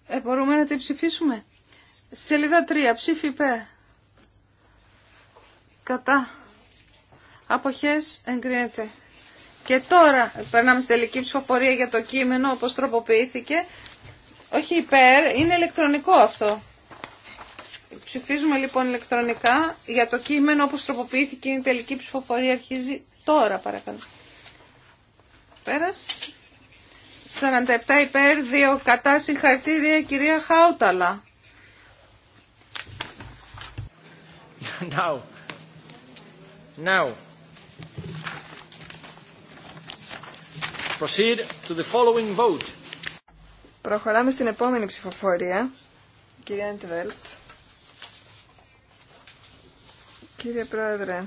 Ε, μπορούμε να την ψηφίσουμε. Στη σελίδα 3. Ψήφι υπέ. Κατά. Αποχές εγκρίνεται. Και τώρα περνάμε στην τελική ψηφοφορία για το κείμενο όπως τροποποιήθηκε. Όχι υπέρ, είναι ηλεκτρονικό αυτό. Ψηφίζουμε λοιπόν ηλεκτρονικά για το κείμενο όπως τροποποιήθηκε η τελική ψηφοφορία αρχίζει τώρα παρακαλώ. Πέρας. 47 υπέρ, 2 κατά συγχαρητήρια κυρία Χάουταλα. Now. Now. Προχωράμε στην επόμενη ψηφοφορία. κύριε Αντιβέλτ. Κύριε Πρόεδρε,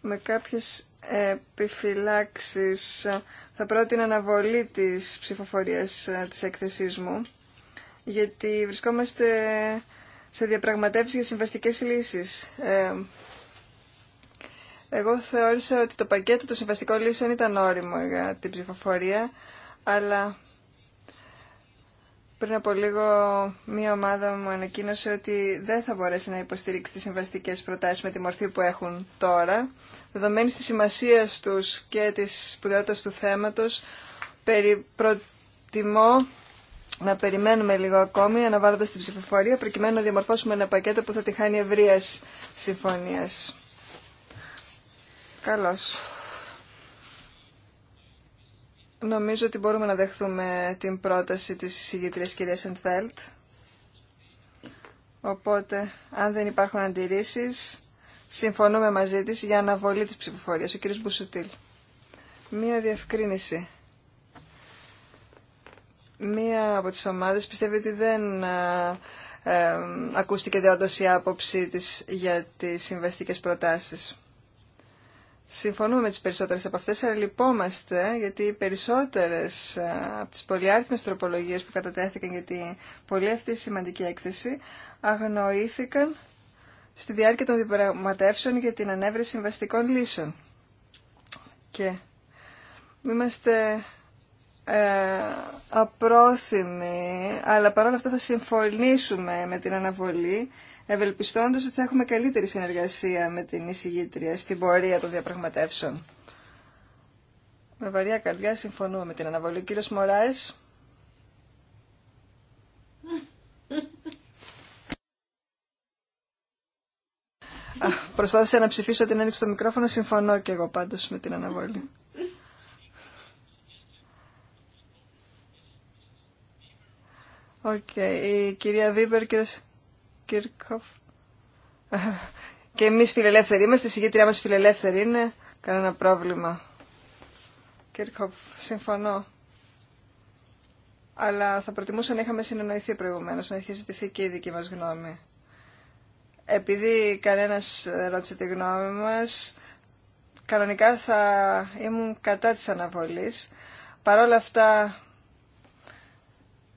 με κάποιες επιφυλάξεις θα πρότεινα αναβολή της ψηφοφορίας ε, της έκθεσής μου, γιατί βρισκόμαστε σε διαπραγματεύσεις για συμβαστικές λύσεις ε, εγώ θεώρησα ότι το πακέτο των συμβαστικών λύσεων ήταν όριμο για την ψηφοφορία, αλλά πριν από λίγο μία ομάδα μου ανακοίνωσε ότι δεν θα μπορέσει να υποστηρίξει τις συμβαστικές προτάσεις με τη μορφή που έχουν τώρα, δεδομένη της σημασίας τους και της σπουδαιότητας του θέματος, περι, προτιμώ να περιμένουμε λίγο ακόμη, αναβάλλοντας την ψηφοφορία, προκειμένου να διαμορφώσουμε ένα πακέτο που θα τη χάνει ευρεία συμφωνίας. Καλώς. Νομίζω ότι μπορούμε να δεχθούμε την πρόταση της συγγετρίας κυρίας Εντφέλτ. Οπότε, αν δεν υπάρχουν αντιρρήσεις, συμφωνούμε μαζί της για αναβολή της ψηφοφορίας. Ο κύριος Μπουσουτήλ. Μία διευκρίνηση. Μία από τις ομάδες πιστεύει ότι δεν ε, ε, ακούστηκε δεόντως η άποψή της για τις συμβαστικές προτάσεις. Συμφωνούμε με τις περισσότερες από αυτές, αλλά λυπόμαστε γιατί οι περισσότερες από τις πολυάριθμες τροπολογίες που κατατέθηκαν για την πολύ αυτή σημαντική έκθεση αγνοήθηκαν στη διάρκεια των διπραγματεύσεων για την ανέβρεση συμβαστικών λύσεων. Και είμαστε ε, απρόθυμοι, αλλά παρόλα αυτά θα συμφωνήσουμε με την αναβολή ευελπιστώντα ότι θα έχουμε καλύτερη συνεργασία με την εισηγήτρια στην πορεία των διαπραγματεύσεων. Με βαριά καρδιά συμφωνούμε με την αναβολή. Ο κύριος Μωράης. Προσπάθησα να ψηφίσω την άνοιξη στο μικρόφωνο, συμφωνώ και εγώ πάντως με την αναβολή. Οκ, okay. η κυρία Βίμπερ, κύριος... Κύρκοφ. Και εμείς φιλελεύθεροι είμαστε, η συγκέντριά μας φιλελεύθερη είναι, κανένα πρόβλημα. Κύρκοφ, συμφωνώ. Αλλά θα προτιμούσα να είχαμε συνεννοηθεί προηγουμένως, να είχε ζητηθεί και η δική μας γνώμη. Επειδή κανένας ρώτησε τη γνώμη μας, κανονικά θα ήμουν κατά της αναβολής. Παρ' όλα αυτά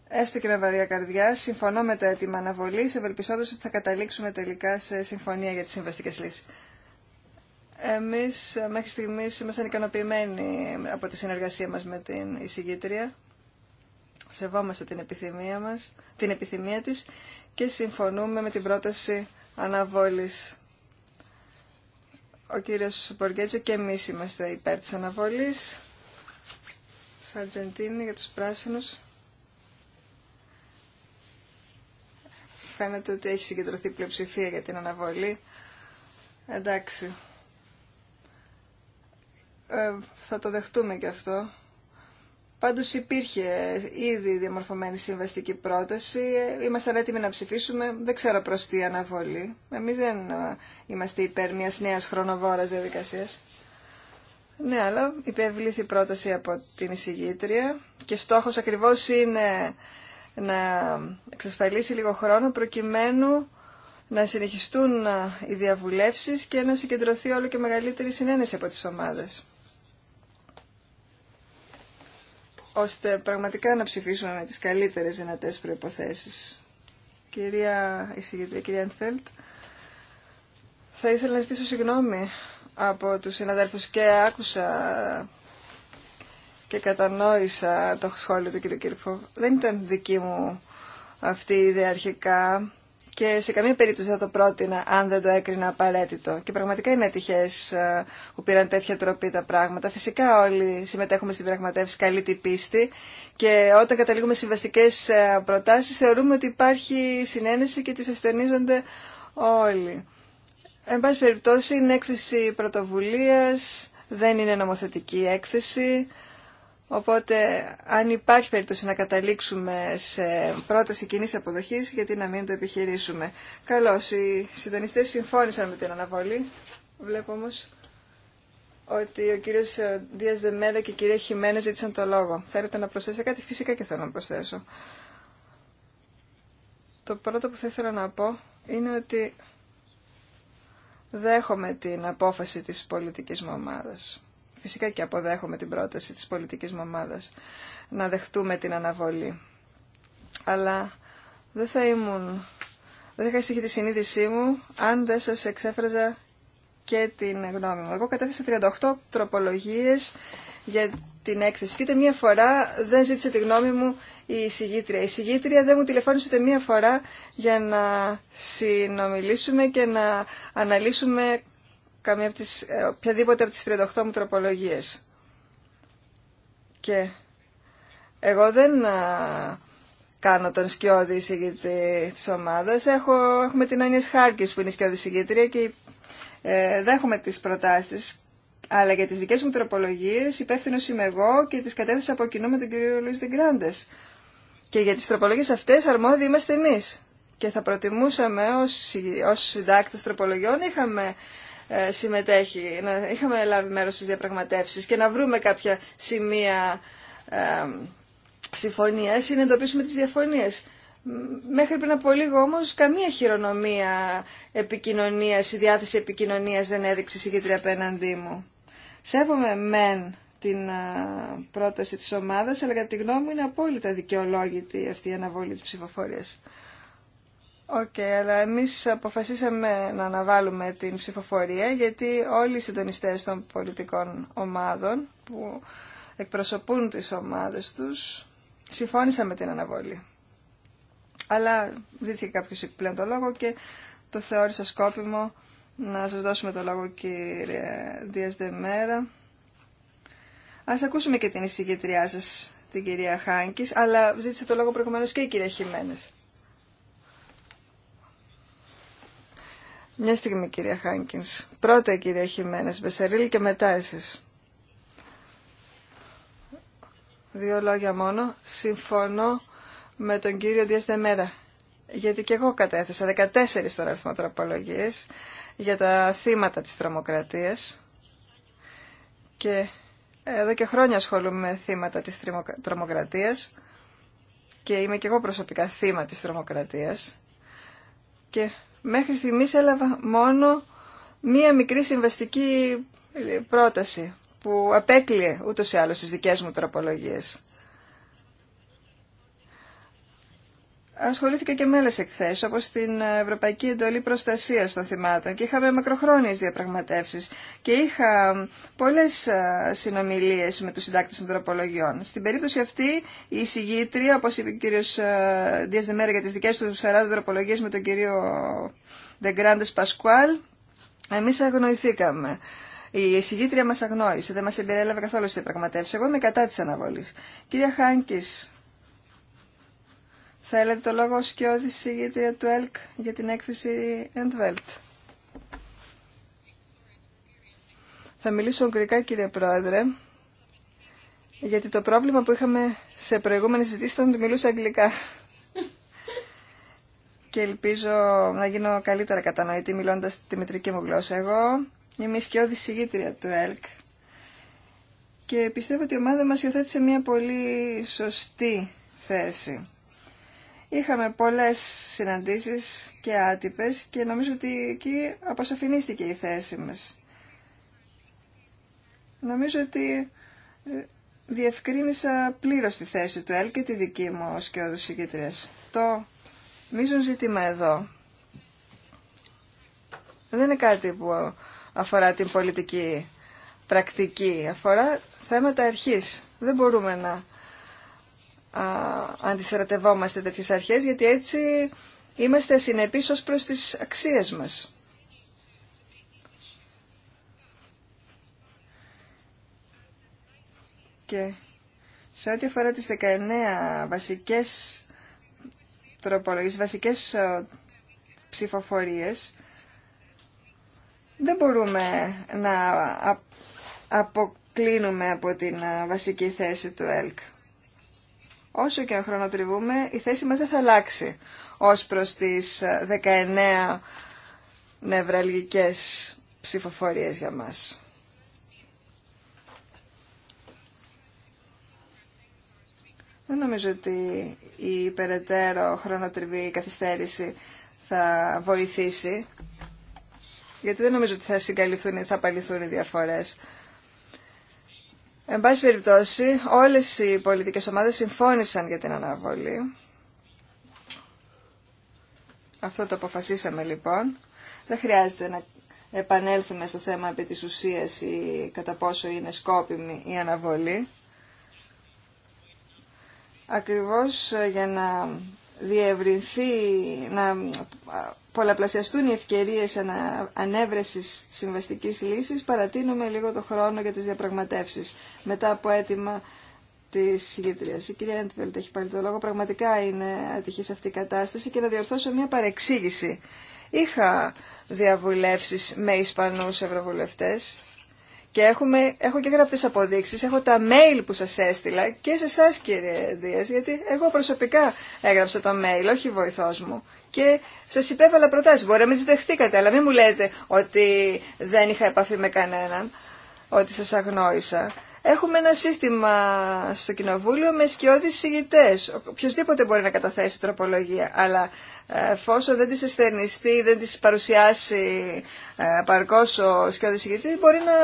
Έστω και με βαριά καρδιά, συμφωνώ με το αίτημα αναβολή, ευελπιστώντα ότι θα καταλήξουμε τελικά σε συμφωνία για τι συμβαστικέ λύσει. Εμεί μέχρι στιγμή είμαστε ικανοποιημένοι από τη συνεργασία μα με την εισηγήτρια. Σεβόμαστε την επιθυμία μας, την επιθυμία της και συμφωνούμε με την πρόταση αναβόλης. Ο κύριος Μποργέτζο και εμείς είμαστε υπέρ της αναβόλης. Σαρτζεντίνη για τους πράσινους. φαίνεται ότι έχει συγκεντρωθεί πλειοψηφία για την αναβολή. Εντάξει. Ε, θα το δεχτούμε και αυτό. Πάντως υπήρχε ήδη διαμορφωμένη συμβαστική πρόταση. Ήμασταν έτοιμοι να ψηφίσουμε. Δεν ξέρω προς τι αναβολή. Εμείς δεν ε, είμαστε υπέρ μιας νέας χρονοβόρας διαδικασίας. Ναι, αλλά υπευλήθη πρόταση από την εισηγήτρια και στόχος ακριβώς είναι να εξασφαλίσει λίγο χρόνο προκειμένου να συνεχιστούν οι διαβουλεύσεις και να συγκεντρωθεί όλο και μεγαλύτερη συνένεση από τις ομάδες. ώστε πραγματικά να ψηφίσουν με τις καλύτερες δυνατές προϋποθέσεις. Κυρία εισηγητρία, κυρία Αντφέλτ, θα ήθελα να ζητήσω συγγνώμη από τους συναδέλφους και άκουσα και κατανόησα το σχόλιο του κ. Κύρφου. Δεν ήταν δική μου αυτή η ιδέα αρχικά και σε καμία περίπτωση θα το πρότεινα αν δεν το έκρινα απαραίτητο. Και πραγματικά είναι ατυχέ ε, που πήραν τέτοια τροπή τα πράγματα. Φυσικά όλοι συμμετέχουμε στην πραγματεύση καλή την πίστη και όταν καταλήγουμε συμβαστικέ ε, προτάσει θεωρούμε ότι υπάρχει συνένεση και τι ασθενίζονται όλοι. Εν πάση περιπτώσει είναι έκθεση πρωτοβουλία, δεν είναι νομοθετική έκθεση. Οπότε, αν υπάρχει περίπτωση να καταλήξουμε σε πρόταση κοινή αποδοχή, γιατί να μην το επιχειρήσουμε. Καλώ, οι συντονιστέ συμφώνησαν με την αναβολή. Βλέπω όμω ότι ο κύριο Δία Δεμέδα και η κυρία Χιμένε ζήτησαν το λόγο. Θέλετε να προσθέσετε κάτι, φυσικά και θέλω να προσθέσω. Το πρώτο που θα ήθελα να πω είναι ότι δέχομαι την απόφαση της πολιτικής μου ομάδας φυσικά και αποδέχομαι την πρόταση της πολιτικής μου να δεχτούμε την αναβολή. Αλλά δεν θα ήμουν, δεν θα είχα τη συνείδησή μου αν δεν σας εξέφραζα και την γνώμη μου. Εγώ κατέθεσα 38 τροπολογίες για την έκθεση και ούτε μία φορά δεν ζήτησε τη γνώμη μου η συγγήτρια. Η συγγήτρια δεν μου τηλεφώνησε ούτε μία φορά για να συνομιλήσουμε και να αναλύσουμε καμία από τις, ε, οποιαδήποτε από τις 38 μου τροπολογίες. Και εγώ δεν κάνω τον σκιώδη εισηγητή της ομάδας. Έχω, έχουμε την Άνια Χάρκης που είναι σκιώδη εισηγητρία και ε, δέχομαι τις προτάσεις Αλλά για τις δικές μου τροπολογίες υπεύθυνο είμαι εγώ και τις κατέθεσα από κοινού με τον κύριο Λουίς Δεγκράντες. Και για τις τροπολογίες αυτές αρμόδιοι είμαστε εμείς. Και θα προτιμούσαμε ως, ως τροπολογιών είχαμε ε, συμμετέχει, να είχαμε λάβει μέρος στις διαπραγματεύσεις και να βρούμε κάποια σημεία ε, συμφωνίας ή να εντοπίσουμε τις διαφωνίες. Μέχρι πριν από λίγο όμως καμία χειρονομία επικοινωνίας, η διάθεση ομως καμια χειρονομια επικοινωνία, η διαθεση επικοινωνιας δεν έδειξε συγκεντρία απέναντί μου. Σέβομαι μεν την ε, πρόταση της ομάδας, αλλά κατά τη γνώμη μου είναι απόλυτα δικαιολόγητη αυτή η αναβολή τη ψηφοφορία. Οκ, αλλά εμείς αποφασίσαμε να αναβάλουμε την ψηφοφορία γιατί όλοι οι συντονιστές των πολιτικών ομάδων που εκπροσωπούν τις ομάδες τους συμφώνησαν με την αναβολή. Αλλά ζήτησε κάποιο κάποιος επιπλέον το λόγο και το θεώρησα σκόπιμο να σας δώσουμε το λόγο κύριε Δίας Δεμέρα. Ας ακούσουμε και την εισηγητριά σας, την κυρία Χάνκης, αλλά ζήτησε το λόγο προηγουμένως και η κυρία Χιμένες. Μια στιγμή κυρία Χάνκινς. Πρώτα η κυρία Χιμένες Μπεσερίλ και μετά εσείς. Δύο λόγια μόνο. Συμφωνώ με τον κύριο Διαστεμέρα. Γιατί και εγώ κατέθεσα 14 στον αριθμό για τα θύματα της τρομοκρατίας. Και εδώ και χρόνια ασχολούμαι με θύματα της τρομοκρατίας και είμαι και εγώ προσωπικά θύμα της τρομοκρατίας. Και Μέχρι στιγμής έλαβα μόνο μία μικρή συμβαστική πρόταση που απέκλειε ούτως ή άλλως τις δικές μου τροπολογίες. ασχολήθηκα και με άλλε εκθέσει, όπω την Ευρωπαϊκή Εντολή Προστασία των Θυμάτων. Και είχαμε μακροχρόνιε διαπραγματεύσει και είχα πολλέ συνομιλίε με του συντάκτε των τροπολογιών. Στην περίπτωση αυτή, η συγγήτρια, όπω είπε ο κύριο Δία Δεμέρα για τι δικέ του 40 τροπολογίε με τον κύριο Δεγκράντε Πασκουάλ, εμεί αγνοηθήκαμε. Η εισηγήτρια μα αγνώρισε, δεν μα εμπεριέλαβε καθόλου στι διαπραγματεύσει. Εγώ είμαι κατά τη αναβολή. Κυρία Χάνκη, Θέλετε το λόγο ως κοιόδηση συγγήτρια του ΕΛΚ για την έκθεση Εντβέλτ. Θα μιλήσω ογκρικά κύριε Πρόεδρε, γιατί το πρόβλημα που είχαμε σε προηγούμενη συζήτηση ήταν ότι μιλούσα αγγλικά. Και ελπίζω να γίνω καλύτερα κατανοητή μιλώντας τη μητρική μου γλώσσα. Εγώ είμαι η σκιώδη του ΕΛΚ και πιστεύω ότι η ομάδα μας υιοθέτησε μια πολύ σωστή θέση. Είχαμε πολλές συναντήσεις και άτυπες και νομίζω ότι εκεί αποσαφηνίστηκε η θέση μας. Νομίζω ότι ε, διευκρίνησα πλήρως τη θέση του ΕΛ και τη δική μου ως και οδουσικητρίας. Το μείζον ζήτημα εδώ δεν είναι κάτι που αφορά την πολιτική πρακτική, αφορά θέματα αρχής. Δεν μπορούμε να αντιστρατευόμαστε τέτοιες αρχές, γιατί έτσι είμαστε ασυνεπείς ως προς τις αξίες μας. Και σε ό,τι αφορά τις 19 βασικές τροπολογίες, βασικές ε, ψηφοφορίες, δεν μπορούμε να αποκλίνουμε από την ε, βασική θέση του ΕΛΚ όσο και αν χρονοτριβούμε, η θέση μας δεν θα αλλάξει ως προς τις 19 ε, νευραλγικές ψηφοφορίες για μας. Δεν νομίζω ότι η περαιτέρω χρονοτριβή καθυστέρηση θα βοηθήσει, γιατί δεν νομίζω ότι θα συγκαλυφθούν ή θα απαλληθούν οι διαφορές. Εν πάση περιπτώσει, όλες οι πολιτικές ομάδες συμφώνησαν για την αναβολή. Αυτό το αποφασίσαμε λοιπόν. Δεν χρειάζεται να επανέλθουμε στο θέμα επί της ουσίας ή κατά πόσο είναι σκόπιμη η αναβολή. Ακριβώς ε, για να διευρυνθεί, να πολλαπλασιαστούν οι ευκαιρίες ανέβρεσης συμβαστικής λύσης, παρατείνουμε λίγο το χρόνο για τις διαπραγματεύσεις. Μετά από αίτημα της συγκεντρία. Η κυρία Έντβελτ έχει πάλι το λόγο. Πραγματικά είναι ατυχή αυτή η κατάσταση και να διορθώσω μια παρεξήγηση. Είχα διαβουλεύσεις με Ισπανούς ευρωβουλευτές και έχουμε, έχω και γραπτές αποδείξεις, έχω τα mail που σας έστειλα και σε εσά κύριε Δίας, γιατί εγώ προσωπικά έγραψα το mail, όχι βοηθός μου. Και σας υπέβαλα προτάσεις, μπορεί να μην τις δεχτήκατε, αλλά μην μου λέτε ότι δεν είχα επαφή με κανέναν, ότι σας αγνόησα. Έχουμε ένα σύστημα στο Κοινοβούλιο με σκιώδεις συγητές. Οποιοςδήποτε μπορεί να καταθέσει τροπολογία, αλλά ε, εφόσον δεν τις εστερνιστεί, δεν τις παρουσιάσει ε, παρκώς ο σκιώδης συγητής, μπορεί να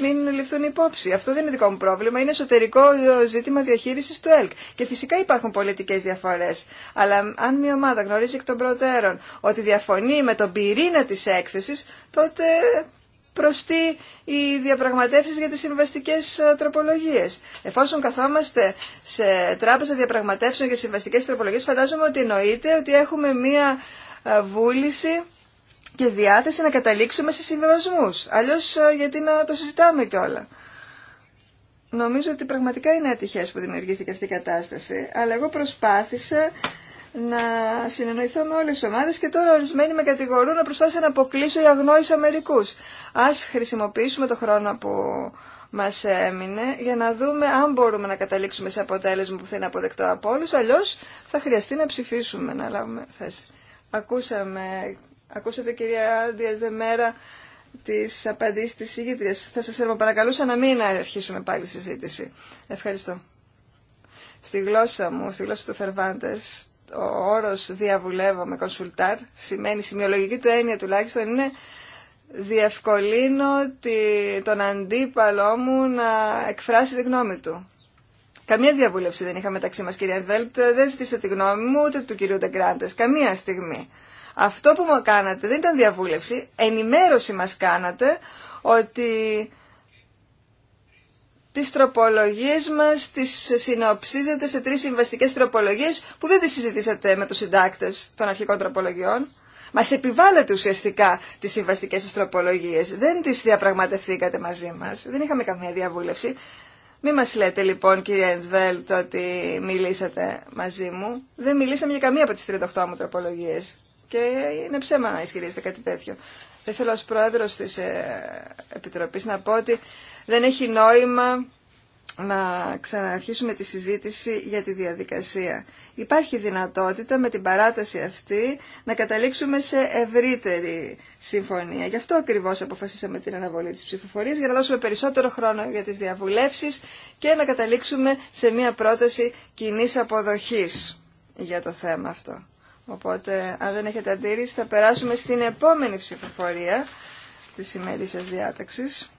μην ληφθούν υπόψη. Αυτό δεν είναι δικό μου πρόβλημα, είναι εσωτερικό ε, ζήτημα διαχείρισης του ΕΛΚ. Και φυσικά υπάρχουν πολιτικές διαφορές, αλλά αν μια ομάδα γνωρίζει εκ των προτέρων ότι διαφωνεί με τον πυρήνα της έκθεσης, τότε προστεί οι διαπραγματεύσεις για τις συμβαστικές ε, τροπολογίες. Εφόσον καθόμαστε σε τράπεζα διαπραγματεύσεων για συμβαστικές τροπολογίες, φαντάζομαι ότι εννοείται ότι έχουμε μία ε, βούληση και διάθεση να καταλήξουμε σε συμβιβασμούς. Αλλιώς ε, γιατί να το συζητάμε κιόλα. Νομίζω ότι πραγματικά είναι ατυχές που δημιουργήθηκε αυτή η κατάσταση, αλλά εγώ προσπάθησα να συνεννοηθώ με όλες τις ομάδες και τώρα ορισμένοι με κατηγορούν να προσπάθησα να αποκλείσω οι αγνόησα μερικού. Ας χρησιμοποιήσουμε το χρόνο που μας έμεινε για να δούμε αν μπορούμε να καταλήξουμε σε αποτέλεσμα που θα είναι αποδεκτό από όλους, αλλιώς θα χρειαστεί να ψηφίσουμε, να λάβουμε θέση. Ακούσαμε, ακούσατε κυρία Άντιας Δεμέρα τις απαντήσεις της ηγήτριας. Θα σας παρακαλούσα να μην αρχίσουμε πάλι συζήτηση. Ευχαριστώ. Στη γλώσσα μου, στη γλώσσα του Θερβάντες, ο όρος με κονσουλτάρ, σημαίνει, η σημειολογική του έννοια τουλάχιστον είναι διευκολύνω τον αντίπαλό μου να εκφράσει τη γνώμη του. Καμία διαβούλευση δεν είχα μεταξύ μας, κυρία Βέλτ, δεν ζητήσα τη γνώμη μου ούτε του κυρίου Ντεγκράντες, καμία στιγμή. Αυτό που μου κάνατε δεν ήταν διαβούλευση, ενημέρωση μας κάνατε ότι τις τροπολογίες μας τις συνοψίζετε σε τρεις συμβαστικές τροπολογίες που δεν τις συζητήσατε με τους συντάκτες των αρχικών τροπολογιών. Μας επιβάλλετε ουσιαστικά τις συμβαστικές τροπολογίες. Δεν τις διαπραγματευθήκατε μαζί μας. Δεν είχαμε καμία διαβούλευση. Μην μας λέτε λοιπόν κύριε Εντβέλτ ότι μιλήσατε μαζί μου. Δεν μιλήσαμε για καμία από τις 38 μου τροπολογίες. Και είναι ψέμα να ισχυρίζετε κάτι τέτοιο. Δεν θέλω ως πρόεδρος της ε, Επιτροπής να πω ότι δεν έχει νόημα να ξαναρχίσουμε τη συζήτηση για τη διαδικασία. Υπάρχει δυνατότητα με την παράταση αυτή να καταλήξουμε σε ευρύτερη συμφωνία. Γι' αυτό ακριβώς αποφασίσαμε την αναβολή της ψηφοφορίας για να δώσουμε περισσότερο χρόνο για τις διαβουλεύσεις και να καταλήξουμε σε μια πρόταση κοινή αποδοχής για το θέμα αυτό. Οπότε, αν δεν έχετε αντίρρηση, θα περάσουμε στην επόμενη ψηφοφορία της σας διάταξης.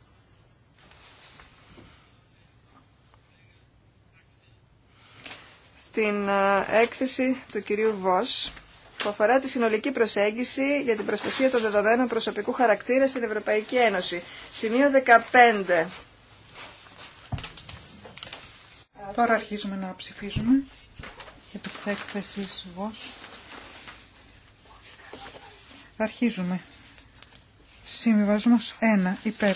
την ε, έκθεση του κυρίου Βος που αφορά τη συνολική προσέγγιση για την προστασία των δεδομένων προσωπικού χαρακτήρα στην Ευρωπαϊκή Ένωση. Σημείο 15. Τώρα αρχίζουμε να ψηφίζουμε επί της έκθεσης ΒΟΣ. Αρχίζουμε. Συμβιβασμός 1. Υπέρ.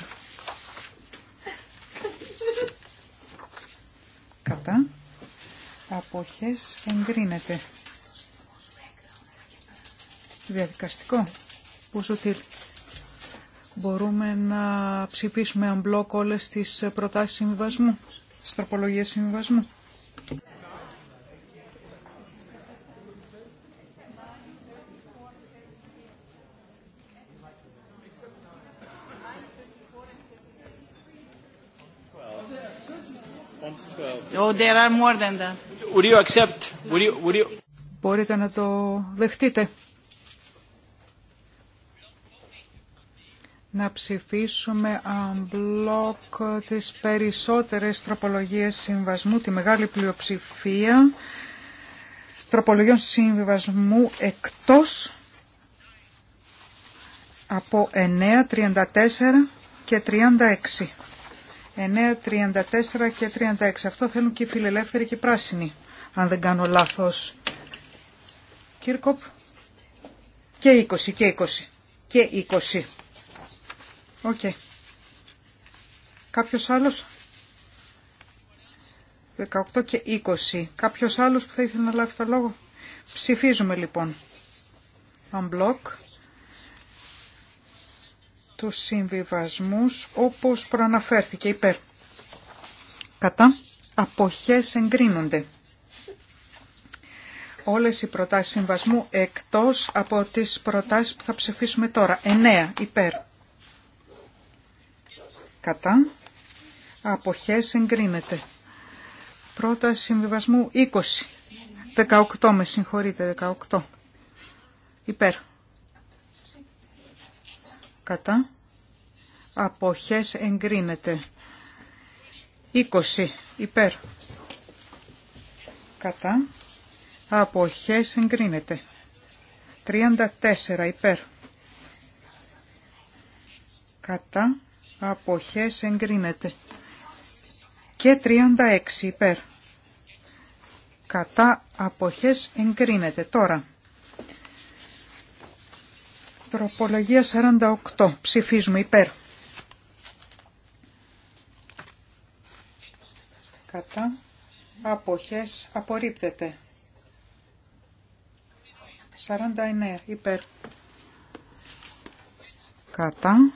Κατά αποχές εγκρίνεται. Διαδικαστικό. ότι Μπορούμε να ψηφίσουμε αν μπλοκ όλες τις προτάσεις συμβιβασμού, τις τροπολογίες συμβιβασμού. Oh, there more than that. Μπορείτε να το δεχτείτε. Να ψηφίσουμε μπλοκ τις περισσότερες τροπολογίες συμβασμού, τη μεγάλη πλειοψηφία τροπολογιών συμβασμού εκτός από 9, 34 και 36. 9, 34 και 36. Αυτό θέλουν και οι φιλελεύθεροι και οι πράσινοι αν δεν κάνω λάθος. Κύρκοπ. Και 20, και 20. Και 20. Οκ. Okay. Κάποιος άλλος. 18 και 20. Κάποιος άλλος που θα ήθελε να λάβει το λόγο. Ψηφίζουμε λοιπόν. Unblock. Τους συμβιβασμούς όπως προαναφέρθηκε υπέρ. Κατά. Αποχές εγκρίνονται όλες οι προτάσεις συμβασμού εκτός από τις προτάσεις που θα ψηφίσουμε τώρα. 9 υπέρ. Κατά. Αποχές εγκρίνεται. Πρόταση συμβιβασμού 20. 18 με συγχωρείτε, 18. Υπέρ. Κατά. Αποχές εγκρίνεται. 20. Υπέρ. Κατά. Αποχές εγκρίνεται. 34 υπέρ. Κατά. Αποχές εγκρίνεται. Και 36 υπέρ. Κατά. Αποχές εγκρίνεται. Τώρα. Τροπολογία 48. Ψηφίζουμε υπέρ. Κατά. Αποχές απορρίπτεται. 49 υπέρ. Κατά.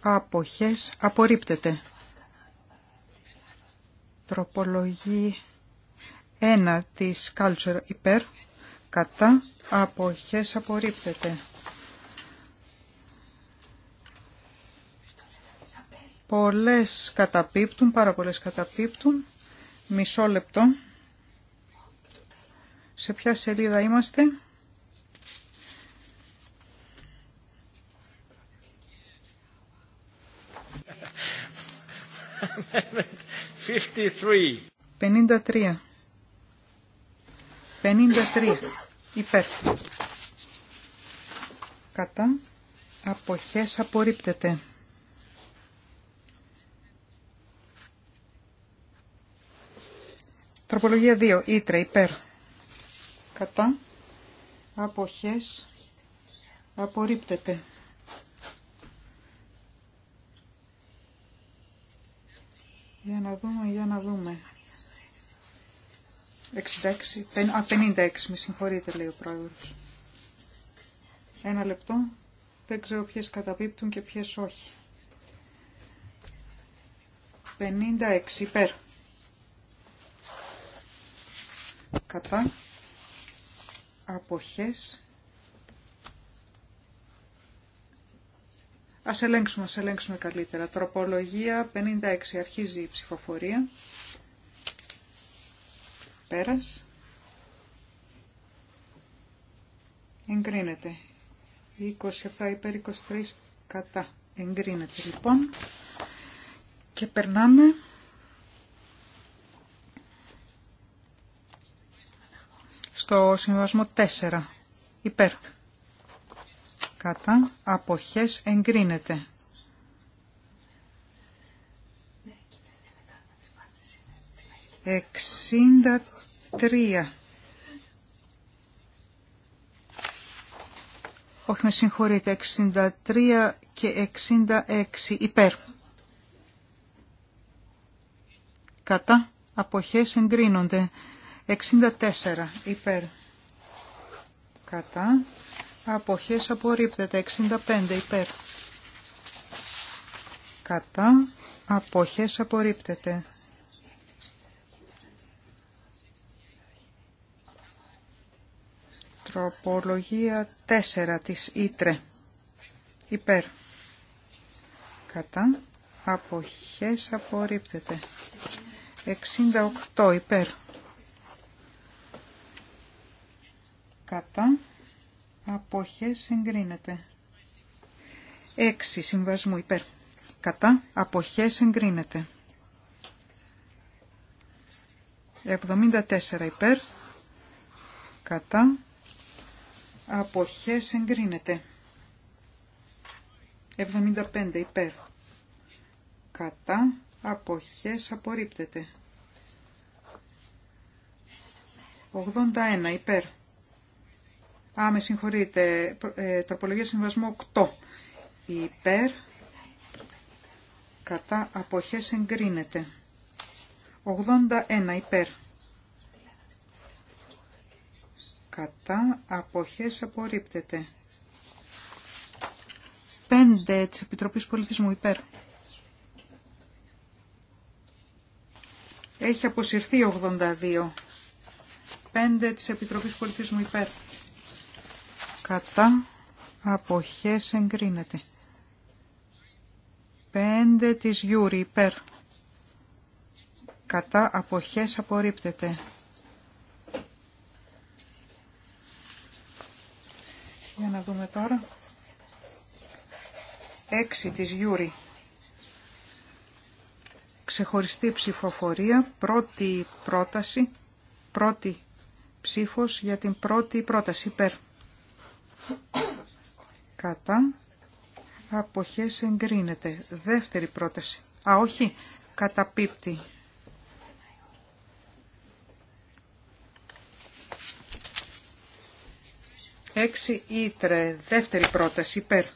Αποχές. Απορρίπτεται. Τροπολογή 1 της Culture υπέρ. Κατά. Αποχές. Απορρίπτεται. Πολλές καταπίπτουν, πάρα πολλές καταπίπτουν. Μισό λεπτό. Σε ποια σελίδα είμαστε. 53. 53. Υπέρ. Κατά. Αποχές απορρίπτεται. Τροπολογία 2. Ήτρε. Υπέρ. Κατά. Αποχές απορρίπτεται. Για να δούμε, για να δούμε. 66, α, 56, με συγχωρείτε λέει ο πρόεδρος. Ένα λεπτό. Δεν ξέρω ποιες καταπίπτουν και ποιες όχι. 56 υπέρ. Κατά. Αποχές. Ας ελέγξουμε, ελέγξουμε καλύτερα. Τροπολογία 56. Αρχίζει η ψηφοφορία. Πέρας. Εγκρίνεται. 27 υπέρ 23 κατά. Εγκρίνεται λοιπόν. Και περνάμε. Στο συμβασμό 4. Υπέρ κατά αποχές εγκρίνεται. Εξήντα τρία. Όχι με συγχωρείτε, 63 και 66 υπέρ. Κατά αποχές εγκρίνονται. 64 υπέρ. Κατά αποχές απορρίπτεται 65 υπέρ κατά αποχές απορρίπτεται Τροπολογία 4 της Ήτρε. Υπέρ. Κατά. Αποχές απορρίπτεται. 68 υπέρ. Κατά αποχές εγκρίνεται. 6 συμβασμού υπέρ. Κατά αποχές εγκρίνεται. 74 υπέρ. Κατά αποχές εγκρίνεται. 75 υπέρ. Κατά αποχές απορρίπτεται. 81 υπέρ Α, με συγχωρείτε, ε, τροπολογία συμβασμού 8. Υπέρ, κατά αποχές εγκρίνεται. 81 υπέρ. Κατά αποχές απορρίπτεται. 5 της Επιτροπής Πολιτισμού υπέρ. Έχει αποσυρθεί 82. 5 της Επιτροπής Πολιτισμού υπέρ κατά αποχές εγκρίνεται. Πέντε της Γιούρη υπέρ κατά αποχές απορρίπτεται. Για να δούμε τώρα. Έξι της Γιούρη. Ξεχωριστή ψηφοφορία, πρώτη πρόταση, πρώτη ψήφος για την πρώτη πρόταση υπέρ. Κατά. Αποχές εγκρίνεται. Δεύτερη πρόταση. Α, όχι. Καταπίπτει. Έξι ήτρε. Δεύτερη πρόταση. Υπέρ.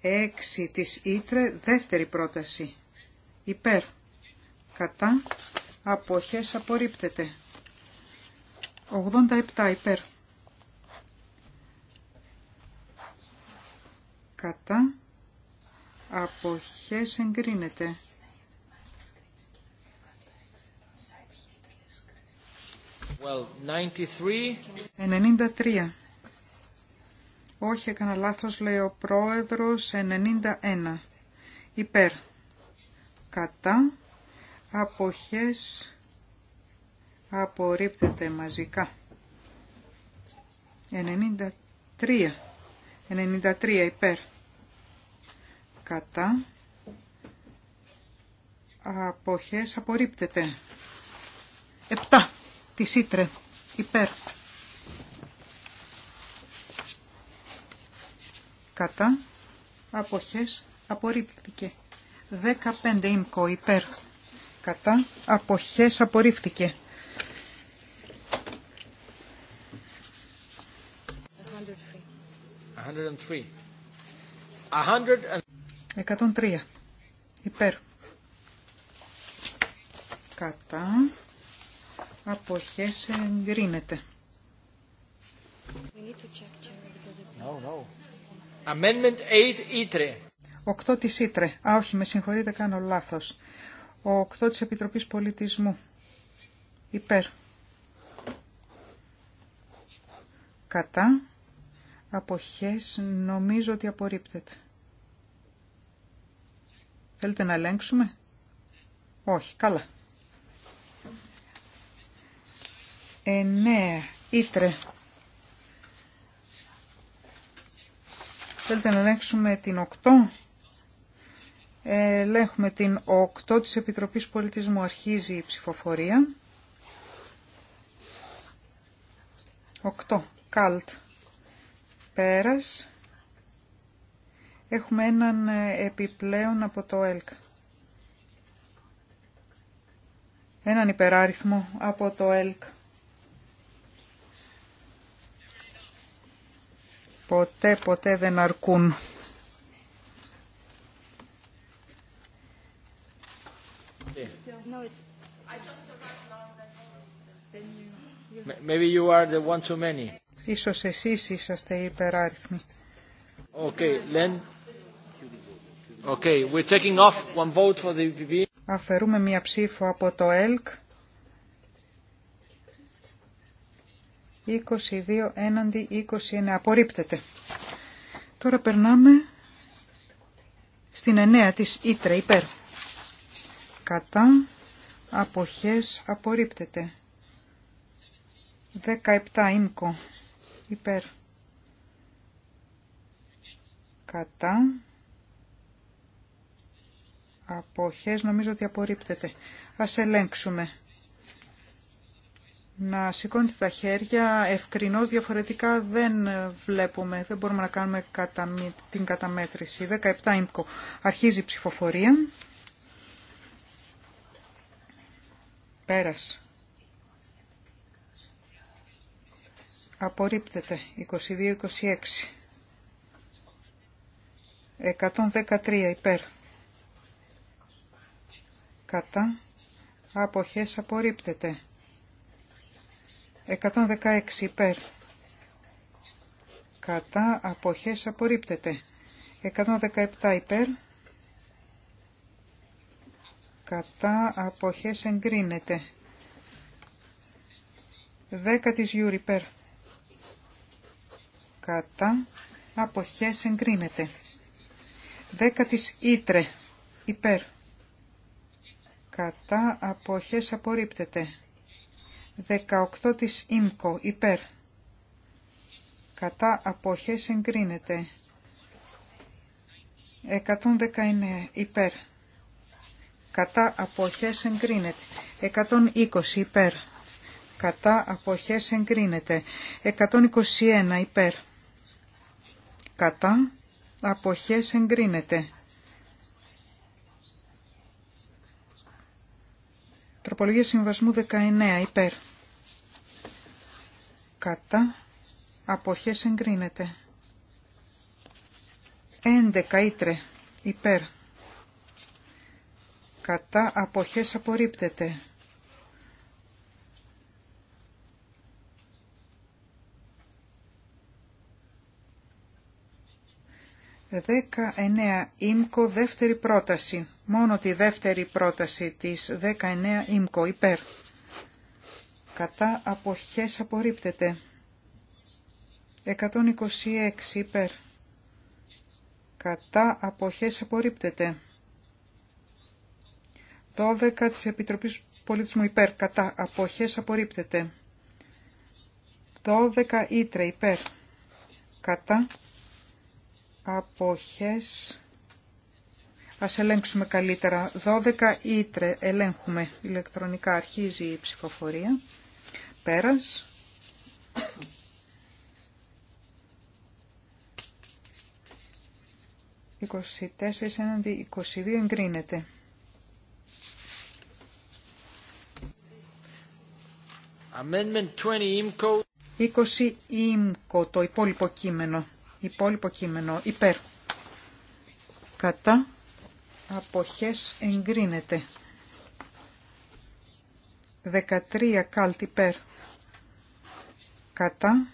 Έξι της ήτρε. Δεύτερη πρόταση. Υπέρ. Κατά αποχές απορρίπτεται. 87 υπέρ. Κατά αποχές εγκρίνεται. Well, 93. 93. Όχι, έκανα λάθος, λέει ο πρόεδρος, 91. Υπέρ. Κατά αποχές απορρίπτεται μαζικά. 93. 93 υπέρ. Κατά. Αποχές απορρίπτεται. 7. Τη Ήτρε. Υπέρ. Κατά. Αποχές απορρίπτηκε. 15 ΙΜΚΟ υπέρ κατά αποχές απορρίφθηκε. 103. 103. Υπέρ. Κατά. Αποχές εγκρίνεται. No, no. Amendment 8 της Ήτρε. Α, όχι, με συγχωρείτε, κάνω λάθος. Ο 8 της Επιτροπής Πολιτισμού. Υπέρ. Κατά. Αποχές νομίζω ότι απορρίπτεται. Θέλετε να ελέγξουμε. Όχι. Καλά. 9. Ήτρε. Θέλετε να ελέγξουμε την 8. Ελέγχουμε την 8 της Επιτροπής Πολιτισμού. Αρχίζει η ψηφοφορία. 8. Καλτ. Πέρας. Έχουμε έναν ε, επιπλέον από το ΕΛΚ. Έναν υπεράριθμο από το ΕΛΚ. Ποτέ, ποτέ δεν αρκούν. Maybe you are the one too many. Ίσως εσείς είσαστε υπεράριθμοι. Okay, then. Okay, we're taking off one vote for the EPP. Αφαιρούμε μία ψήφο από το ΕΛΚ. 22 έναντι 29. Απορρίπτεται. Τώρα περνάμε στην 9 της Ήτρε υπέρ. Κατά αποχές απορρίπτεται. 17 ΙΜΚΟ υπέρ κατά αποχές νομίζω ότι απορρίπτεται. Ας ελέγξουμε. Να σηκώνετε τα χέρια ευκρινώς διαφορετικά δεν βλέπουμε, δεν μπορούμε να κάνουμε την καταμέτρηση. 17 ΙΜΚΟ αρχίζει η ψηφοφορία. Πέρασε. Απορρίπτεται. 22-26. 113 υπέρ. Κατά. Αποχές απορρίπτεται. 116 υπέρ. Κατά. Αποχές απορρίπτεται. 117 υπέρ. Κατά. Αποχές εγκρίνεται. 10 της Γιούρι υπέρ κατά αποχές εγκρίνεται. 10 της Ήτρε υπέρ κατά αποχές απορρίπτεται. 18 της Ίμκο υπέρ κατά αποχές εγκρίνεται. 119 υπέρ κατά αποχές εγκρίνεται. 120 υπέρ κατά αποχές εγκρίνεται. 121 υπέρ κατά, αποχές εγκρίνεται. Τροπολογία συμβασμού 19 υπέρ. Κατά, αποχές εγκρίνεται. 11 ήτρε υπέρ. Κατά αποχές απορρίπτεται. 19 ΙΜΚΟ δεύτερη πρόταση. Μόνο τη δεύτερη πρόταση της 19 ΙΜΚΟ υπέρ. Κατά αποχές απορρίπτεται. 126 υπέρ. Κατά αποχές απορρίπτεται. 12 της Επιτροπής Πολίτισμου υπέρ. Κατά αποχές απορρίπτεται. 12 Ήτρε υπέρ. Κατά αποχές. Ας ελέγξουμε καλύτερα. 12 ήτρε ελέγχουμε ηλεκτρονικά. Αρχίζει η ψηφοφορία. Πέρας. ...24 έναντι 22 εγκρίνεται. Amendment 20 ΙΜΚΟ. 20 ΙΜΚΟ, το υπόλοιπο κείμενο υπόλοιπο κείμενο υπέρ κατά αποχές εγκρίνεται 13 καλτ υπέρ κατά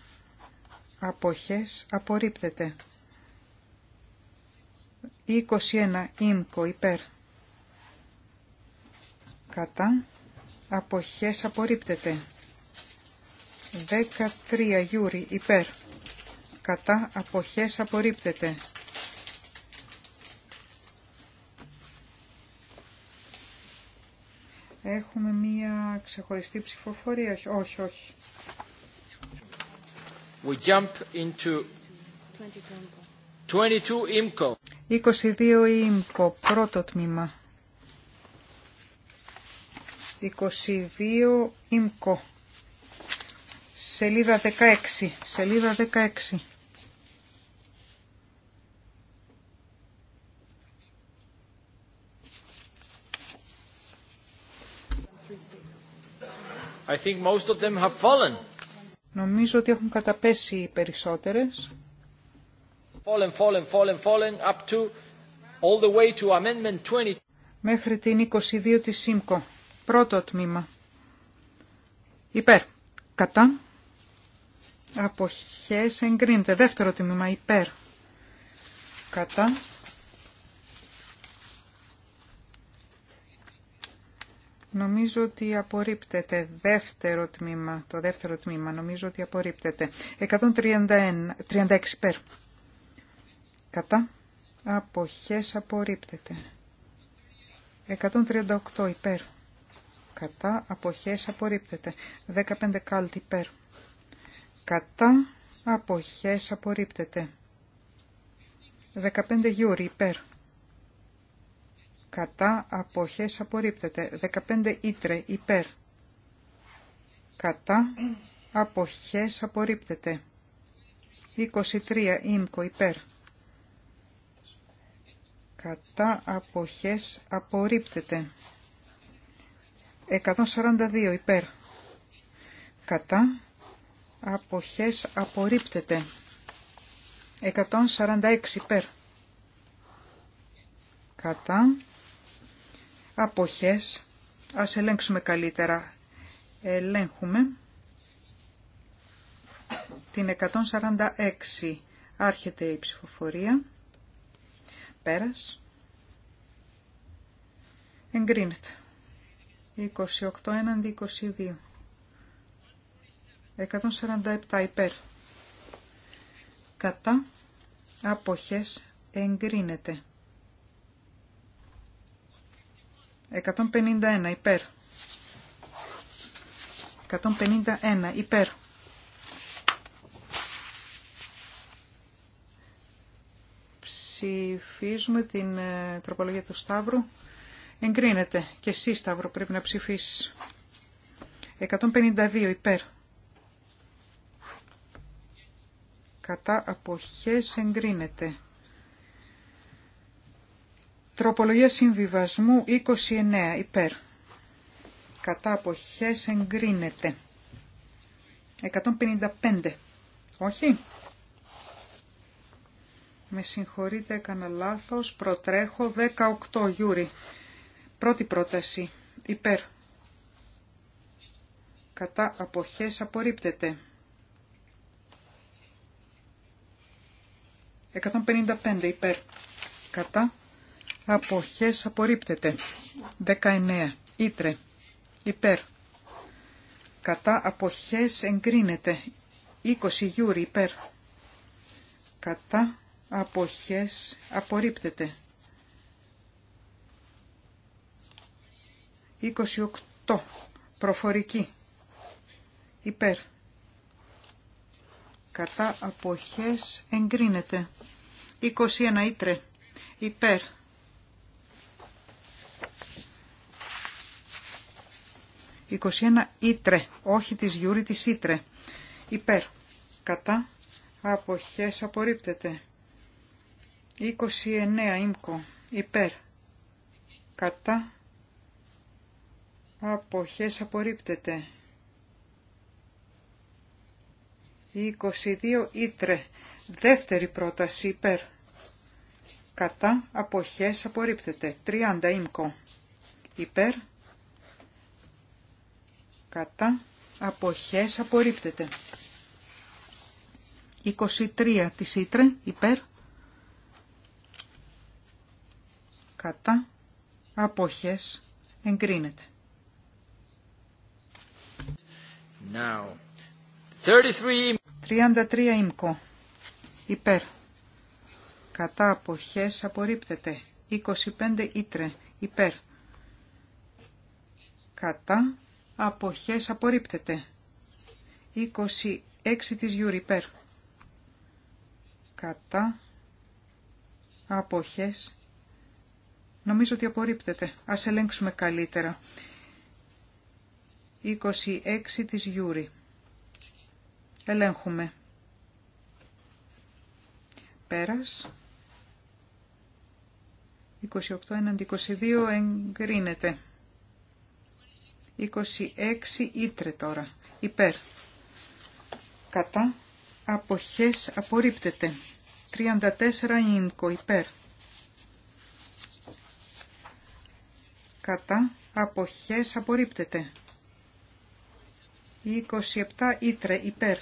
αποχές απορρίπτεται 21 ίμκο υπέρ κατά αποχές απορρίπτεται 13 γιούρι υπέρ κατά αποχές απορρίπτεται. Έχουμε μία ξεχωριστή ψηφοφορία. Όχι, όχι. We jump into 22 IMCO. 22 IMCO, πρώτο τμήμα. 22 IMCO. Σελίδα 16. Σελίδα 16. I think most of them have fallen. Νομίζω ότι έχουν καταπέσει οι περισσότερες. Fallen, fallen, fallen, fallen, up to all the way to amendment 20. Μέχρι την 22 της ΣΥΜΚΟ. Πρώτο τμήμα. Υπέρ. Κατά. Αποχές εγκρίνεται. Δεύτερο τμήμα. Υπέρ. Κατά. Νομίζω ότι απορρίπτεται δεύτερο τμήμα, το δεύτερο τμήμα, νομίζω ότι απορρίπτεται. 136 36 υπέρ. Κατά. Αποχές απορρίπτεται. 138 υπέρ. Κατά. Αποχές απορρίπτεται. 15 κάλτ υπέρ. Κατά. Αποχές απορρίπτεται. 15 γιούρι υπέρ κατά αποχές απορρίπτεται. 15 ήτρε υπέρ κατά αποχές απορρίπτεται. 23 ημκο υπέρ κατά αποχές απορρίπτεται. 142 υπέρ κατά αποχές απορρίπτεται. 146 υπέρ κατά αποχές. Ας ελέγξουμε καλύτερα. Ελέγχουμε την 146. Άρχεται η ψηφοφορία. Πέρας. Εγκρίνεται. 28 έναντι 22. 147 υπέρ. Κατά. Αποχές εγκρίνεται. 151 υπέρ. 151 υπέρ. Ψηφίζουμε την ε, τροπολογία του Σταύρου. Εγκρίνεται. Και εσύ Σταύρο πρέπει να ψηφίσεις. 152 υπέρ. Κατά αποχές εγκρίνεται. Τροπολογία συμβιβασμού 29 υπέρ. Κατά αποχές εγκρίνεται. 155. Όχι. Με συγχωρείτε, έκανα λάθος. Προτρέχω 18 γιούρι. Πρώτη πρόταση. Υπέρ. Κατά αποχές απορρίπτεται. 155 υπέρ. Κατά αποχές απορρίπτεται. 19. Ήτρε. Υπέρ. Κατά αποχές εγκρίνεται. 20. Γιούρι. Υπέρ. Κατά αποχές απορρίπτεται. 28. Προφορική. Υπέρ. Κατά αποχές εγκρίνεται. 21. Ήτρε. Υπέρ 21 Ήτρε, όχι της Γιούρη, της Ήτρε. Υπέρ. Κατά. Αποχές απορρίπτεται. 29 Ήμκο. Υπέρ. Κατά. Αποχές απορρίπτεται. 22 Ήτρε. Δεύτερη πρόταση υπέρ. Κατά. Αποχές απορρίπτεται. 30 Ήμκο. Υπέρ κατά αποχές απορρίπτεται. 23 της Ήτρε υπέρ κατά αποχές εγκρίνεται. Now, 33... 33 ΙΜΚΟ υπέρ κατά αποχές απορρίπτεται. 25 Ήτρε υπέρ κατά αποχές απορρίπτεται. 26 της Γιούρι Κατά αποχές. Νομίζω ότι απορρίπτεται. Ας ελέγξουμε καλύτερα. 26 της Γιούρι. Ελέγχουμε. Πέρας. 28 22 εγκρίνεται. 26 ήτρε τώρα. Υπέρ. Κατά. Αποχές απορρίπτεται. 34 ΙΜΚΟ. Υπέρ. Κατά. Αποχές απορρίπτεται. 27 ήτρε. Υπέρ.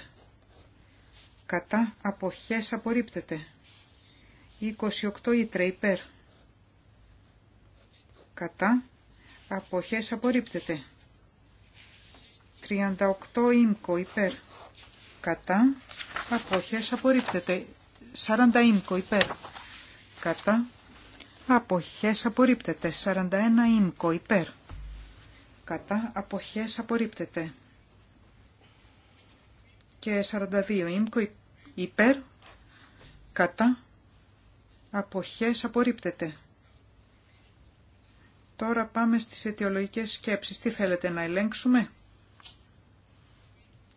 Κατά. Αποχές απορρίπτεται. 28 ήτρε. Υπέρ. Κατά. Αποχές απορρίπτεται. 38 ΙΜΚΟ υπέρ κατά αποχές απορρίπτεται 40 ΙΜΚΟ υπέρ κατά αποχές απορρίπτεται 41 ΙΜΚΟ υπέρ κατά αποχές απορρίπτεται και 42 ΙΜΚΟ υπέρ κατά αποχές απορρίπτεται Τώρα πάμε στις αιτιολογικές σκέψεις. Τι θέλετε να ελέγξουμε?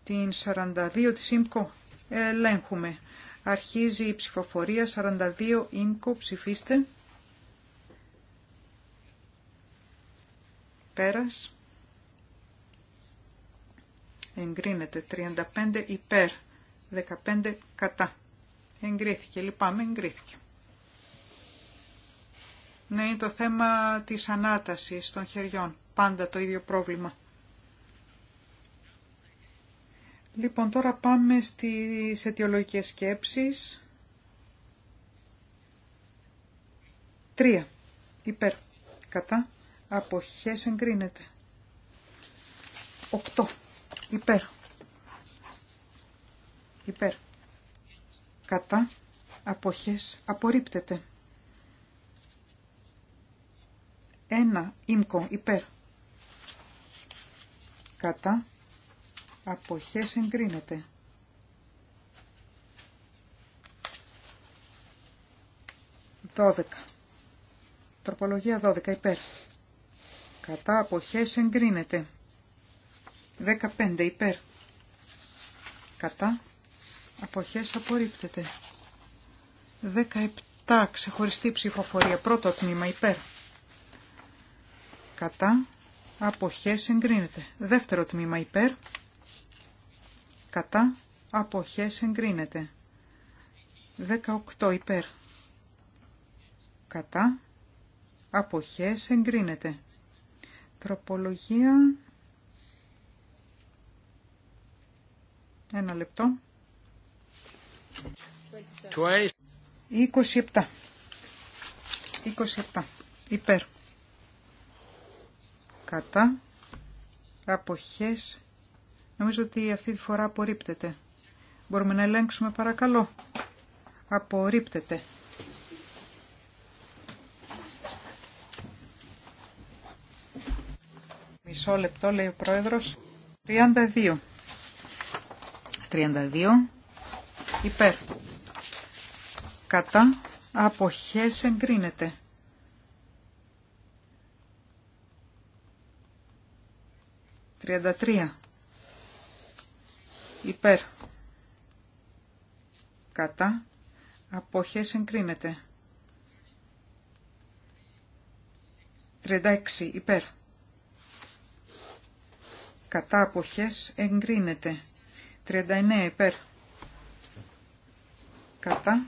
Την 42 της ΙΜΚΟ ελέγχουμε. Αρχίζει η ψηφοφορία 42 ΙΜΚΟ ψηφίστε. Πέρας. Εγκρίνεται 35 υπέρ, 15 κατά. Εγκρίθηκε, λυπάμαι, εγκρίθηκε. Ναι, είναι το θέμα της ανάτασης των χεριών. Πάντα το ίδιο πρόβλημα. Λοιπόν, τώρα πάμε στις αιτιολογικές σκέψεις. Τρία. Υπέρ. Κατά. Αποχές εγκρίνεται. Οκτώ. Υπέρ. Υπέρ. Κατά. Αποχές απορρίπτεται. Ένα. Ήμκο. Υπέρ. Κατά αποχές εγκρίνεται. Δώδεκα. Τροπολογία 12 υπέρ. Κατά αποχές εγκρίνεται. 15 υπέρ. Κατά αποχές απορρίπτεται. 17 ξεχωριστή ψηφοφορία. Πρώτο τμήμα υπέρ. Κατά αποχές εγκρίνεται. Δεύτερο τμήμα υπέρ κατά αποχές εγκρίνεται. 18 υπέρ κατά αποχές εγκρίνεται. Τροπολογία Ένα λεπτό. 27. 27. Υπέρ. Κατά. Αποχές Νομίζω ότι αυτή τη φορά απορρίπτεται. Μπορούμε να ελέγξουμε παρακαλώ. Απορρίπτεται. Μισό λεπτό λέει ο πρόεδρος. 32. 32. Υπέρ. Κατά. Αποχές εγκρίνεται. 33 υπέρ κατά Κατά εγκρίνεται 36 υπέρ κατά αποχές εγκρίνεται 39 υπέρ κατά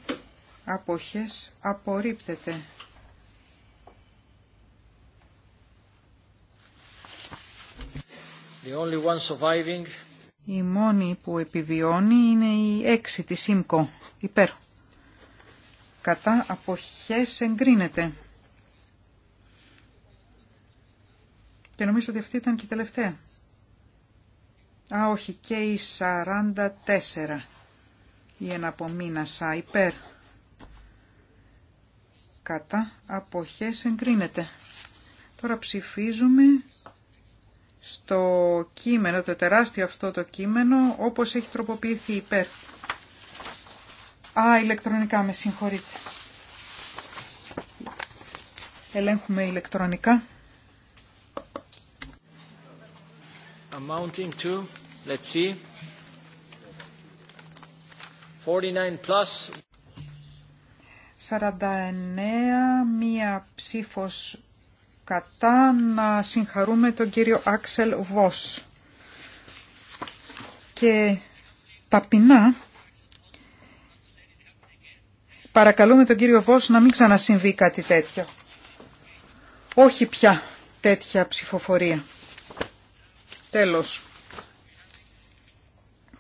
αποχές απορρίπτεται η μόνη που επιβιώνει είναι η έξι της ΣΥΜΚΟ, υπέρ. Κατά αποχές εγκρίνεται. Και νομίζω ότι αυτή ήταν και η τελευταία. Α, όχι, και η 44. Η εναπομείνασα υπέρ. Κατά αποχές εγκρίνεται. Τώρα ψηφίζουμε στο κείμενο, το τεράστιο αυτό το κείμενο, όπως έχει τροποποιηθεί υπέρ. Α, ηλεκτρονικά, με συγχωρείτε. Ελέγχουμε ηλεκτρονικά. Amounting to, let's see, 49 plus. 49, μία ψήφος κατά να συγχαρούμε τον κύριο Άξελ Βος. Και ταπεινά παρακαλούμε τον κύριο Βος να μην ξανασυμβεί κάτι τέτοιο. Όχι πια τέτοια ψηφοφορία. Τέλος.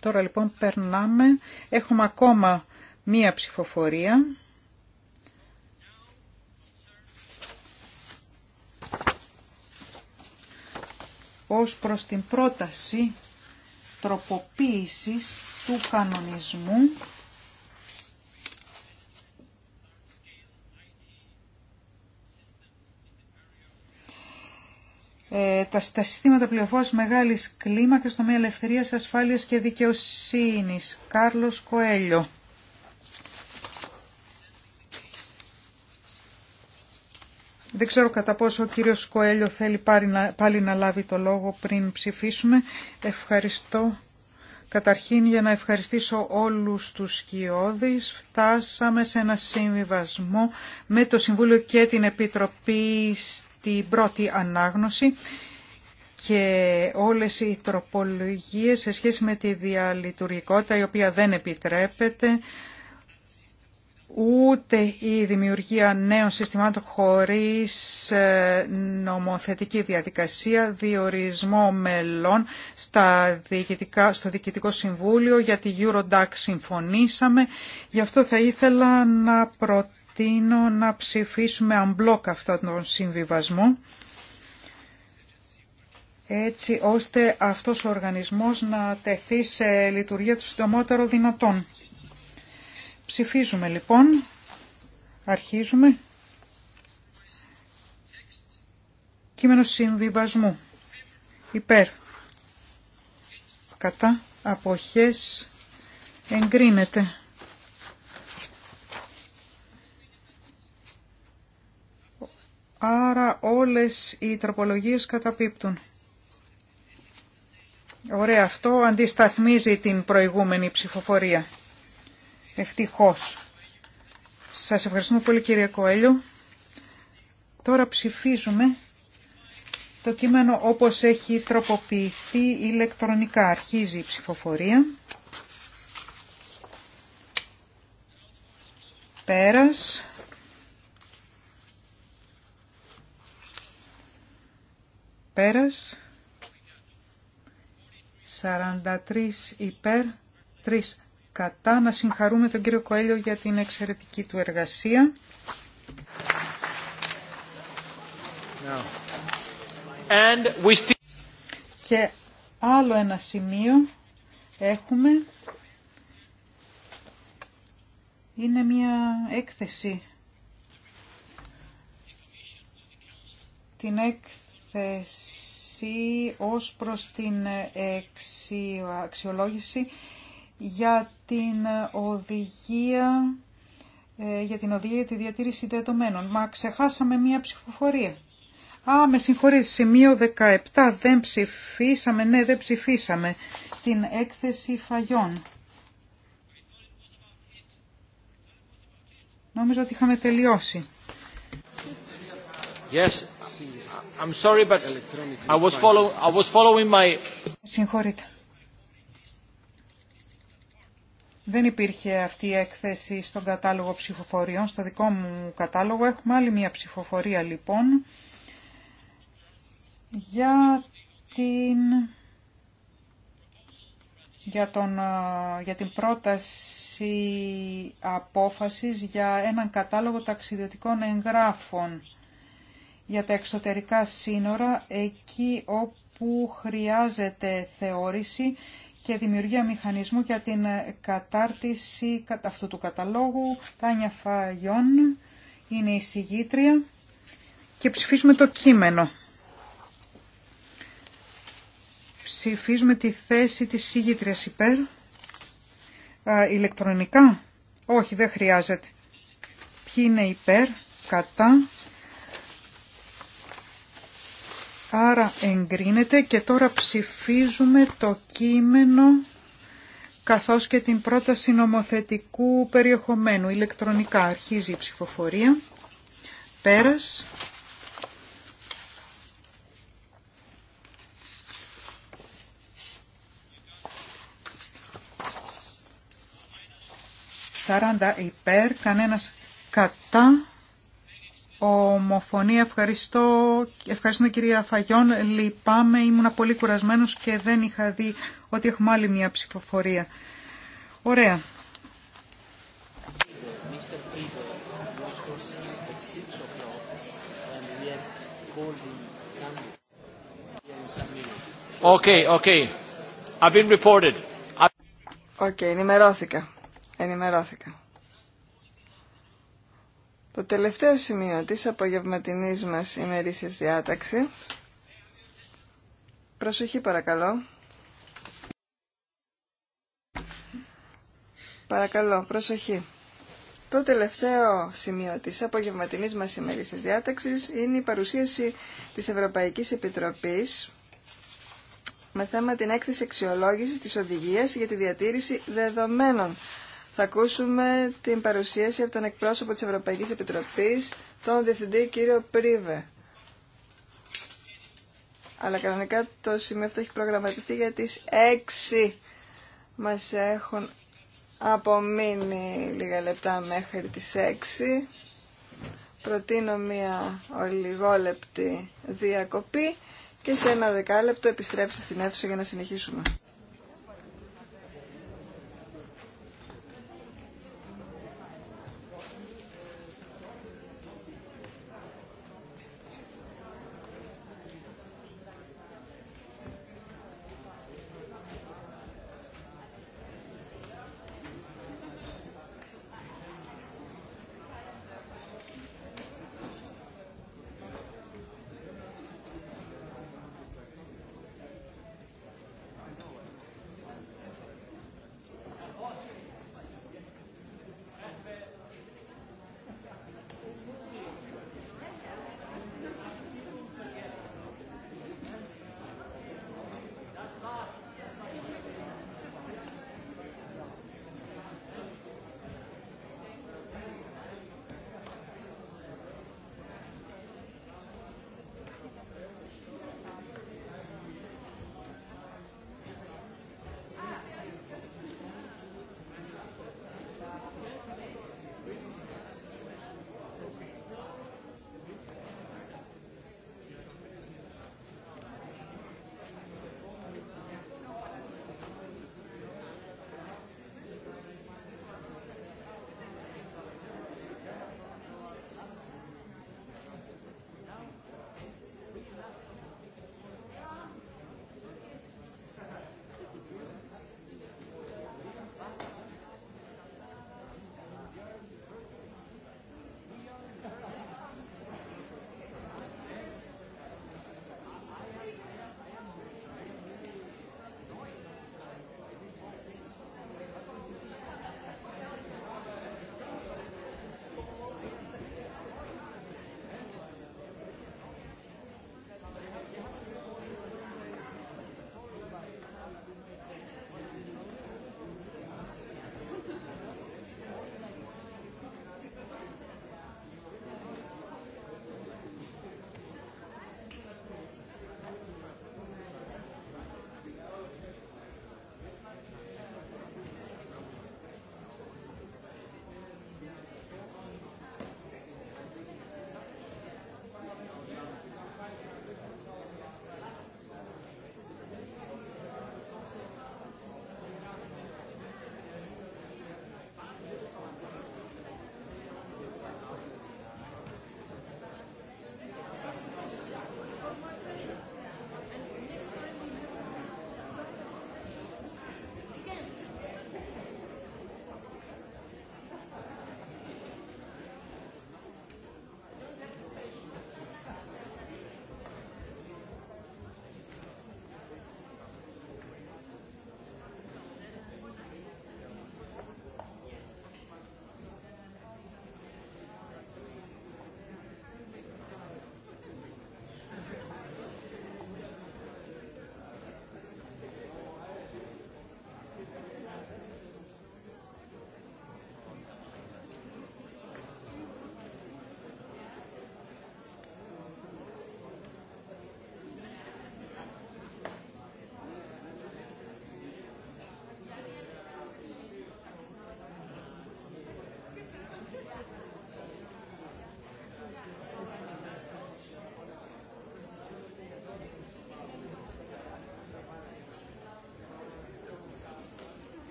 Τώρα λοιπόν περνάμε. Έχουμε ακόμα μία ψηφοφορία. ως προς την πρόταση τροποποίησης του κανονισμού ε, τα, τα συστήματα πληροφόρησης μεγάλης κλίμακας στο μία ελευθερίας, ασφάλειας και δικαιοσύνης. Κάρλος Κοέλιο. Δεν ξέρω κατά πόσο ο κύριος Κοέλιο θέλει πάλι να, πάλι λάβει το λόγο πριν ψηφίσουμε. Ευχαριστώ. Καταρχήν για να ευχαριστήσω όλους τους σκιώδεις φτάσαμε σε ένα συμβιβασμό με το Συμβούλιο και την Επιτροπή στην πρώτη ανάγνωση και όλες οι τροπολογίες σε σχέση με τη διαλειτουργικότητα η οποία δεν επιτρέπεται ούτε η δημιουργία νέων συστημάτων χωρίς ε, νομοθετική διαδικασία, διορισμό μελών στα στο Διοικητικό Συμβούλιο, για τη Eurodac συμφωνήσαμε. Γι' αυτό θα ήθελα να προτείνω να ψηφίσουμε αμπλόκ αυτόν τον συμβιβασμό έτσι ώστε αυτός ο οργανισμός να τεθεί σε λειτουργία του συντομότερο δυνατόν. Ψηφίζουμε λοιπόν. Αρχίζουμε. Κείμενο συμβιβασμού. Υπέρ. Κατά. Αποχές. Εγκρίνεται. Άρα όλες οι τροπολογίες καταπίπτουν. Ωραία, αυτό αντισταθμίζει την προηγούμενη ψηφοφορία. Ευτυχώς. Σας ευχαριστούμε πολύ κύριε Κοέλιο. Τώρα ψηφίζουμε το κείμενο όπως έχει τροποποιηθεί ηλεκτρονικά. Αρχίζει η ψηφοφορία. Πέρας. Πέρας. 43 υπέρ, 3 κατά. Να συγχαρούμε τον κύριο Κοέλιο για την εξαιρετική του εργασία. Και άλλο ένα σημείο έχουμε. Είναι μια έκθεση. Την έκθεση ως προς την αξιολόγηση για την οδηγία ε, για την οδηγία για τη διατήρηση δεδομένων. Μα ξεχάσαμε μία ψηφοφορία. Α, με συγχωρείτε, σημείο 17 δεν ψηφίσαμε, ναι δεν ψηφίσαμε την έκθεση φαγιών. Νόμιζα ότι είχαμε τελειώσει. Yes, I'm sorry, but I was, I was following my... Συγχωρείτε. Δεν υπήρχε αυτή η έκθεση στον κατάλογο ψηφοφοριών. Στο δικό μου κατάλογο έχουμε άλλη μια ψηφοφορία λοιπόν για, την... Για, τον... για την πρόταση απόφασης για έναν κατάλογο ταξιδιωτικών εγγράφων για τα εξωτερικά σύνορα εκεί όπου χρειάζεται θεώρηση και δημιουργία μηχανισμού για την κατάρτιση κατά αυτού του καταλόγου. Τάνια Φαγιόν είναι η συγγήτρια και ψηφίζουμε το κείμενο. Ψηφίζουμε τη θέση της συγγήτριας υπέρ. Α, ηλεκτρονικά. Όχι, δεν χρειάζεται. Ποιοι είναι υπέρ, κατά, Άρα εγκρίνεται και τώρα ψηφίζουμε το κείμενο καθώς και την πρόταση νομοθετικού περιεχομένου. Ηλεκτρονικά αρχίζει η ψηφοφορία. Πέρας. Σαράντα υπέρ, κανένας κατά ομοφωνία. Ευχαριστώ, ευχαριστώ κυρία Φαγιόν. Λυπάμαι, ήμουν πολύ κουρασμένος και δεν είχα δει ότι έχουμε άλλη μια ψηφοφορία. Ωραία. Okay, okay. I've been reported. Okay, ενημερώθηκα. Ενημερώθηκα. Το τελευταίο σημείο της απογευματινής μας ημερήσιας διάταξη. Προσοχή παρακαλώ. Παρακαλώ, προσοχή. Το τελευταίο σημείο της απογευματινής μας ημερήσιας διάταξης είναι η παρουσίαση της Ευρωπαϊκής Επιτροπής με θέμα την έκθεση αξιολόγηση της οδηγίας για τη διατήρηση δεδομένων θα ακούσουμε την παρουσίαση από τον εκπρόσωπο της Ευρωπαϊκής Επιτροπής, τον Διευθυντή κύριο Πρίβε. Αλλά κανονικά το σημείο αυτό έχει προγραμματιστεί για τις 6. Μας έχουν απομείνει λίγα λεπτά μέχρι τις 6. Προτείνω μία ολιγόλεπτη διακοπή και σε ένα δεκάλεπτο επιστρέψτε στην αίθουσα για να συνεχίσουμε.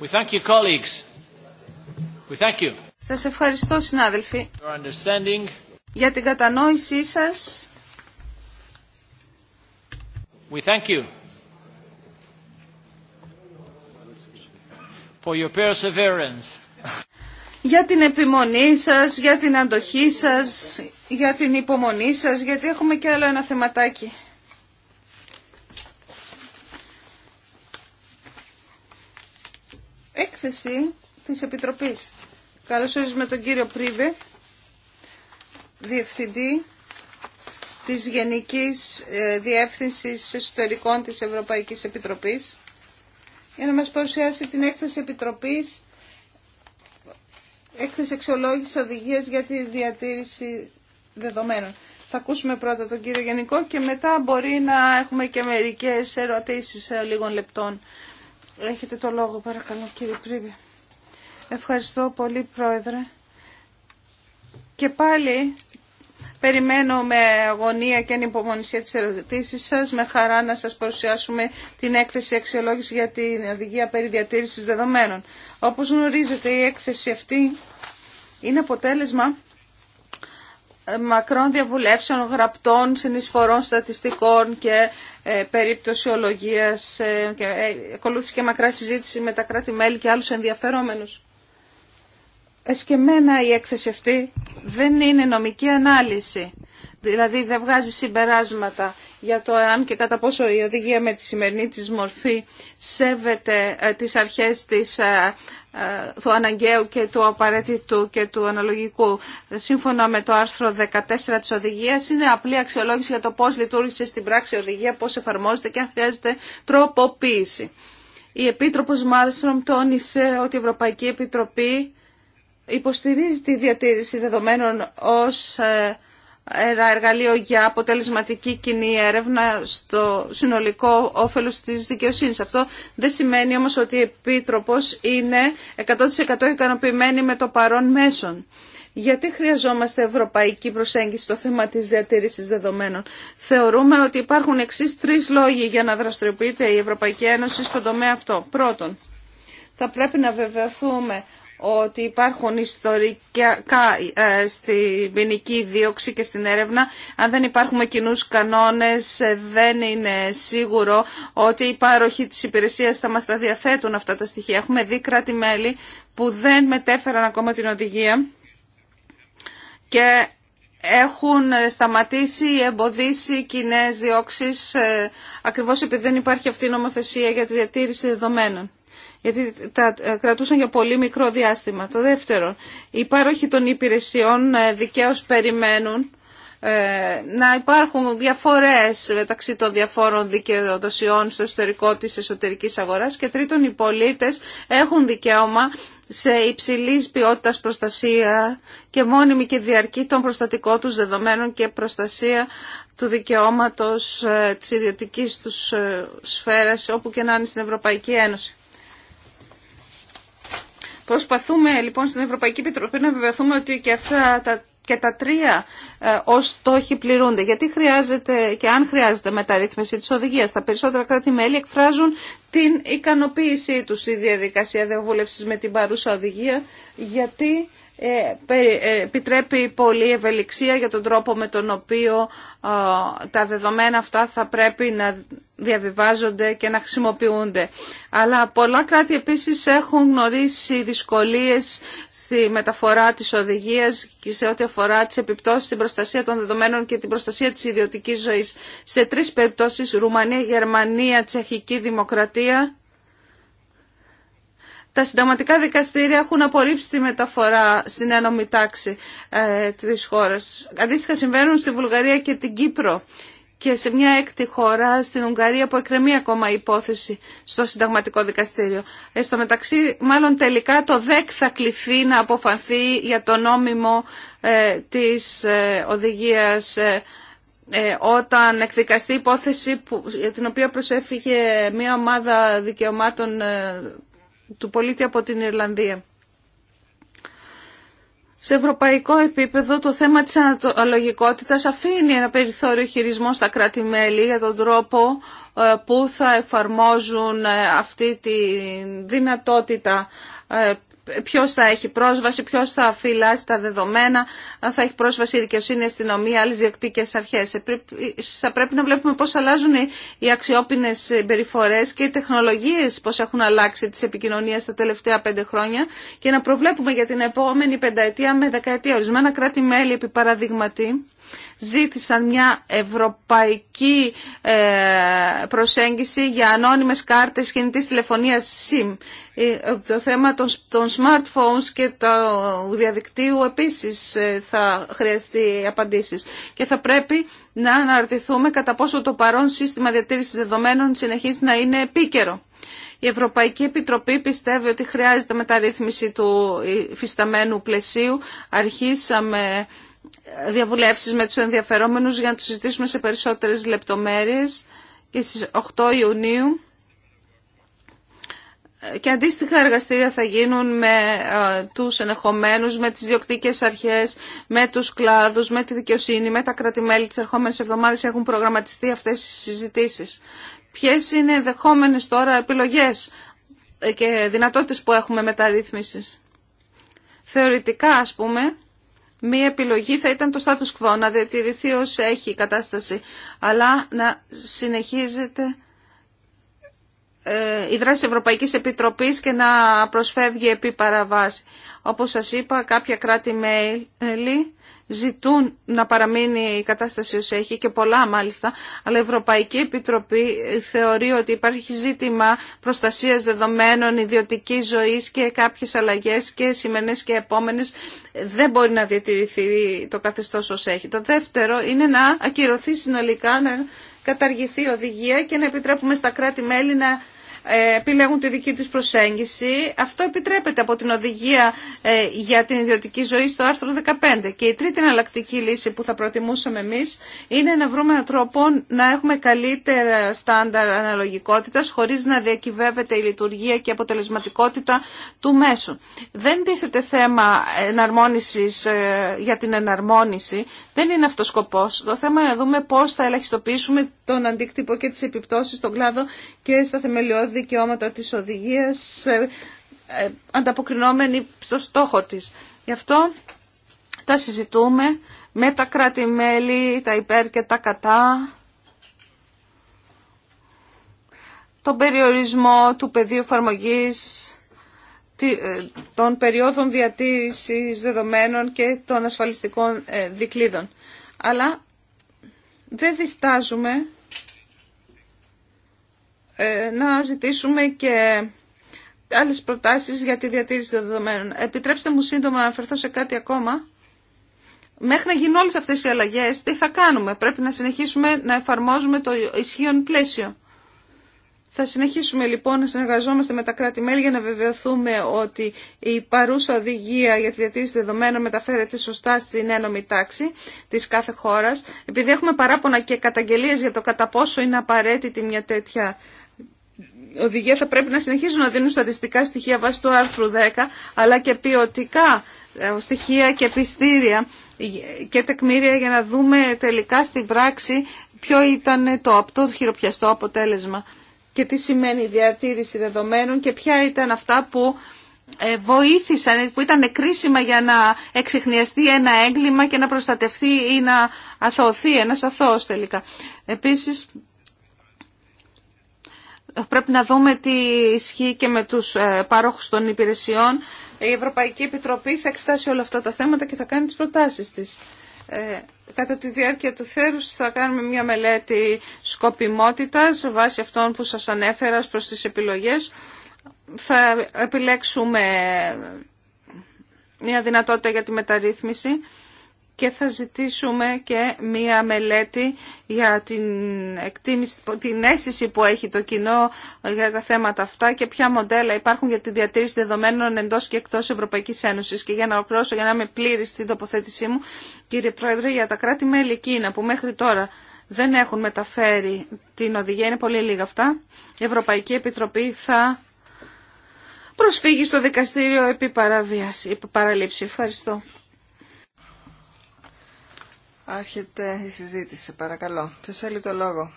We Σας ευχαριστώ συνάδελφοι για την κατανόησή σας. We thank you for your perseverance. Για την επιμονή σας, για την αντοχή σας, για την υπομονή σας, γιατί έχουμε και άλλο ένα θεματάκι. της Επιτροπής. Καλώς με τον κύριο Πρίβε, Διευθυντή της Γενικής ε, Διεύθυνσης Εσωτερικών της Ευρωπαϊκής Επιτροπής, για να μας παρουσιάσει την έκθεση Επιτροπής, έκθεση εξολόγηση οδηγίας για τη διατήρηση δεδομένων. Θα ακούσουμε πρώτα τον κύριο Γενικό και μετά μπορεί να έχουμε και μερικές ερωτήσεις ε, λίγων λεπτών Έχετε το λόγο παρακαλώ κύριε Πρίβη. Ευχαριστώ πολύ πρόεδρε. Και πάλι περιμένω με αγωνία και ανυπομονησία τις ερωτήσεις σας. Με χαρά να σας παρουσιάσουμε την έκθεση αξιολόγηση για την οδηγία περί διατήρησης δεδομένων. Όπως γνωρίζετε η έκθεση αυτή είναι αποτέλεσμα μακρών διαβουλεύσεων, γραπτών, συνεισφορών, στατιστικών και ε, περίπτωση ολογίας ε, και ε, ακολούθησε και μακρά συζήτηση με τα κράτη-μέλη και άλλους ενδιαφερόμενους εσκεμένα η έκθεση αυτή δεν είναι νομική ανάλυση. Δηλαδή δεν βγάζει συμπεράσματα για το αν και κατά πόσο η οδηγία με τη σημερινή της μορφή σέβεται ε, τις αρχές της, ε, ε, του αναγκαίου και του απαραίτητου και του αναλογικού. Σύμφωνα με το άρθρο 14 της οδηγίας είναι απλή αξιολόγηση για το πώς λειτουργήσε στην πράξη η οδηγία, πώς εφαρμόζεται και αν χρειάζεται τροποποίηση. Η Επίτροπος Μάλστρομ τόνισε ότι η Ευρωπαϊκή Επιτροπή υποστηρίζει τη διατήρηση δεδομένων ως ε, ένα εργαλείο για αποτελεσματική κοινή έρευνα στο συνολικό όφελος της δικαιοσύνης. Αυτό δεν σημαίνει όμως ότι η Επίτροπος είναι 100% ικανοποιημένη με το παρόν μέσον. Γιατί χρειαζόμαστε ευρωπαϊκή προσέγγιση στο θέμα της διατήρησης δεδομένων. Θεωρούμε ότι υπάρχουν εξή τρεις λόγοι για να δραστηριοποιείται η Ευρωπαϊκή Ένωση στον τομέα αυτό. Πρώτον, θα πρέπει να βεβαιωθούμε ότι υπάρχουν ιστορικά ε, στην ποινική δίωξη και στην έρευνα. Αν δεν υπάρχουν κοινού κανόνες ε, δεν είναι σίγουρο ότι οι πάροχοι της υπηρεσίας θα μας τα διαθέτουν αυτά τα στοιχεία. Έχουμε δει κράτη-μέλη που δεν μετέφεραν ακόμα την οδηγία και έχουν σταματήσει ή εμποδίσει κοινέ διώξεις ε, ακριβώς επειδή δεν υπάρχει αυτή η νομοθεσία για τη διατήρηση δεδομένων γιατί τα κρατούσαν για πολύ μικρό διάστημα. Το δεύτερο, οι πάροχοι των υπηρεσιών ε, δικαίως περιμένουν ε, να υπάρχουν διαφορές μεταξύ των διαφόρων δικαιοδοσιών στο εσωτερικό της εσωτερικής αγοράς και τρίτον οι πολίτες έχουν δικαίωμα σε υψηλή ποιότητα προστασία και μόνιμη και διαρκή των προστατικών τους δεδομένων και προστασία του δικαιώματος ε, της ιδιωτικής τους σφαίρας όπου και να είναι στην Ευρωπαϊκή Ένωση. Προσπαθούμε λοιπόν στην Ευρωπαϊκή Επιτροπή να βεβαιωθούμε ότι και αυτά τα και τα τρία ε, ως στόχοι πληρούνται. Γιατί χρειάζεται και αν χρειάζεται μεταρρύθμιση τη οδηγίας. Τα περισσότερα κράτη-μέλη εκφράζουν την ικανοποίησή τους στη διαδικασία διαβούλευση με την παρούσα οδηγία γιατί ε, ε, επιτρέπει πολλή ευελιξία για τον τρόπο με τον οποίο ε, τα δεδομένα αυτά θα πρέπει να διαβιβάζονται και να χρησιμοποιούνται. Αλλά πολλά κράτη επίσης έχουν γνωρίσει δυσκολίες στη μεταφορά της οδηγίας και σε ό,τι αφορά τις επιπτώσεις στην προστασία των δεδομένων και την προστασία της ιδιωτικής ζωής. Σε τρεις περιπτώσεις, Ρουμανία, Γερμανία, Τσεχική Δημοκρατία, τα συνταγματικά δικαστήρια έχουν απορρίψει τη μεταφορά στην ένωμη τάξη ε, της χώρας. Αντίστοιχα συμβαίνουν στη Βουλγαρία και την Κύπρο και σε μια έκτη χώρα, στην Ουγγαρία, που εκκρεμεί ακόμα η υπόθεση στο συνταγματικό δικαστήριο. Ε, στο μεταξύ, μάλλον τελικά το ΔΕΚ θα κληθεί να αποφανθεί για το νόμιμο ε, της ε, οδηγίας ε, όταν εκδικαστεί υπόθεση για την οποία προσέφηκε μια ομάδα δικαιωμάτων του πολίτη από την Ιρλανδία σε ευρωπαϊκό επίπεδο το θέμα της αναλογικότητας αφήνει ένα περιθώριο χειρισμό στα κράτη-μέλη για τον τρόπο ε, που θα εφαρμόζουν ε, αυτή τη δυνατότητα ε, Ποιο θα έχει πρόσβαση, ποιο θα φυλάσει τα δεδομένα, αν θα έχει πρόσβαση η δικαιοσύνη, η αστυνομία, άλλε διοκτικέ αρχές. Ε, θα πρέπει να βλέπουμε πώς αλλάζουν οι αξιόπινες περιφορές και οι τεχνολογίες, πώς έχουν αλλάξει τις επικοινωνίες τα τελευταία πέντε χρόνια και να προβλέπουμε για την επόμενη πενταετία με δεκαετία ορισμένα κράτη-μέλη επί ζήτησαν μια ευρωπαϊκή ε, προσέγγιση για ανώνυμες κάρτες κινητής τηλεφωνίας SIM. Ε, το θέμα των smartphones και του διαδικτύου επίσης ε, θα χρειαστεί απαντήσεις και θα πρέπει να αναρτηθούμε κατά πόσο το παρόν σύστημα διατήρησης δεδομένων συνεχίζει να είναι επίκαιρο. Η Ευρωπαϊκή Επιτροπή πιστεύει ότι χρειάζεται μεταρρύθμιση του φυσταμένου πλαισίου. Αρχίσαμε διαβουλεύσεις με τους ενδιαφερόμενους για να τους συζητήσουμε σε περισσότερες λεπτομέρειες και στις 8 Ιουνίου. Και αντίστοιχα εργαστήρια θα γίνουν με ε, τους ενεχομένους, με τις διοκτικές αρχές, με τους κλάδους, με τη δικαιοσύνη, με τα κρατημέλη της ερχόμενες εβδομάδες έχουν προγραμματιστεί αυτές οι συζητήσεις. Ποιες είναι δεχόμενες τώρα επιλογές και δυνατότητες που έχουμε μεταρρύθμισης. Θεωρητικά, ας πούμε, Μία επιλογή θα ήταν το status quo, να διατηρηθεί ως έχει η κατάσταση, αλλά να συνεχίζεται ε, η δράση Ευρωπαϊκής Επιτροπής και να προσφεύγει επί παραβάση. Όπως σας είπα, κάποια κράτη-μέλη ζητούν να παραμείνει η κατάσταση ως έχει και πολλά μάλιστα, αλλά η Ευρωπαϊκή Επιτροπή θεωρεί ότι υπάρχει ζήτημα προστασίας δεδομένων, ιδιωτική ζωής και κάποιες αλλαγές και σημερινές και επόμενες δεν μπορεί να διατηρηθεί το καθεστώς ως έχει. Το δεύτερο είναι να ακυρωθεί συνολικά, να καταργηθεί οδηγία και να επιτρέπουμε στα κράτη-μέλη να ε, επιλέγουν τη δική τους προσέγγιση. Αυτό επιτρέπεται από την οδηγία ε, για την ιδιωτική ζωή στο άρθρο 15. Και η τρίτη εναλλακτική λύση που θα προτιμούσαμε εμείς είναι να βρούμε έναν τρόπο να έχουμε καλύτερα στάνταρ αναλογικότητας χωρίς να διακυβεύεται η λειτουργία και η αποτελεσματικότητα του μέσου. Δεν τίθεται θέμα εναρμόνισης ε, για την εναρμόνιση. Δεν είναι αυτός σκοπός. Το θέμα είναι να δούμε πώς θα ελαχιστοποιήσουμε τον αντίκτυπο και τις επιπτώσεις στον κλάδο και στα θεμελιώδη δικαιώματα της οδηγίας ε, ε, ανταποκρινόμενη στο στόχο της. Γι' αυτό τα συζητούμε με τα κράτη-μέλη, τα υπέρ και τα κατά, τον περιορισμό του πεδίου εφαρμογή ε, των περιόδων διατήρησης δεδομένων και των ασφαλιστικών δικλείδων. Αλλά δεν διστάζουμε ε, να ζητήσουμε και άλλες προτάσεις για τη διατήρηση των δεδομένων. Επιτρέψτε μου σύντομα να αναφερθώ σε κάτι ακόμα. Μέχρι να γίνουν όλες αυτές οι αλλαγές, τι θα κάνουμε. Πρέπει να συνεχίσουμε να εφαρμόζουμε το ισχύον πλαίσιο. Θα συνεχίσουμε λοιπόν να συνεργαζόμαστε με τα κράτη-μέλη για να βεβαιωθούμε ότι η παρούσα οδηγία για τη διατήρηση δεδομένων μεταφέρεται σωστά στην ένωμη τάξη τη κάθε χώρα. Επειδή έχουμε παράπονα και καταγγελίε για το κατά πόσο είναι απαραίτητη μια τέτοια οδηγία θα πρέπει να συνεχίζουν να δίνουν στατιστικά στοιχεία βάσει του άρθρου 10, αλλά και ποιοτικά ε, στοιχεία και πιστήρια και τεκμήρια για να δούμε τελικά στην πράξη ποιο ήταν το απτό χειροπιαστό αποτέλεσμα και τι σημαίνει η διατήρηση δεδομένων και ποια ήταν αυτά που ε, βοήθησαν, ε, που ήταν κρίσιμα για να εξεχνιαστεί ένα έγκλημα και να προστατευτεί ή να αθωωθεί ένας αθώος τελικά. Επίσης, Πρέπει να δούμε τι ισχύει και με τους ε, παρόχους των υπηρεσιών. Η Ευρωπαϊκή Επιτροπή θα εξετάσει όλα αυτά τα θέματα και θα κάνει τις προτάσεις της. Ε, κατά τη διάρκεια του θέρους θα κάνουμε μια μελέτη σκοπιμότητας βάσει αυτών που σας ανέφερα προς τις επιλογές. Θα επιλέξουμε μια δυνατότητα για τη μεταρρύθμιση και θα ζητήσουμε και μία μελέτη για την, εκτίμηση, την αίσθηση που έχει το κοινό για τα θέματα αυτά και ποια μοντέλα υπάρχουν για τη διατήρηση δεδομένων εντός και εκτός Ευρωπαϊκής Ένωσης. Και για να ολοκληρώσω, για να είμαι πλήρη στην τοποθέτησή μου, κύριε Πρόεδρε, για τα κράτη-μέλη Κίνα που μέχρι τώρα δεν έχουν μεταφέρει την οδηγία, είναι πολύ λίγα αυτά, η Ευρωπαϊκή Επιτροπή θα προσφύγει στο δικαστήριο επί παραβίαση, επί παραλήψη. Ευχαριστώ. Άρχεται η συζήτηση, παρακαλώ. Ποιος θέλει το λόγο.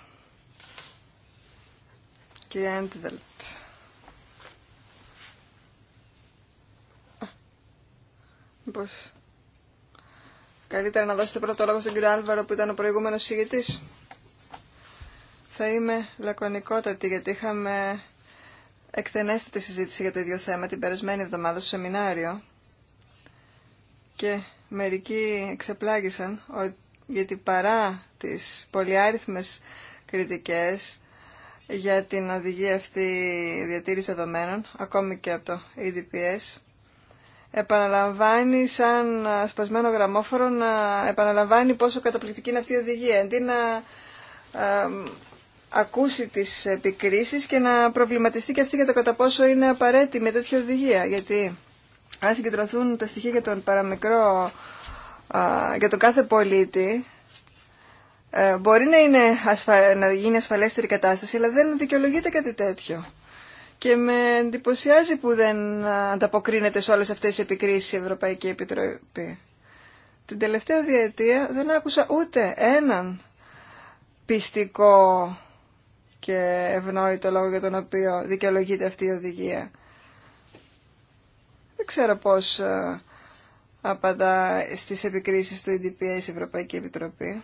Κύριε Έντβελτ. καλύτερα να δώσετε πρώτο λόγο στον κύριο Άλβαρο που ήταν ο προηγούμενος συγητής. Θα είμαι λακωνικότατη γιατί είχαμε εκτενέστατη συζήτηση για το ίδιο θέμα την περασμένη εβδομάδα στο σεμινάριο και μερικοί εξεπλάγησαν ότι γιατί παρά τις πολυάριθμες κριτικές για την οδηγία αυτή διατήρηση δεδομένων, ακόμη και από το EDPS, επαναλαμβάνει σαν σπασμένο γραμμόφορο να επαναλαμβάνει πόσο καταπληκτική είναι αυτή η οδηγία, αντί να ακούσει τις επικρίσεις και να προβληματιστεί και αυτή για το κατά πόσο είναι απαραίτητη με τέτοια οδηγία. Γιατί αν συγκεντρωθούν τα στοιχεία για τον παραμικρό για τον κάθε πολίτη ε, μπορεί να, είναι να γίνει ασφαλέστερη κατάσταση, αλλά δεν δικαιολογείται κάτι τέτοιο. Και με εντυπωσιάζει που δεν ανταποκρίνεται σε όλες αυτές τις επικρίσεις η Ευρωπαϊκή Επιτροπή. Την τελευταία διετία δεν άκουσα ούτε έναν πιστικό και ευνόητο λόγο για τον οποίο δικαιολογείται αυτή η οδηγία. Δεν ξέρω πώς απαντά στις επικρίσεις του EDPS, Ευρωπαϊκή Επιτροπή.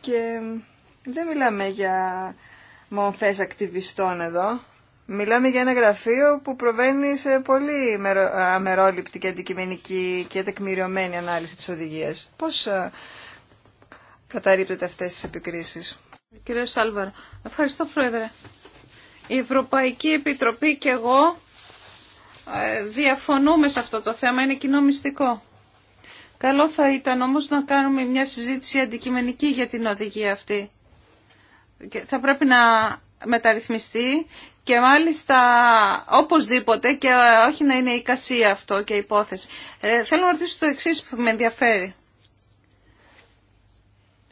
Και δεν μιλάμε για μομφές ακτιβιστών εδώ. Μιλάμε για ένα γραφείο που προβαίνει σε πολύ αμερόληπτη και αντικειμενική και τεκμηριωμένη ανάλυση της οδηγίας. Πώς ε, καταρρύπτεται αυτές τις επικρίσεις. Κύριε Σάλβαρ, ευχαριστώ Πρόεδρε. Η Ευρωπαϊκή Επιτροπή και εγώ ε, διαφωνούμε σε αυτό το θέμα, είναι κοινό μυστικό. Καλό θα ήταν όμως να κάνουμε μια συζήτηση αντικειμενική για την οδηγία αυτή. θα πρέπει να μεταρρυθμιστεί και μάλιστα οπωσδήποτε και όχι να είναι η κασία αυτό και η υπόθεση. Ε, θέλω να ρωτήσω το εξή που με ενδιαφέρει.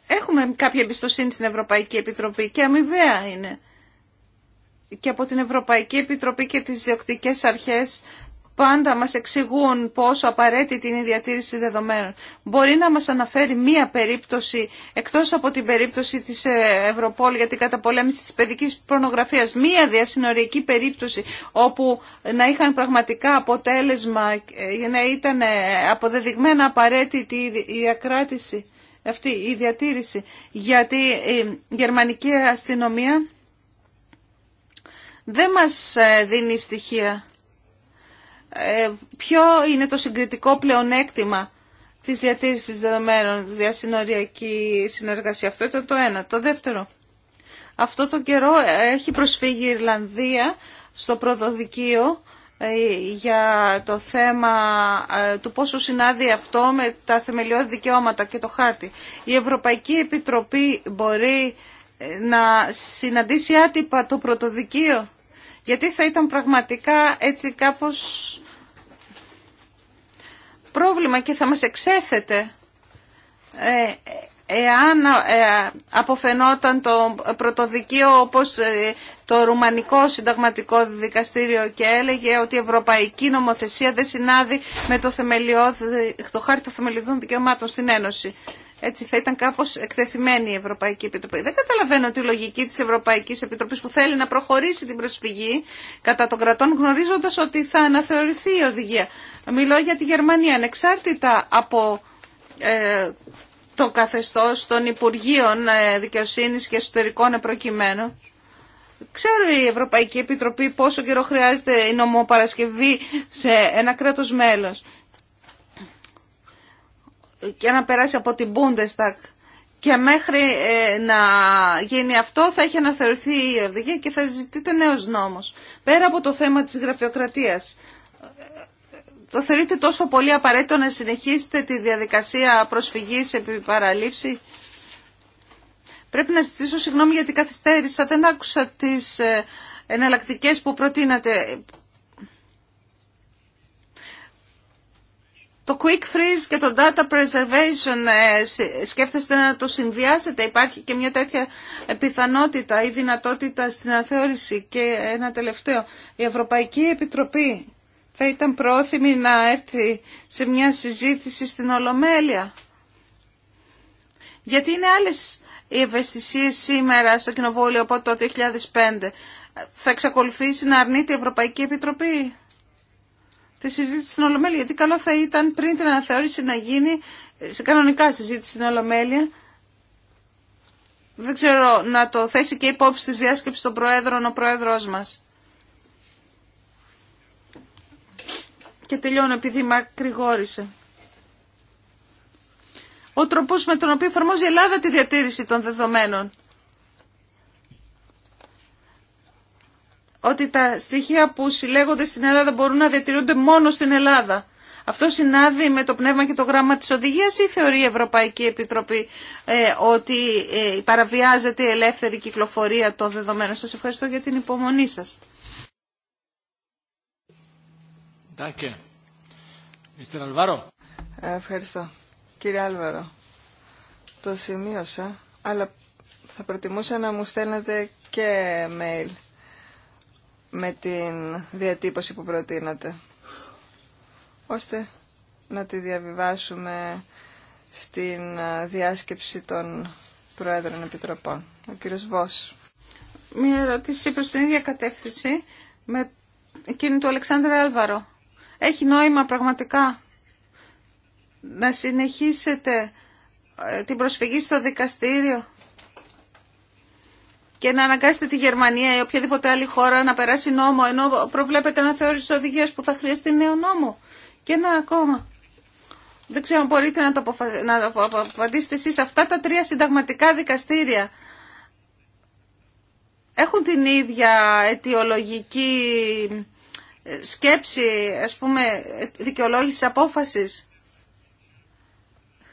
Έχουμε κάποια εμπιστοσύνη στην Ευρωπαϊκή Επιτροπή και αμοιβαία είναι και από την Ευρωπαϊκή Επιτροπή και τις διοκτικές αρχές πάντα μας εξηγούν πόσο απαραίτητη είναι η διατήρηση δεδομένων. Μπορεί να μας αναφέρει μία περίπτωση, εκτός από την περίπτωση της ε, Ευρωπόλ για την καταπολέμηση της παιδικής προνογραφίας. μία διασυνοριακή περίπτωση όπου να είχαν πραγματικά αποτέλεσμα, ε, να ήταν ε, αποδεδειγμένα απαραίτητη η ακράτηση, αυτή η διατήρηση. Γιατί η γερμανική αστυνομία δεν μας ε, δίνει στοιχεία. Ε, ποιο είναι το συγκριτικό πλεονέκτημα της διατήρησης δεδομένων διασυνοριακή συνεργασία. Αυτό ήταν το ένα. Το δεύτερο. Αυτό το καιρό έχει προσφύγει η Ιρλανδία στο προδοδικείο ε, για το θέμα του πόσο συνάδει αυτό με τα θεμελιώδη δικαιώματα και το χάρτη. Η Ευρωπαϊκή Επιτροπή μπορεί να συναντήσει άτυπα το πρωτοδικείο γιατί θα ήταν πραγματικά έτσι κάπως πρόβλημα και θα μας εξέθετε ε, εάν ε, αποφαινόταν το πρωτοδικείο όπως ε, το Ρουμανικό Συνταγματικό Δικαστήριο και έλεγε ότι η Ευρωπαϊκή Νομοθεσία δεν συνάδει με το, το χάρτη των θεμελιδών δικαιωμάτων στην Ένωση. Έτσι θα ήταν κάπως εκτεθειμένη η Ευρωπαϊκή Επιτροπή. Δεν καταλαβαίνω τη λογική της Ευρωπαϊκής Επιτροπής που θέλει να προχωρήσει την προσφυγή κατά των κρατών γνωρίζοντα ότι θα αναθεωρηθεί η οδηγία. Μιλώ για τη Γερμανία ανεξάρτητα από ε, το καθεστώς των Υπουργείων ε, Δικαιοσύνης και Εσωτερικών Επροκειμένων Ξέρει η Ευρωπαϊκή Επιτροπή πόσο καιρό χρειάζεται η νομοπαρασκευή σε ένα κράτο μέλο και να περάσει από την Bundestag και μέχρι ε, να γίνει αυτό θα έχει αναθεωρηθεί η οδηγία και θα ζητείτε νέος νόμος. Πέρα από το θέμα της γραφειοκρατίας, το θεωρείτε τόσο πολύ απαραίτητο να συνεχίσετε τη διαδικασία προσφυγής επί παραλήψη. Πρέπει να ζητήσω συγγνώμη γιατί καθυστέρησα, δεν άκουσα τις ε, εναλλακτικέ που προτείνατε. Το quick freeze και το data preservation ε, σκέφτεστε να το συνδυάσετε. Υπάρχει και μια τέτοια πιθανότητα ή δυνατότητα στην αθεώρηση. Και ένα τελευταίο. Η Ευρωπαϊκή Επιτροπή θα ήταν πρόθυμη να έρθει σε μια συζήτηση στην Ολομέλεια. Γιατί είναι άλλες οι ευαισθησίες σήμερα στο Κοινοβούλιο από το 2005. Θα εξακολουθήσει να αρνείται η Ευρωπαϊκή Επιτροπή τη συζήτηση στην Ολομέλεια. Γιατί καλό θα ήταν πριν την αναθεώρηση να γίνει ε, σε κανονικά συζήτηση στην Ολομέλεια. Δεν ξέρω να το θέσει και υπόψη τη διάσκεψη των Προέδρων ο προεδρό μας. Και τελειώνω επειδή μακρηγόρησε. Ο τρόπος με τον οποίο εφαρμόζει η Ελλάδα τη διατήρηση των δεδομένων. ότι τα στοιχεία που συλλέγονται στην Ελλάδα μπορούν να διατηρούνται μόνο στην Ελλάδα. Αυτό συνάδει με το πνεύμα και το γράμμα της οδηγίας ή θεωρεί η Ευρωπαϊκή Επιτροπή ε, ότι ε, παραβιάζεται η ευρωπαικη επιτροπη οτι ε κυκλοφορία των δεδομένων. Σας ευχαριστώ για την υπομονή σας. Ε, ευχαριστώ. Κύριε Άλβαρο, το σημείωσα, αλλά θα προτιμούσα να μου στέλνετε και mail με την διατύπωση που προτείνατε, ώστε να τη διαβιβάσουμε στην ε, διάσκεψη των Προέδρων Επιτροπών. Ο κύριος Βός. Μία ερώτηση προς την ίδια κατεύθυνση με εκείνη του Αλεξάνδρου Άλβαρο. Έχει νόημα πραγματικά να συνεχίσετε ε, την προσφυγή στο δικαστήριο και να αναγκάσετε τη Γερμανία ή οποιαδήποτε άλλη χώρα να περάσει νόμο, ενώ προβλέπετε να θεώρηση οδηγίε που θα χρειαστεί νέο νόμο. Και ένα ακόμα. Δεν ξέρω αν μπορείτε να, το απαντήσετε εσείς. Αυτά τα τρία συνταγματικά δικαστήρια έχουν την ίδια αιτιολογική ε, σκέψη, ας πούμε, δικαιολόγηση απόφασης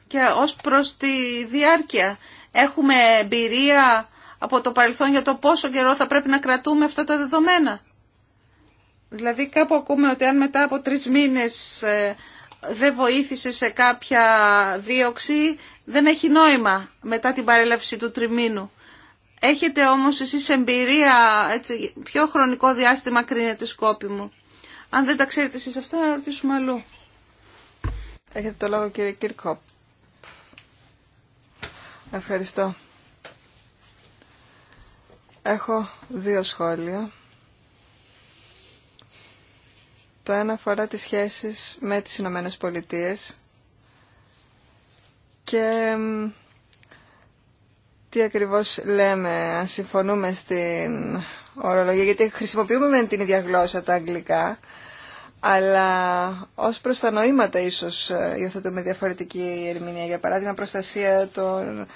και ως προς τη διάρκεια. Έχουμε εμπειρία από το παρελθόν για το πόσο καιρό θα πρέπει να κρατούμε αυτά τα δεδομένα. Δηλαδή κάπου ακούμε ότι αν μετά από τρεις μήνες ε, δεν βοήθησε σε κάποια δίωξη, δεν έχει νόημα μετά την παρέλευση του τριμήνου. Έχετε όμως εσείς εμπειρία, έτσι, ποιο χρονικό διάστημα κρίνεται μου. Αν δεν τα ξέρετε εσείς αυτό, να ρωτήσουμε αλλού. Έχετε το λόγο κύριε Κύρκο. Ευχαριστώ. Έχω δύο σχόλια. Το ένα αφορά τις σχέσεις με τις Ηνωμένε Πολιτείε. και τι ακριβώς λέμε, αν συμφωνούμε στην ορολογία, γιατί χρησιμοποιούμε με την ίδια γλώσσα τα αγγλικά, αλλά ως προς τα νοήματα ίσως ε, υιοθετούμε διαφορετική ερμηνεία. Για παράδειγμα, προστασία των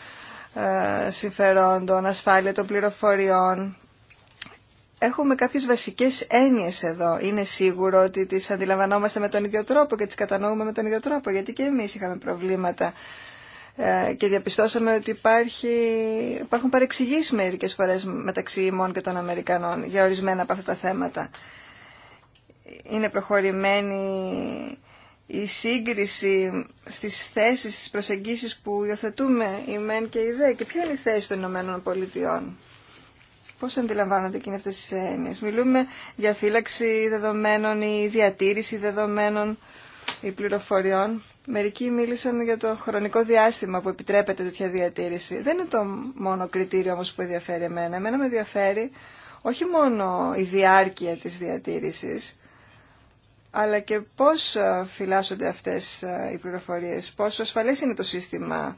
ε, συμφερόντων, ασφάλεια των πληροφοριών. Έχουμε κάποιες βασικές έννοιες εδώ. Είναι σίγουρο ότι τις αντιλαμβανόμαστε με τον ίδιο τρόπο και τις κατανοούμε με τον ίδιο τρόπο, γιατί και εμείς είχαμε προβλήματα ε, και διαπιστώσαμε ότι υπάρχει, υπάρχουν παρεξηγήσεις μερικές φορές μεταξύ ημών και των Αμερικανών για ορισμένα από αυτά τα θέματα. Είναι προχωρημένη η σύγκριση στις θέσεις, στις προσεγγίσεις που υιοθετούμε η ΜΕΝ και η ΔΕ και ποια είναι η θέση των Ηνωμένων Πολιτειών. Πώς αντιλαμβάνονται εκείνες αυτές τις έννοιες. Μιλούμε για φύλαξη δεδομένων ή διατήρηση δεδομένων ή πληροφοριών. Μερικοί μίλησαν για το χρονικό διάστημα που επιτρέπεται τέτοια διατήρηση. Δεν είναι το μόνο κριτήριο όμως που ενδιαφέρει εμένα. Εμένα με ενδιαφέρει όχι μόνο η διάρκεια της διατήρησης, αλλά και πώς ε, φυλάσσονται αυτές ε, οι πληροφορίες, πόσο ασφαλές είναι το σύστημα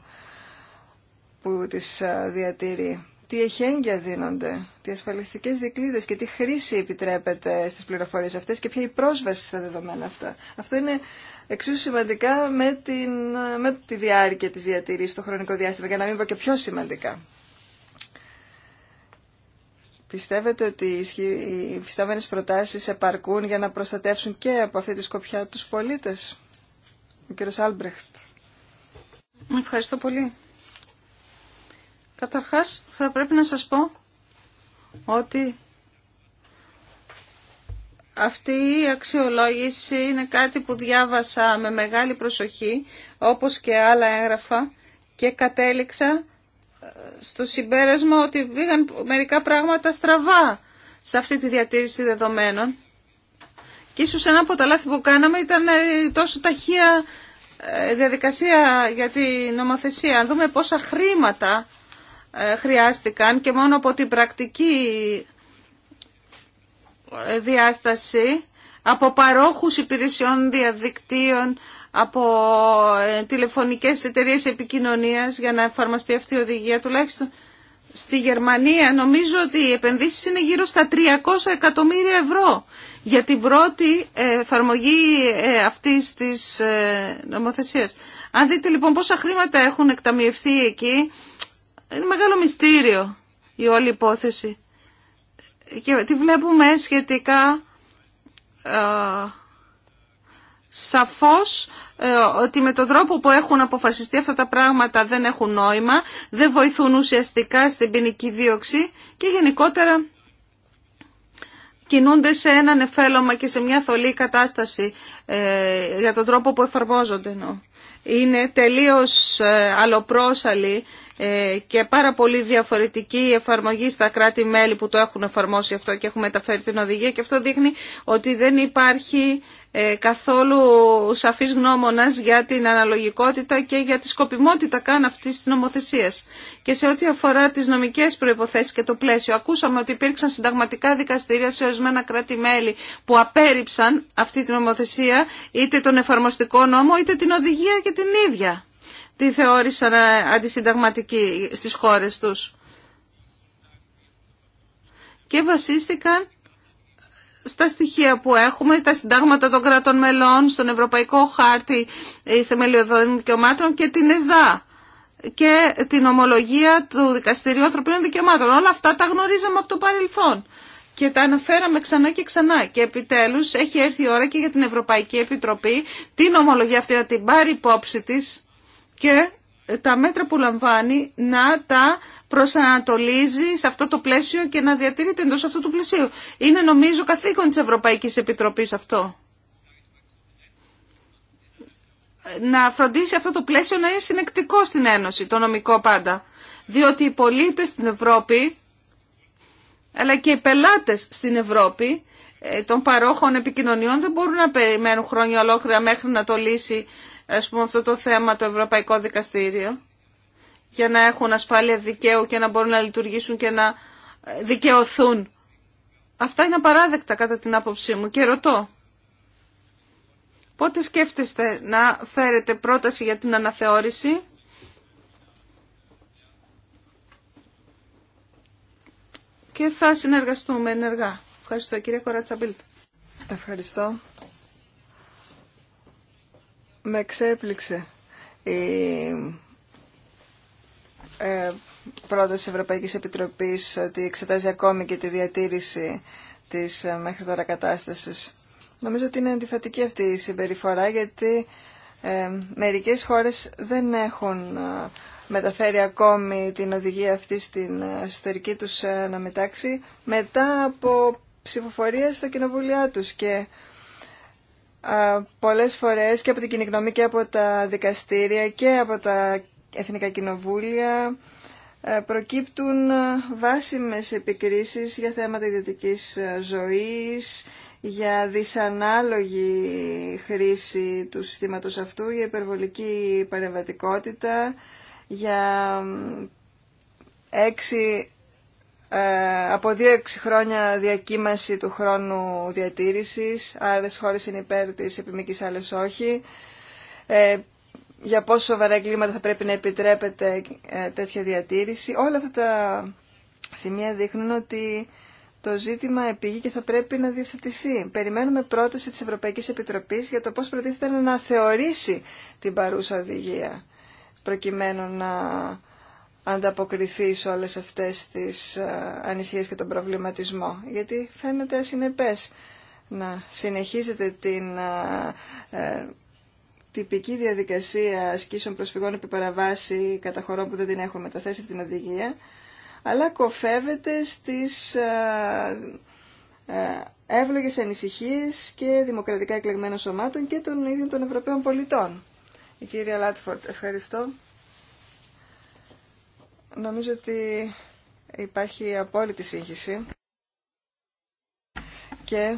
που τις ε, διατηρεί, τι εχέγγυα δίνονται, τι ασφαλιστικές δικλείδες και τι χρήση επιτρέπεται στις πληροφορίες αυτές και ποια η πρόσβαση στα δεδομένα αυτά. Αυτό είναι εξίσου σημαντικά με, την, με τη διάρκεια της διατηρήσης, το χρονικό διάστημα, για να μην πω και πιο σημαντικά. Πιστεύετε ότι οι υφιστάμενες προτάσεις επαρκούν για να προστατεύσουν και από αυτή τη σκοπιά τους πολίτες. Ο κύριος Άλμπρεχτ. Ευχαριστώ πολύ. Καταρχάς θα πρέπει να σας πω ότι αυτή η αξιολόγηση είναι κάτι που διάβασα με μεγάλη προσοχή όπως και άλλα έγγραφα και κατέληξα στο συμπέρασμα ότι πήγαν μερικά πράγματα στραβά σε αυτή τη διατήρηση δεδομένων. Και ίσως ένα από τα λάθη που κάναμε ήταν ε, τόσο ταχεία ε, διαδικασία για τη νομοθεσία. Αν δούμε πόσα χρήματα ε, χρειάστηκαν και μόνο από την πρακτική διάσταση από παρόχους υπηρεσιών διαδικτύων από ε, τηλεφωνικές εταιρείες επικοινωνίας για να εφαρμοστεί αυτή η οδηγία τουλάχιστον στη Γερμανία νομίζω ότι οι επενδύσεις είναι γύρω στα 300 εκατομμύρια ευρώ για την πρώτη ε, εφαρμογή ε, αυτής της νομοθεσίας. Αν δείτε λοιπόν πόσα χρήματα έχουν εκταμιευθεί εκεί, είναι μεγάλο μυστήριο η όλη υπόθεση. Και τη βλέπουμε σχετικά σαφώς ε, ότι με τον τρόπο που έχουν αποφασιστεί αυτά τα πράγματα δεν έχουν νόημα, δεν βοηθούν ουσιαστικά στην ποινική δίωξη και γενικότερα κινούνται σε έναν εφέλωμα και σε μια θολή κατάσταση ε, για τον τρόπο που εφαρμόζονται. Είναι τελείως ε, αλλοπρόσαλη ε, και πάρα πολύ διαφορετική η εφαρμογή στα κράτη-μέλη που το έχουν εφαρμόσει αυτό και έχουν μεταφέρει την οδηγία και αυτό δείχνει ότι δεν υπάρχει ε, καθόλου σαφής γνώμονας για την αναλογικότητα και για τη σκοπιμότητα καν αυτής της νομοθεσίας. Και σε ό,τι αφορά τις νομικές προϋποθέσεις και το πλαίσιο, ακούσαμε ότι υπήρξαν συνταγματικά δικαστήρια σε ορισμένα κράτη-μέλη που απέρριψαν αυτή τη νομοθεσία, είτε τον εφαρμοστικό νόμο, είτε την οδηγία και την ίδια. Τι θεώρησαν ε, αντισυνταγματική στις χώρες τους. Και βασίστηκαν στα στοιχεία που έχουμε, τα συντάγματα των κρατών μελών, στον Ευρωπαϊκό Χάρτη ε, Θεμελιωδών Δικαιωμάτων και την ΕΣΔΑ και την ομολογία του Δικαστηρίου Ανθρωπίνων Δικαιωμάτων. Όλα αυτά τα γνωρίζαμε από το παρελθόν και τα αναφέραμε ξανά και ξανά. Και επιτέλους έχει έρθει η ώρα και για την Ευρωπαϊκή Επιτροπή την ομολογία αυτή να την πάρει υπόψη της και τα μέτρα που λαμβάνει να τα προσανατολίζει σε αυτό το πλαίσιο και να διατηρείται εντός αυτού του πλαισίου. Είναι νομίζω καθήκον της Ευρωπαϊκής Επιτροπής αυτό. Να φροντίσει αυτό το πλαίσιο να είναι συνεκτικό στην Ένωση, το νομικό πάντα. Διότι οι πολίτες στην Ευρώπη, αλλά και οι πελάτες στην Ευρώπη, ε, των παρόχων επικοινωνιών δεν μπορούν να περιμένουν χρόνια ολόκληρα μέχρι να το λύσει αυτό το θέμα το Ευρωπαϊκό Δικαστήριο για να έχουν ασφάλεια δικαίου και να μπορούν να λειτουργήσουν και να ε, δικαιωθούν. Αυτά είναι απαράδεκτα κατά την άποψή μου και ρωτώ. Πότε σκέφτεστε να φέρετε πρόταση για την αναθεώρηση και θα συνεργαστούμε ενεργά. Ευχαριστώ κύριε Κορατσαμπίλτ. Ευχαριστώ. Με εξέπληξε η ε, πρόταση Ευρωπαϊκής Επιτροπής ότι εξετάζει ακόμη και τη διατήρηση της ε, μέχρι τώρα κατάστασης. Νομίζω ότι είναι αντιφατική αυτή η συμπεριφορά γιατί ε, μερικές χώρες δεν έχουν ε, μεταφέρει ακόμη την οδηγία αυτή στην εσωτερική τους αναμετάξη μετά από ψηφοφορία στα κοινοβουλιά τους και πολλές φορές και από την κοινή και από τα δικαστήρια και από τα εθνικά κοινοβούλια ε, προκύπτουν ε, βάσιμες επικρίσεις για θέματα ιδιωτικής ε, ζωής, για δυσανάλογη χρήση του συστήματος αυτού, για υπερβολική παρεμβατικότητα, για έξι, από δύο έξι χρόνια διακύμαση του χρόνου διατήρησης, άλλες χώρες είναι υπέρ της επιμήκης, άλλες όχι, για πόσο σοβαρά εγκλήματα θα πρέπει να επιτρέπεται ε, τέτοια διατήρηση. Όλα αυτά τα σημεία δείχνουν ότι το ζήτημα επήγει και θα πρέπει να διαθετηθεί. Περιμένουμε πρόταση της Ευρωπαϊκής Επιτροπής για το πώς προτίθεται να θεωρήσει την παρούσα οδηγία προκειμένου να ανταποκριθεί σε όλες αυτές τις ε, ανησυχίες και τον προβληματισμό. Γιατί φαίνεται ασυνεπές να συνεχίζετε την ε, τυπική διαδικασία ασκήσεων προσφυγών επί παραβάση κατά χωρών που δεν την έχουν μεταθέσει αυτήν την οδηγία, αλλά κοφεύεται στις ε, ε, εύλογες ανησυχίες και δημοκρατικά εκλεγμένων σωμάτων και των ίδιων των Ευρωπαίων πολιτών. Η κυρία Λάτφορτ, ευχαριστώ. Νομίζω ότι υπάρχει απόλυτη σύγχυση και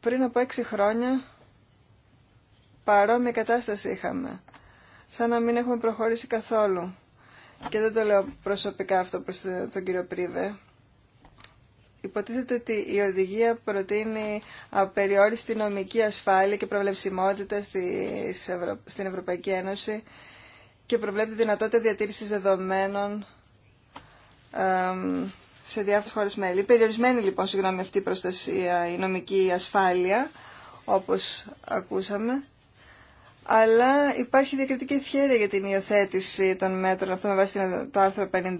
πριν από έξι χρόνια παρόμοια κατάσταση είχαμε. Σαν να μην έχουμε προχωρήσει καθόλου. Και δεν το λέω προσωπικά αυτό προς τον κύριο Πρίβε. Υποτίθεται ότι η οδηγία προτείνει απεριόριστη νομική ασφάλεια και προβλεψιμότητα στην Ευρωπαϊκή Ένωση και προβλέπει τη δυνατότητα διατήρησης δεδομένων σε διάφορες χώρες μέλη. Περιορισμένη λοιπόν, συγγνώμη, αυτή η προστασία, η νομική ασφάλεια, όπως ακούσαμε αλλά υπάρχει διακριτική ευχαίρεια για την υιοθέτηση των μέτρων αυτό με βάση το άρθρο 51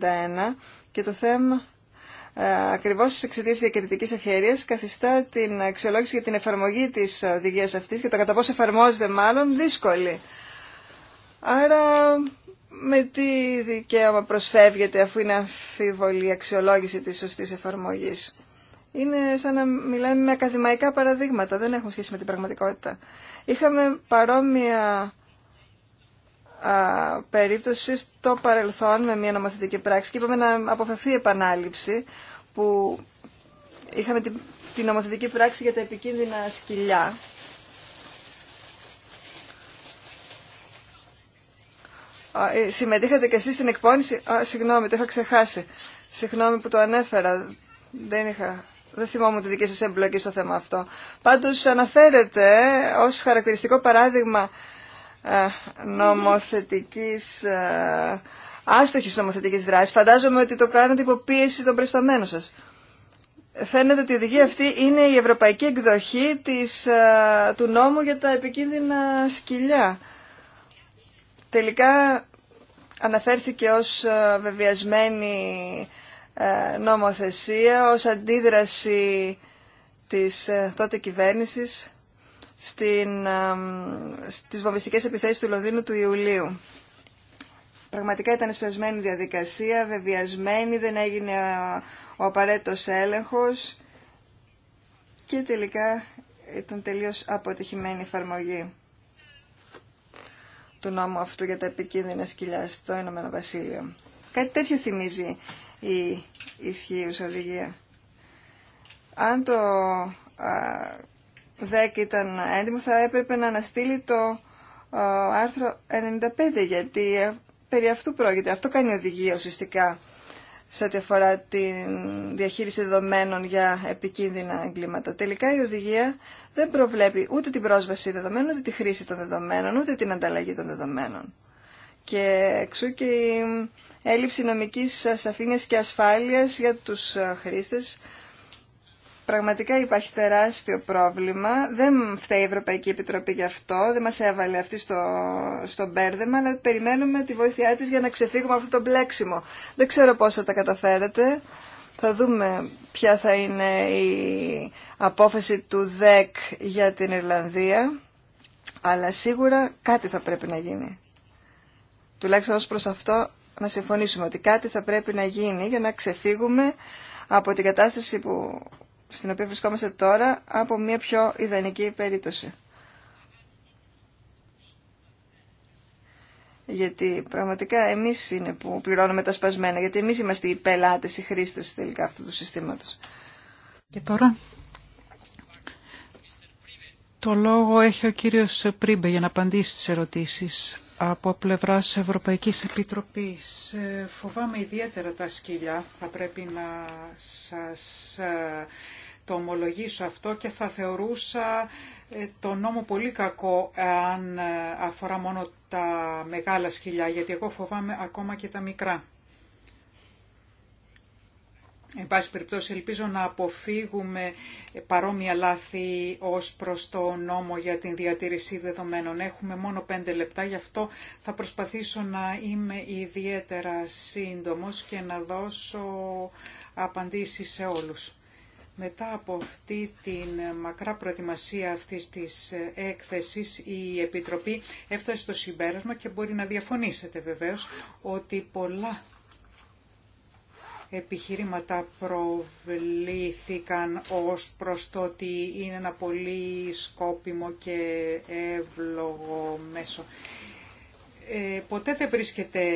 και το θέμα ε, ακριβώς εξαιτία τη διακριτική ευχαίρειας καθιστά την αξιολόγηση για την εφαρμογή της οδηγία αυτής και το κατά πόσο εφαρμόζεται μάλλον δύσκολη. Άρα με τι δικαίωμα προσφεύγεται αφού είναι αμφίβολη η αξιολόγηση τη σωστή εφαρμογή είναι σαν να μιλάμε με ακαδημαϊκά παραδείγματα, δεν έχουν σχέση με την πραγματικότητα. Είχαμε παρόμοια α, περίπτωση στο παρελθόν με μια νομοθετική πράξη και είπαμε να αποφευθεί η επανάληψη που είχαμε την, την νομοθετική πράξη για τα επικίνδυνα σκυλιά. Ε, συμμετείχατε και εσείς στην εκπόνηση. Α, συγγνώμη, το είχα ξεχάσει. Συγγνώμη που το ανέφερα. Δεν είχα δεν θυμόμαι τη δική σας εμπλοκή στο θέμα αυτό. Πάντως αναφέρεται ως χαρακτηριστικό παράδειγμα ε, νομοθετικής, ε, άστοχης νομοθετικής δράσης. Φαντάζομαι ότι το κάνετε υπό πίεση των πρεσταμένων σας. Φαίνεται ότι η οδηγία αυτή είναι η ευρωπαϊκή εκδοχή της, ε, του νόμου για τα επικίνδυνα σκυλιά. Τελικά αναφέρθηκε ως βεβαιασμένη ε, νομοθεσία ως αντίδραση της ε, τότε κυβέρνησης στην, ε, στις βομβιστικές επιθέσεις του Λονδίνου του Ιουλίου. Πραγματικά ήταν εσπευσμένη διαδικασία, βεβαιασμένη, δεν έγινε ο απαραίτητος έλεγχος και τελικά ήταν τελείως αποτυχημένη η εφαρμογή του νόμου αυτού για τα επικίνδυνα σκυλιά στο Ηνωμένο Βασίλειο. Κάτι τέτοιο θυμίζει η ισχύουσα οδηγία. Αν το ΔΕΚ ήταν έντιμο θα έπρεπε να αναστείλει το άρθρο 95 γιατί ε, περί αυτού πρόκειται. Αυτό κάνει η οδηγία ουσιαστικά σε ό,τι αφορά τη διαχείριση δεδομένων για επικίνδυνα εγκλήματα. Τελικά η οδηγία δεν προβλέπει ούτε την πρόσβαση δεδομένων, ούτε τη χρήση των δεδομένων, ούτε την ανταλλαγή των δεδομένων. Και εξού και η έλλειψη νομικής σαφήνειας και ασφάλειας για τους ε, χρήστες. Πραγματικά υπάρχει τεράστιο πρόβλημα. Δεν φταίει η Ευρωπαϊκή Επιτροπή γι' αυτό, δεν μας έβαλε αυτή στο, στο μπέρδεμα, αλλά περιμένουμε τη βοήθειά της για να ξεφύγουμε από αυτό το μπλέξιμο. Δεν ξέρω πώς θα τα καταφέρετε. Θα δούμε ποια θα είναι η απόφαση του ΔΕΚ για την Ιρλανδία, αλλά σίγουρα κάτι θα πρέπει να γίνει. Τουλάχιστον ως προς αυτό να συμφωνήσουμε ότι κάτι θα πρέπει να γίνει για να ξεφύγουμε από την κατάσταση που, στην οποία βρισκόμαστε τώρα από μια πιο ιδανική περίπτωση. Γιατί πραγματικά εμείς είναι που πληρώνουμε τα σπασμένα, γιατί εμείς είμαστε οι πελάτες, οι χρήστες τελικά αυτού του συστήματος. Και τώρα το λόγο έχει ο κύριος Πρίμπε για να απαντήσει στις ερωτήσεις από πλευράς Ευρωπαϊκής Επιτροπής. Ε, φοβάμαι ιδιαίτερα τα σκυλιά. Θα πρέπει να σας ε, το ομολογήσω αυτό και θα θεωρούσα ε, το νόμο πολύ κακό αν αφορά μόνο τα μεγάλα σκυλιά, γιατί εγώ φοβάμαι ακόμα και τα μικρά. Εν πάση περιπτώσει ελπίζω να αποφύγουμε παρόμοια λάθη ως προς το νόμο για την διατήρηση δεδομένων. Έχουμε μόνο πέντε λεπτά, γι' αυτό θα προσπαθήσω να είμαι ιδιαίτερα σύντομος και να δώσω απαντήσεις σε όλους. Μετά από αυτή την μακρά προετοιμασία αυτής της έκθεσης, η Επιτροπή έφτασε στο συμπέρασμα και μπορεί να διαφωνήσετε βεβαίως ότι πολλά επιχειρήματα προβλήθηκαν ως προς το ότι είναι ένα πολύ σκόπιμο και εύλογο μέσο. Ε, ποτέ δεν βρίσκεται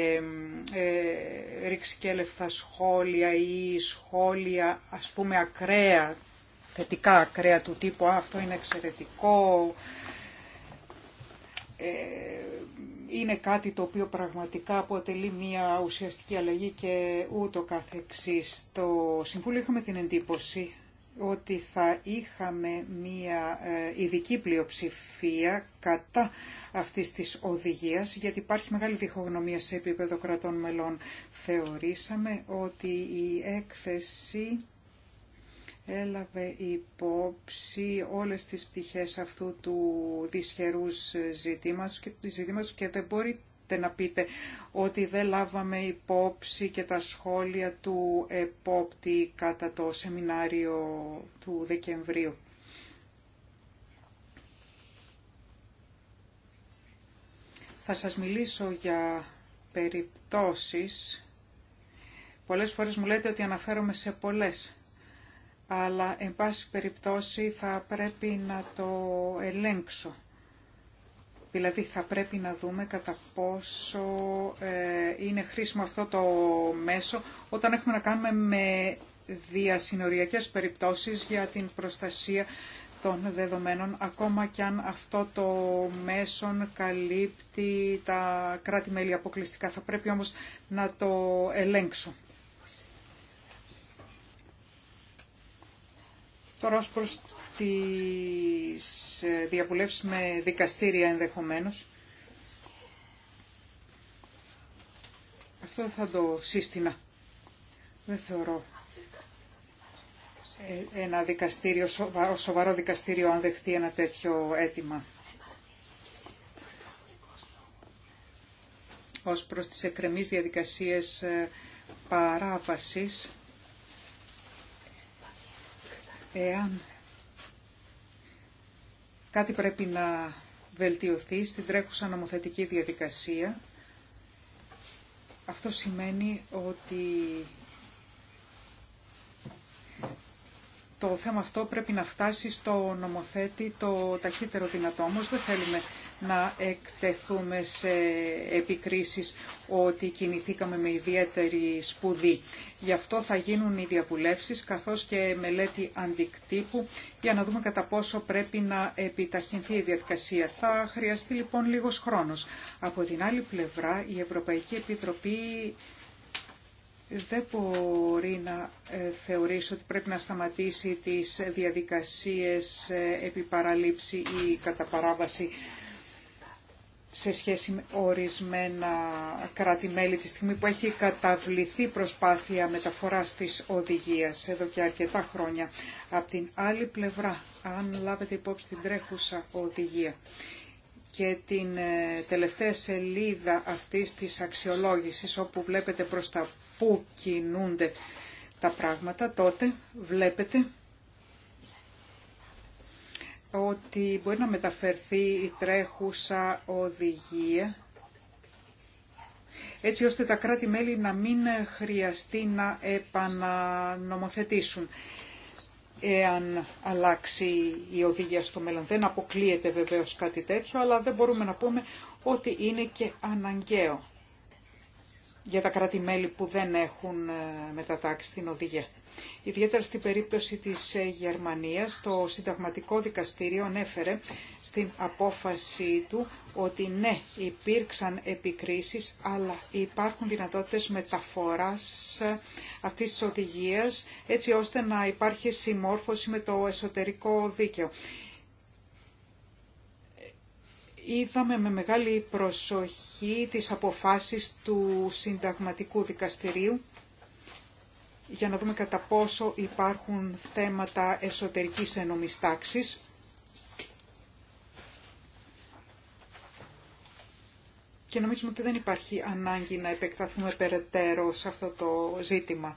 ε, ρηξικέλευτα σχόλια ή σχόλια ας πούμε ακραία, θετικά ακραία του τύπου «αυτό είναι εξαιρετικό», ε, είναι κάτι το οποίο πραγματικά αποτελεί μια ουσιαστική αλλαγή και ούτω καθεξής. Στο Συμβούλιο είχαμε την εντύπωση ότι θα είχαμε μια ε, ειδική πλειοψηφία κατά αυτής της οδηγίας, γιατί υπάρχει μεγάλη διχογνωμία σε επίπεδο κρατών μελών. Θεωρήσαμε ότι η έκθεση έλαβε υπόψη όλες τις πτυχές αυτού του δυσχερούς ζητήματος και δεν μπορείτε να πείτε ότι δεν λάβαμε υπόψη και τα σχόλια του επόπτη κατά το σεμινάριο του Δεκεμβρίου. Θα σας μιλήσω για περιπτώσεις. Πολλές φορές μου λέτε ότι αναφέρομαι σε πολλές αλλά εν πάση περιπτώσει θα πρέπει να το ελέγξω. Δηλαδή θα πρέπει να δούμε κατά πόσο ε, είναι χρήσιμο αυτό το μέσο όταν έχουμε να κάνουμε με διασυνοριακές περιπτώσεις για την προστασία των δεδομένων, ακόμα και αν αυτό το μέσον καλύπτει τα κράτη-μέλη αποκλειστικά. Θα πρέπει όμως να το ελέγξω. Τώρα ως προς τις ε, διαβουλεύσεις με δικαστήρια ενδεχομένως. Αυτό θα το σύστηνα. Δεν θεωρώ ε, ένα δικαστήριο, σοβαρό, σοβαρό δικαστήριο αν δεχτεί ένα τέτοιο αίτημα. Ως προς τις εκκρεμείς διαδικασίες ε, παράβασης, Εάν κάτι πρέπει να βελτιωθεί στην τρέχουσα νομοθετική διαδικασία, αυτό σημαίνει ότι το θέμα αυτό πρέπει να φτάσει στο νομοθέτη το ταχύτερο δυνατό. Όμως δεν θέλουμε να εκτεθούμε σε επικρίσεις ότι κινηθήκαμε με ιδιαίτερη σπουδή. Γι' αυτό θα γίνουν οι διαβουλεύσεις καθώς και μελέτη αντικτύπου για να δούμε κατά πόσο πρέπει να επιταχυνθεί η διαδικασία. Θα χρειαστεί λοιπόν λίγος χρόνος. Από την άλλη πλευρά η Ευρωπαϊκή Επιτροπή δεν μπορεί να ε, θεωρήσει ότι πρέπει να σταματήσει τις διαδικασίες ε, επί ή κατά παράβαση σε σχέση με ορισμένα κράτη-μέλη τη στιγμή που έχει καταβληθεί προσπάθεια μεταφοράς της οδηγίας εδώ και αρκετά χρόνια. Από την άλλη πλευρά, αν λάβετε υπόψη την τρέχουσα οδηγία και την ε, τελευταία σελίδα αυτής της αξιολόγησης όπου βλέπετε προς τα πού κινούνται τα πράγματα, τότε βλέπετε ότι μπορεί να μεταφερθεί η τρέχουσα οδηγία έτσι ώστε τα κράτη-μέλη να μην χρειαστεί να επανανομοθετήσουν εάν αλλάξει η οδηγία στο μέλλον. Δεν αποκλείεται βεβαίως κάτι τέτοιο, αλλά δεν μπορούμε να πούμε ότι είναι και αναγκαίο για τα κράτη-μέλη που δεν έχουν ε, μετατάξει την οδηγία. Ιδιαίτερα στην περίπτωση της ε, Γερμανίας, το Συνταγματικό Δικαστήριο ανέφερε στην απόφαση του ότι ναι, υπήρξαν επικρίσεις, αλλά υπάρχουν δυνατότητες μεταφοράς ε, αυτής της οδηγίας, έτσι ώστε να υπάρχει συμμόρφωση με το εσωτερικό δίκαιο. Είδαμε με μεγάλη προσοχή τις αποφάσεις του συνταγματικού δικαστηρίου για να δούμε κατά πόσο υπάρχουν θέματα εσωτερικής τάξης Και νομίζουμε ότι δεν υπάρχει ανάγκη να επεκταθούμε περαιτέρω σε αυτό το ζήτημα.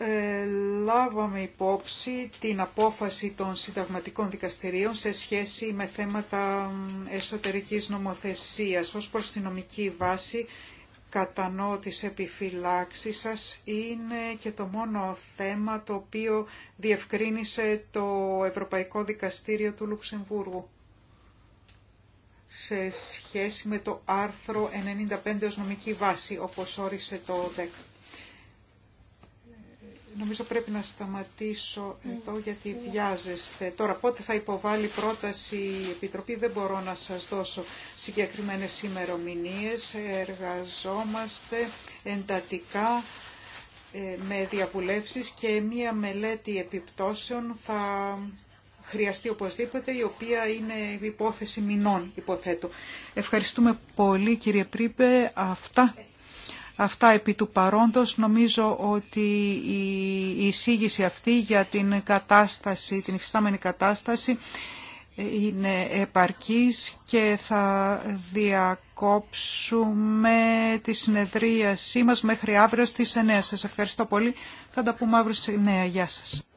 Ε, λάβαμε υπόψη την απόφαση των συνταγματικών δικαστηρίων σε σχέση με θέματα εσωτερικής νομοθεσίας. Ως προς τη νομική βάση, κατανοώ τις επιφυλάξεις σας, είναι και το μόνο θέμα το οποίο διευκρίνησε το Ευρωπαϊκό Δικαστήριο του Λουξεμβούργου σε σχέση με το άρθρο 95 ως νομική βάση, όπως όρισε το ΔΕΚ. Νομίζω πρέπει να σταματήσω ναι. εδώ γιατί ναι. βιάζεστε. Τώρα πότε θα υποβάλει πρόταση η Επιτροπή δεν μπορώ να σας δώσω συγκεκριμένες ημερομηνίες. Εργαζόμαστε εντατικά ε, με διαβουλεύσεις και μία μελέτη επιπτώσεων θα χρειαστεί οπωσδήποτε, η οποία είναι υπόθεση μηνών, υποθέτω. Ευχαριστούμε πολύ κύριε Πρίπε. Αυτά Αυτά επί του παρόντος νομίζω ότι η εισήγηση αυτή για την κατάσταση, την υφιστάμενη κατάσταση είναι επαρκής και θα διακόψουμε τη συνεδρίασή μας μέχρι αύριο στις 9. Σας ευχαριστώ πολύ. Θα τα πούμε αύριο στις 9. Γεια σας.